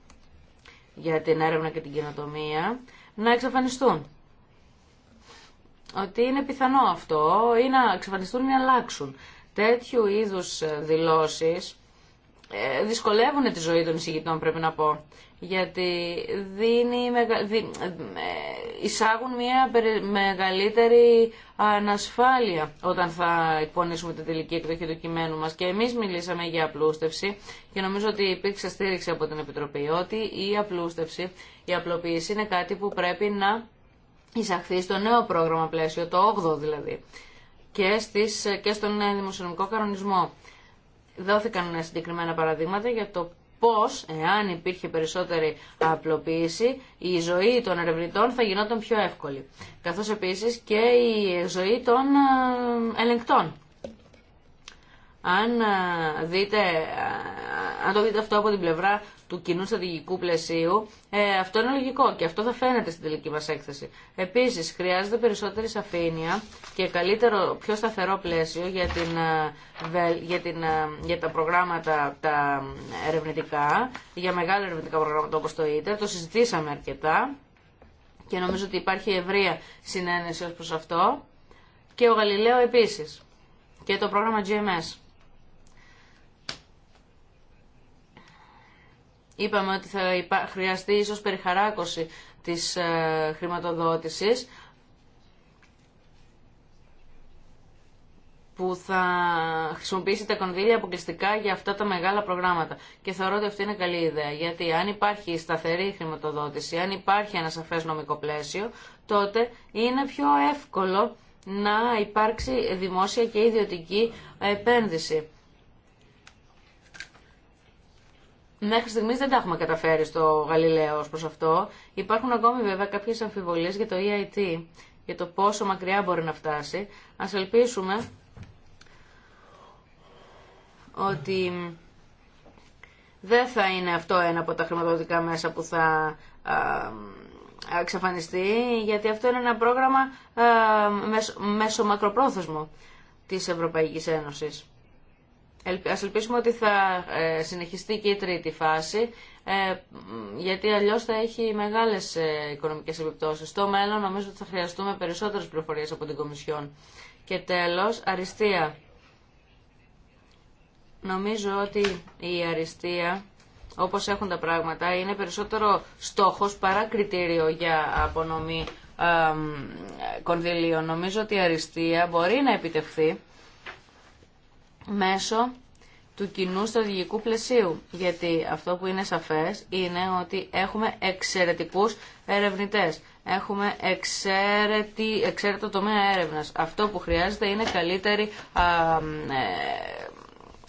για την έρευνα και την κοινοτομία να εξαφανιστούν ότι είναι πιθανό αυτό ή να εξαφανιστούν ή να αλλάξουν. Τέτοιου είδους ε, δηλώσεις ε, δυσκολεύουν τη ζωή των εισηγητών πρέπει να πω γιατί δίνει, ε, εισάγουν μια μεγαλύτερη ανασφάλεια όταν θα εκπονήσουμε την τελική εκδοχή του κειμένου μας και εμείς μιλήσαμε για απλούστευση και νομίζω ότι υπήρξε στήριξη από την Επιτροπή ότι η απλούστευση, η απλοποίηση είναι κάτι που πρέπει να εισαχθεί στο νέο πρόγραμμα πλαίσιο, το 8ο δηλαδή, και, στις, και στον δημοσιονομικό κανονισμό. Δόθηκαν συγκεκριμένα παραδείγματα για το πώς, εάν υπήρχε περισσότερη απλοποίηση, η ζωή των ερευνητών θα γινόταν πιο εύκολη. Καθώς επίσης και η ζωή των ελεγκτών. Αν, δείτε, αν το δείτε αυτό από την πλευρά του κοινού στρατηγικού πλαισίου, ε, αυτό είναι λογικό και αυτό θα φαίνεται στην τελική μας έκθεση. Επίσης, χρειάζεται περισσότερη σαφήνεια και καλύτερο, πιο σταθερό πλαίσιο για, την, ε, για, την, ε, για τα προγράμματα τα ερευνητικά, για μεγάλα ερευνητικά προγράμματα όπω το ΙΤΕΡ, το συζητήσαμε αρκετά και νομίζω ότι υπάρχει ευρεία συνένεση ω προ αυτό και ο Γαλιλαίο επίση και το πρόγραμμα GMS. Είπαμε ότι θα χρειαστεί ίσως περιχαράκωση της ε, χρηματοδότησης που θα χρησιμοποιήσει τα κονδύλια αποκλειστικά για αυτά τα μεγάλα προγράμματα. Και θεωρώ ότι αυτή είναι καλή ιδέα, γιατί αν υπάρχει σταθερή χρηματοδότηση, αν υπάρχει ένα σαφές νομικό πλαίσιο, τότε είναι πιο εύκολο να υπάρξει δημόσια και ιδιωτική επένδυση. Μέχρι στιγμή δεν τα έχουμε καταφέρει στο Γαλιλαίο ω προς αυτό. Υπάρχουν ακόμη βέβαια κάποιες αμφιβολίες για το EIT, για το πόσο μακριά μπορεί να φτάσει. Ας ελπίσουμε ότι δεν θα είναι αυτό ένα από τα χρηματοδοτικά μέσα που θα εξαφανιστεί, γιατί αυτό είναι ένα πρόγραμμα μέσω μακροπρόθεσμο της Ευρωπαϊκής Ένωσης. Ας ελπίσουμε ότι θα ε, συνεχιστεί και η τρίτη φάση, ε, γιατί αλλιώς θα έχει μεγάλες ε, οικονομικές επιπτώσεις. Στο μέλλον νομίζω ότι θα χρειαστούμε περισσότερες πληροφορίες από την Κομισιόν. Και τέλος, αριστεία. Νομίζω ότι η αριστεία, όπως έχουν τα πράγματα, είναι περισσότερο στόχος παρά κριτήριο για απονομή κονδυλίων. Νομίζω ότι η αριστεία μπορεί να επιτευχθεί μέσω του κοινού στρατηγικού πλαισίου. Γιατί αυτό που είναι σαφές είναι ότι έχουμε εξαιρετικούς ερευνητές. Έχουμε εξαιρετη, εξαιρετο τομέα έρευνας. Αυτό που χρειάζεται είναι καλύτερη ε,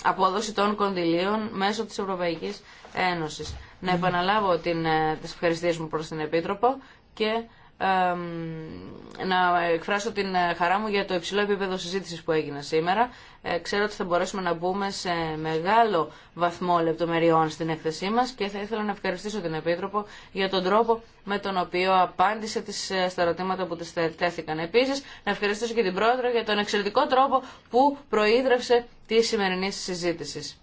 απόδοση των κονδυλίων μέσω της Ευρωπαϊκής Ένωσης. Να επαναλάβω την, ε, τις ευχαριστίες μου προς την Επίτροπο και να εκφράσω την ε, χαρά μου για το υψηλό επίπεδο συζήτησης που έγινε σήμερα. Ε, ξέρω ότι θα μπορέσουμε να μπούμε σε μεγάλο βαθμό λεπτομεριών στην έκθεσή μας και θα ήθελα να ευχαριστήσω την Επίτροπο για τον τρόπο με τον οποίο απάντησε τις, ε, στα ερωτήματα που της θέθηκαν. Επίσης, να ευχαριστήσω και την Πρόεδρο για τον εξαιρετικό τρόπο που προείδρευσε τη σημερινή συζήτηση.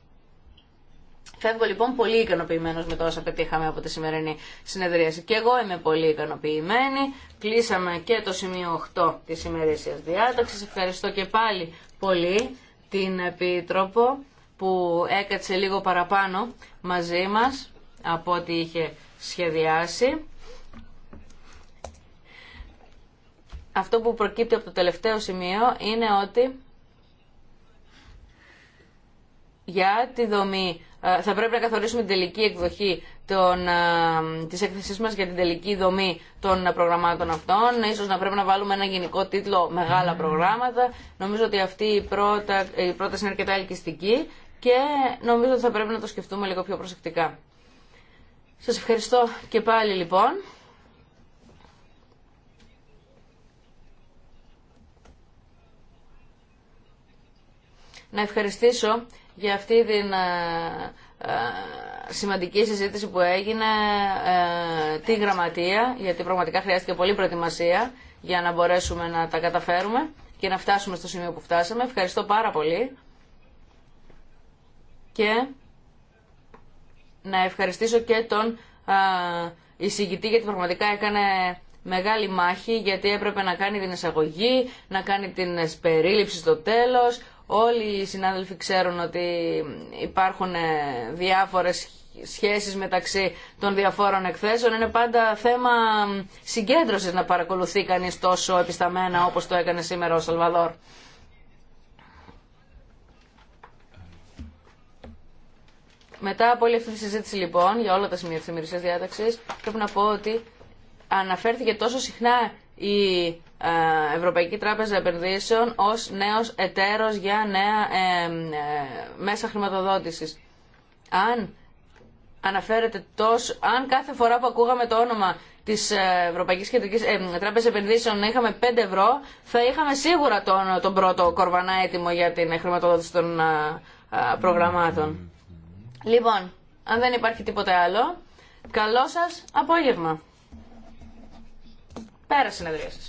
Φεύγω λοιπόν πολύ ικανοποιημένο με το όσα πετύχαμε από τη σημερινή συνεδρίαση. Και εγώ είμαι πολύ ικανοποιημένη. Κλείσαμε και το σημείο 8 τη ημερήσια διάταξη. Ευχαριστώ και πάλι πολύ την Επίτροπο που έκατσε λίγο παραπάνω μαζί μας από ό,τι είχε σχεδιάσει. Αυτό που προκύπτει από το τελευταίο σημείο είναι ότι για τη δομή ε, θα πρέπει να καθορίσουμε την τελική εκδοχή των, ε, της έκθεσής μας για την τελική δομή των προγραμμάτων αυτών. Ίσως να πρέπει να βάλουμε ένα γενικό τίτλο «Μεγάλα προγράμματα». Νομίζω ότι αυτή η, πρώτα, η πρόταση είναι αρκετά ελκυστική και νομίζω ότι θα πρέπει να το σκεφτούμε λίγο πιο προσεκτικά. Σας ευχαριστώ και πάλι λοιπόν. Να ευχαριστήσω για αυτή την ε, ε, σημαντική συζήτηση που έγινε, ε, τη γραμματεία, γιατί πραγματικά χρειάστηκε πολλή προετοιμασία για να μπορέσουμε να τα καταφέρουμε και να φτάσουμε στο σημείο που φτάσαμε. Ευχαριστώ πάρα πολύ και να ευχαριστήσω και τον εισηγητή γιατί πραγματικά έκανε μεγάλη μάχη γιατί έπρεπε να κάνει την εισαγωγή, να κάνει την περίληψη στο τέλος. Όλοι οι συνάδελφοι ξέρουν ότι υπάρχουν ε, διάφορες σχέσεις μεταξύ των διαφόρων εκθέσεων. Είναι πάντα θέμα συγκέντρωσης να παρακολουθεί κανείς τόσο επισταμένα όπως το έκανε σήμερα ο Σαλβαδόρ. Μετά από όλη αυτή τη συζήτηση λοιπόν για όλα τα σημεία της ημερησίας διάταξης πρέπει να πω ότι αναφέρθηκε τόσο συχνά η ε, Ευρωπαϊκή Τράπεζα Επενδύσεων ως νέος εταίρος για νέα ε, ε, μέσα χρηματοδότησης. Αν αναφέρεται τόσο, αν κάθε φορά που ακούγαμε το όνομα της Ευρωπαϊκής Κεντρικής ε, Τράπεζας Επενδύσεων είχαμε 5 ευρώ, θα είχαμε σίγουρα τον, τον πρώτο κορβανά έτοιμο για την χρηματοδότηση των προγραμμάτων. Mm-hmm. Λοιπόν, αν δεν υπάρχει τίποτε άλλο, καλό σας απόγευμα. Πέρα συνεδρία σας.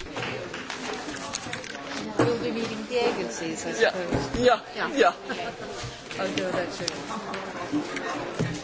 Yeah. Yeah. Yeah.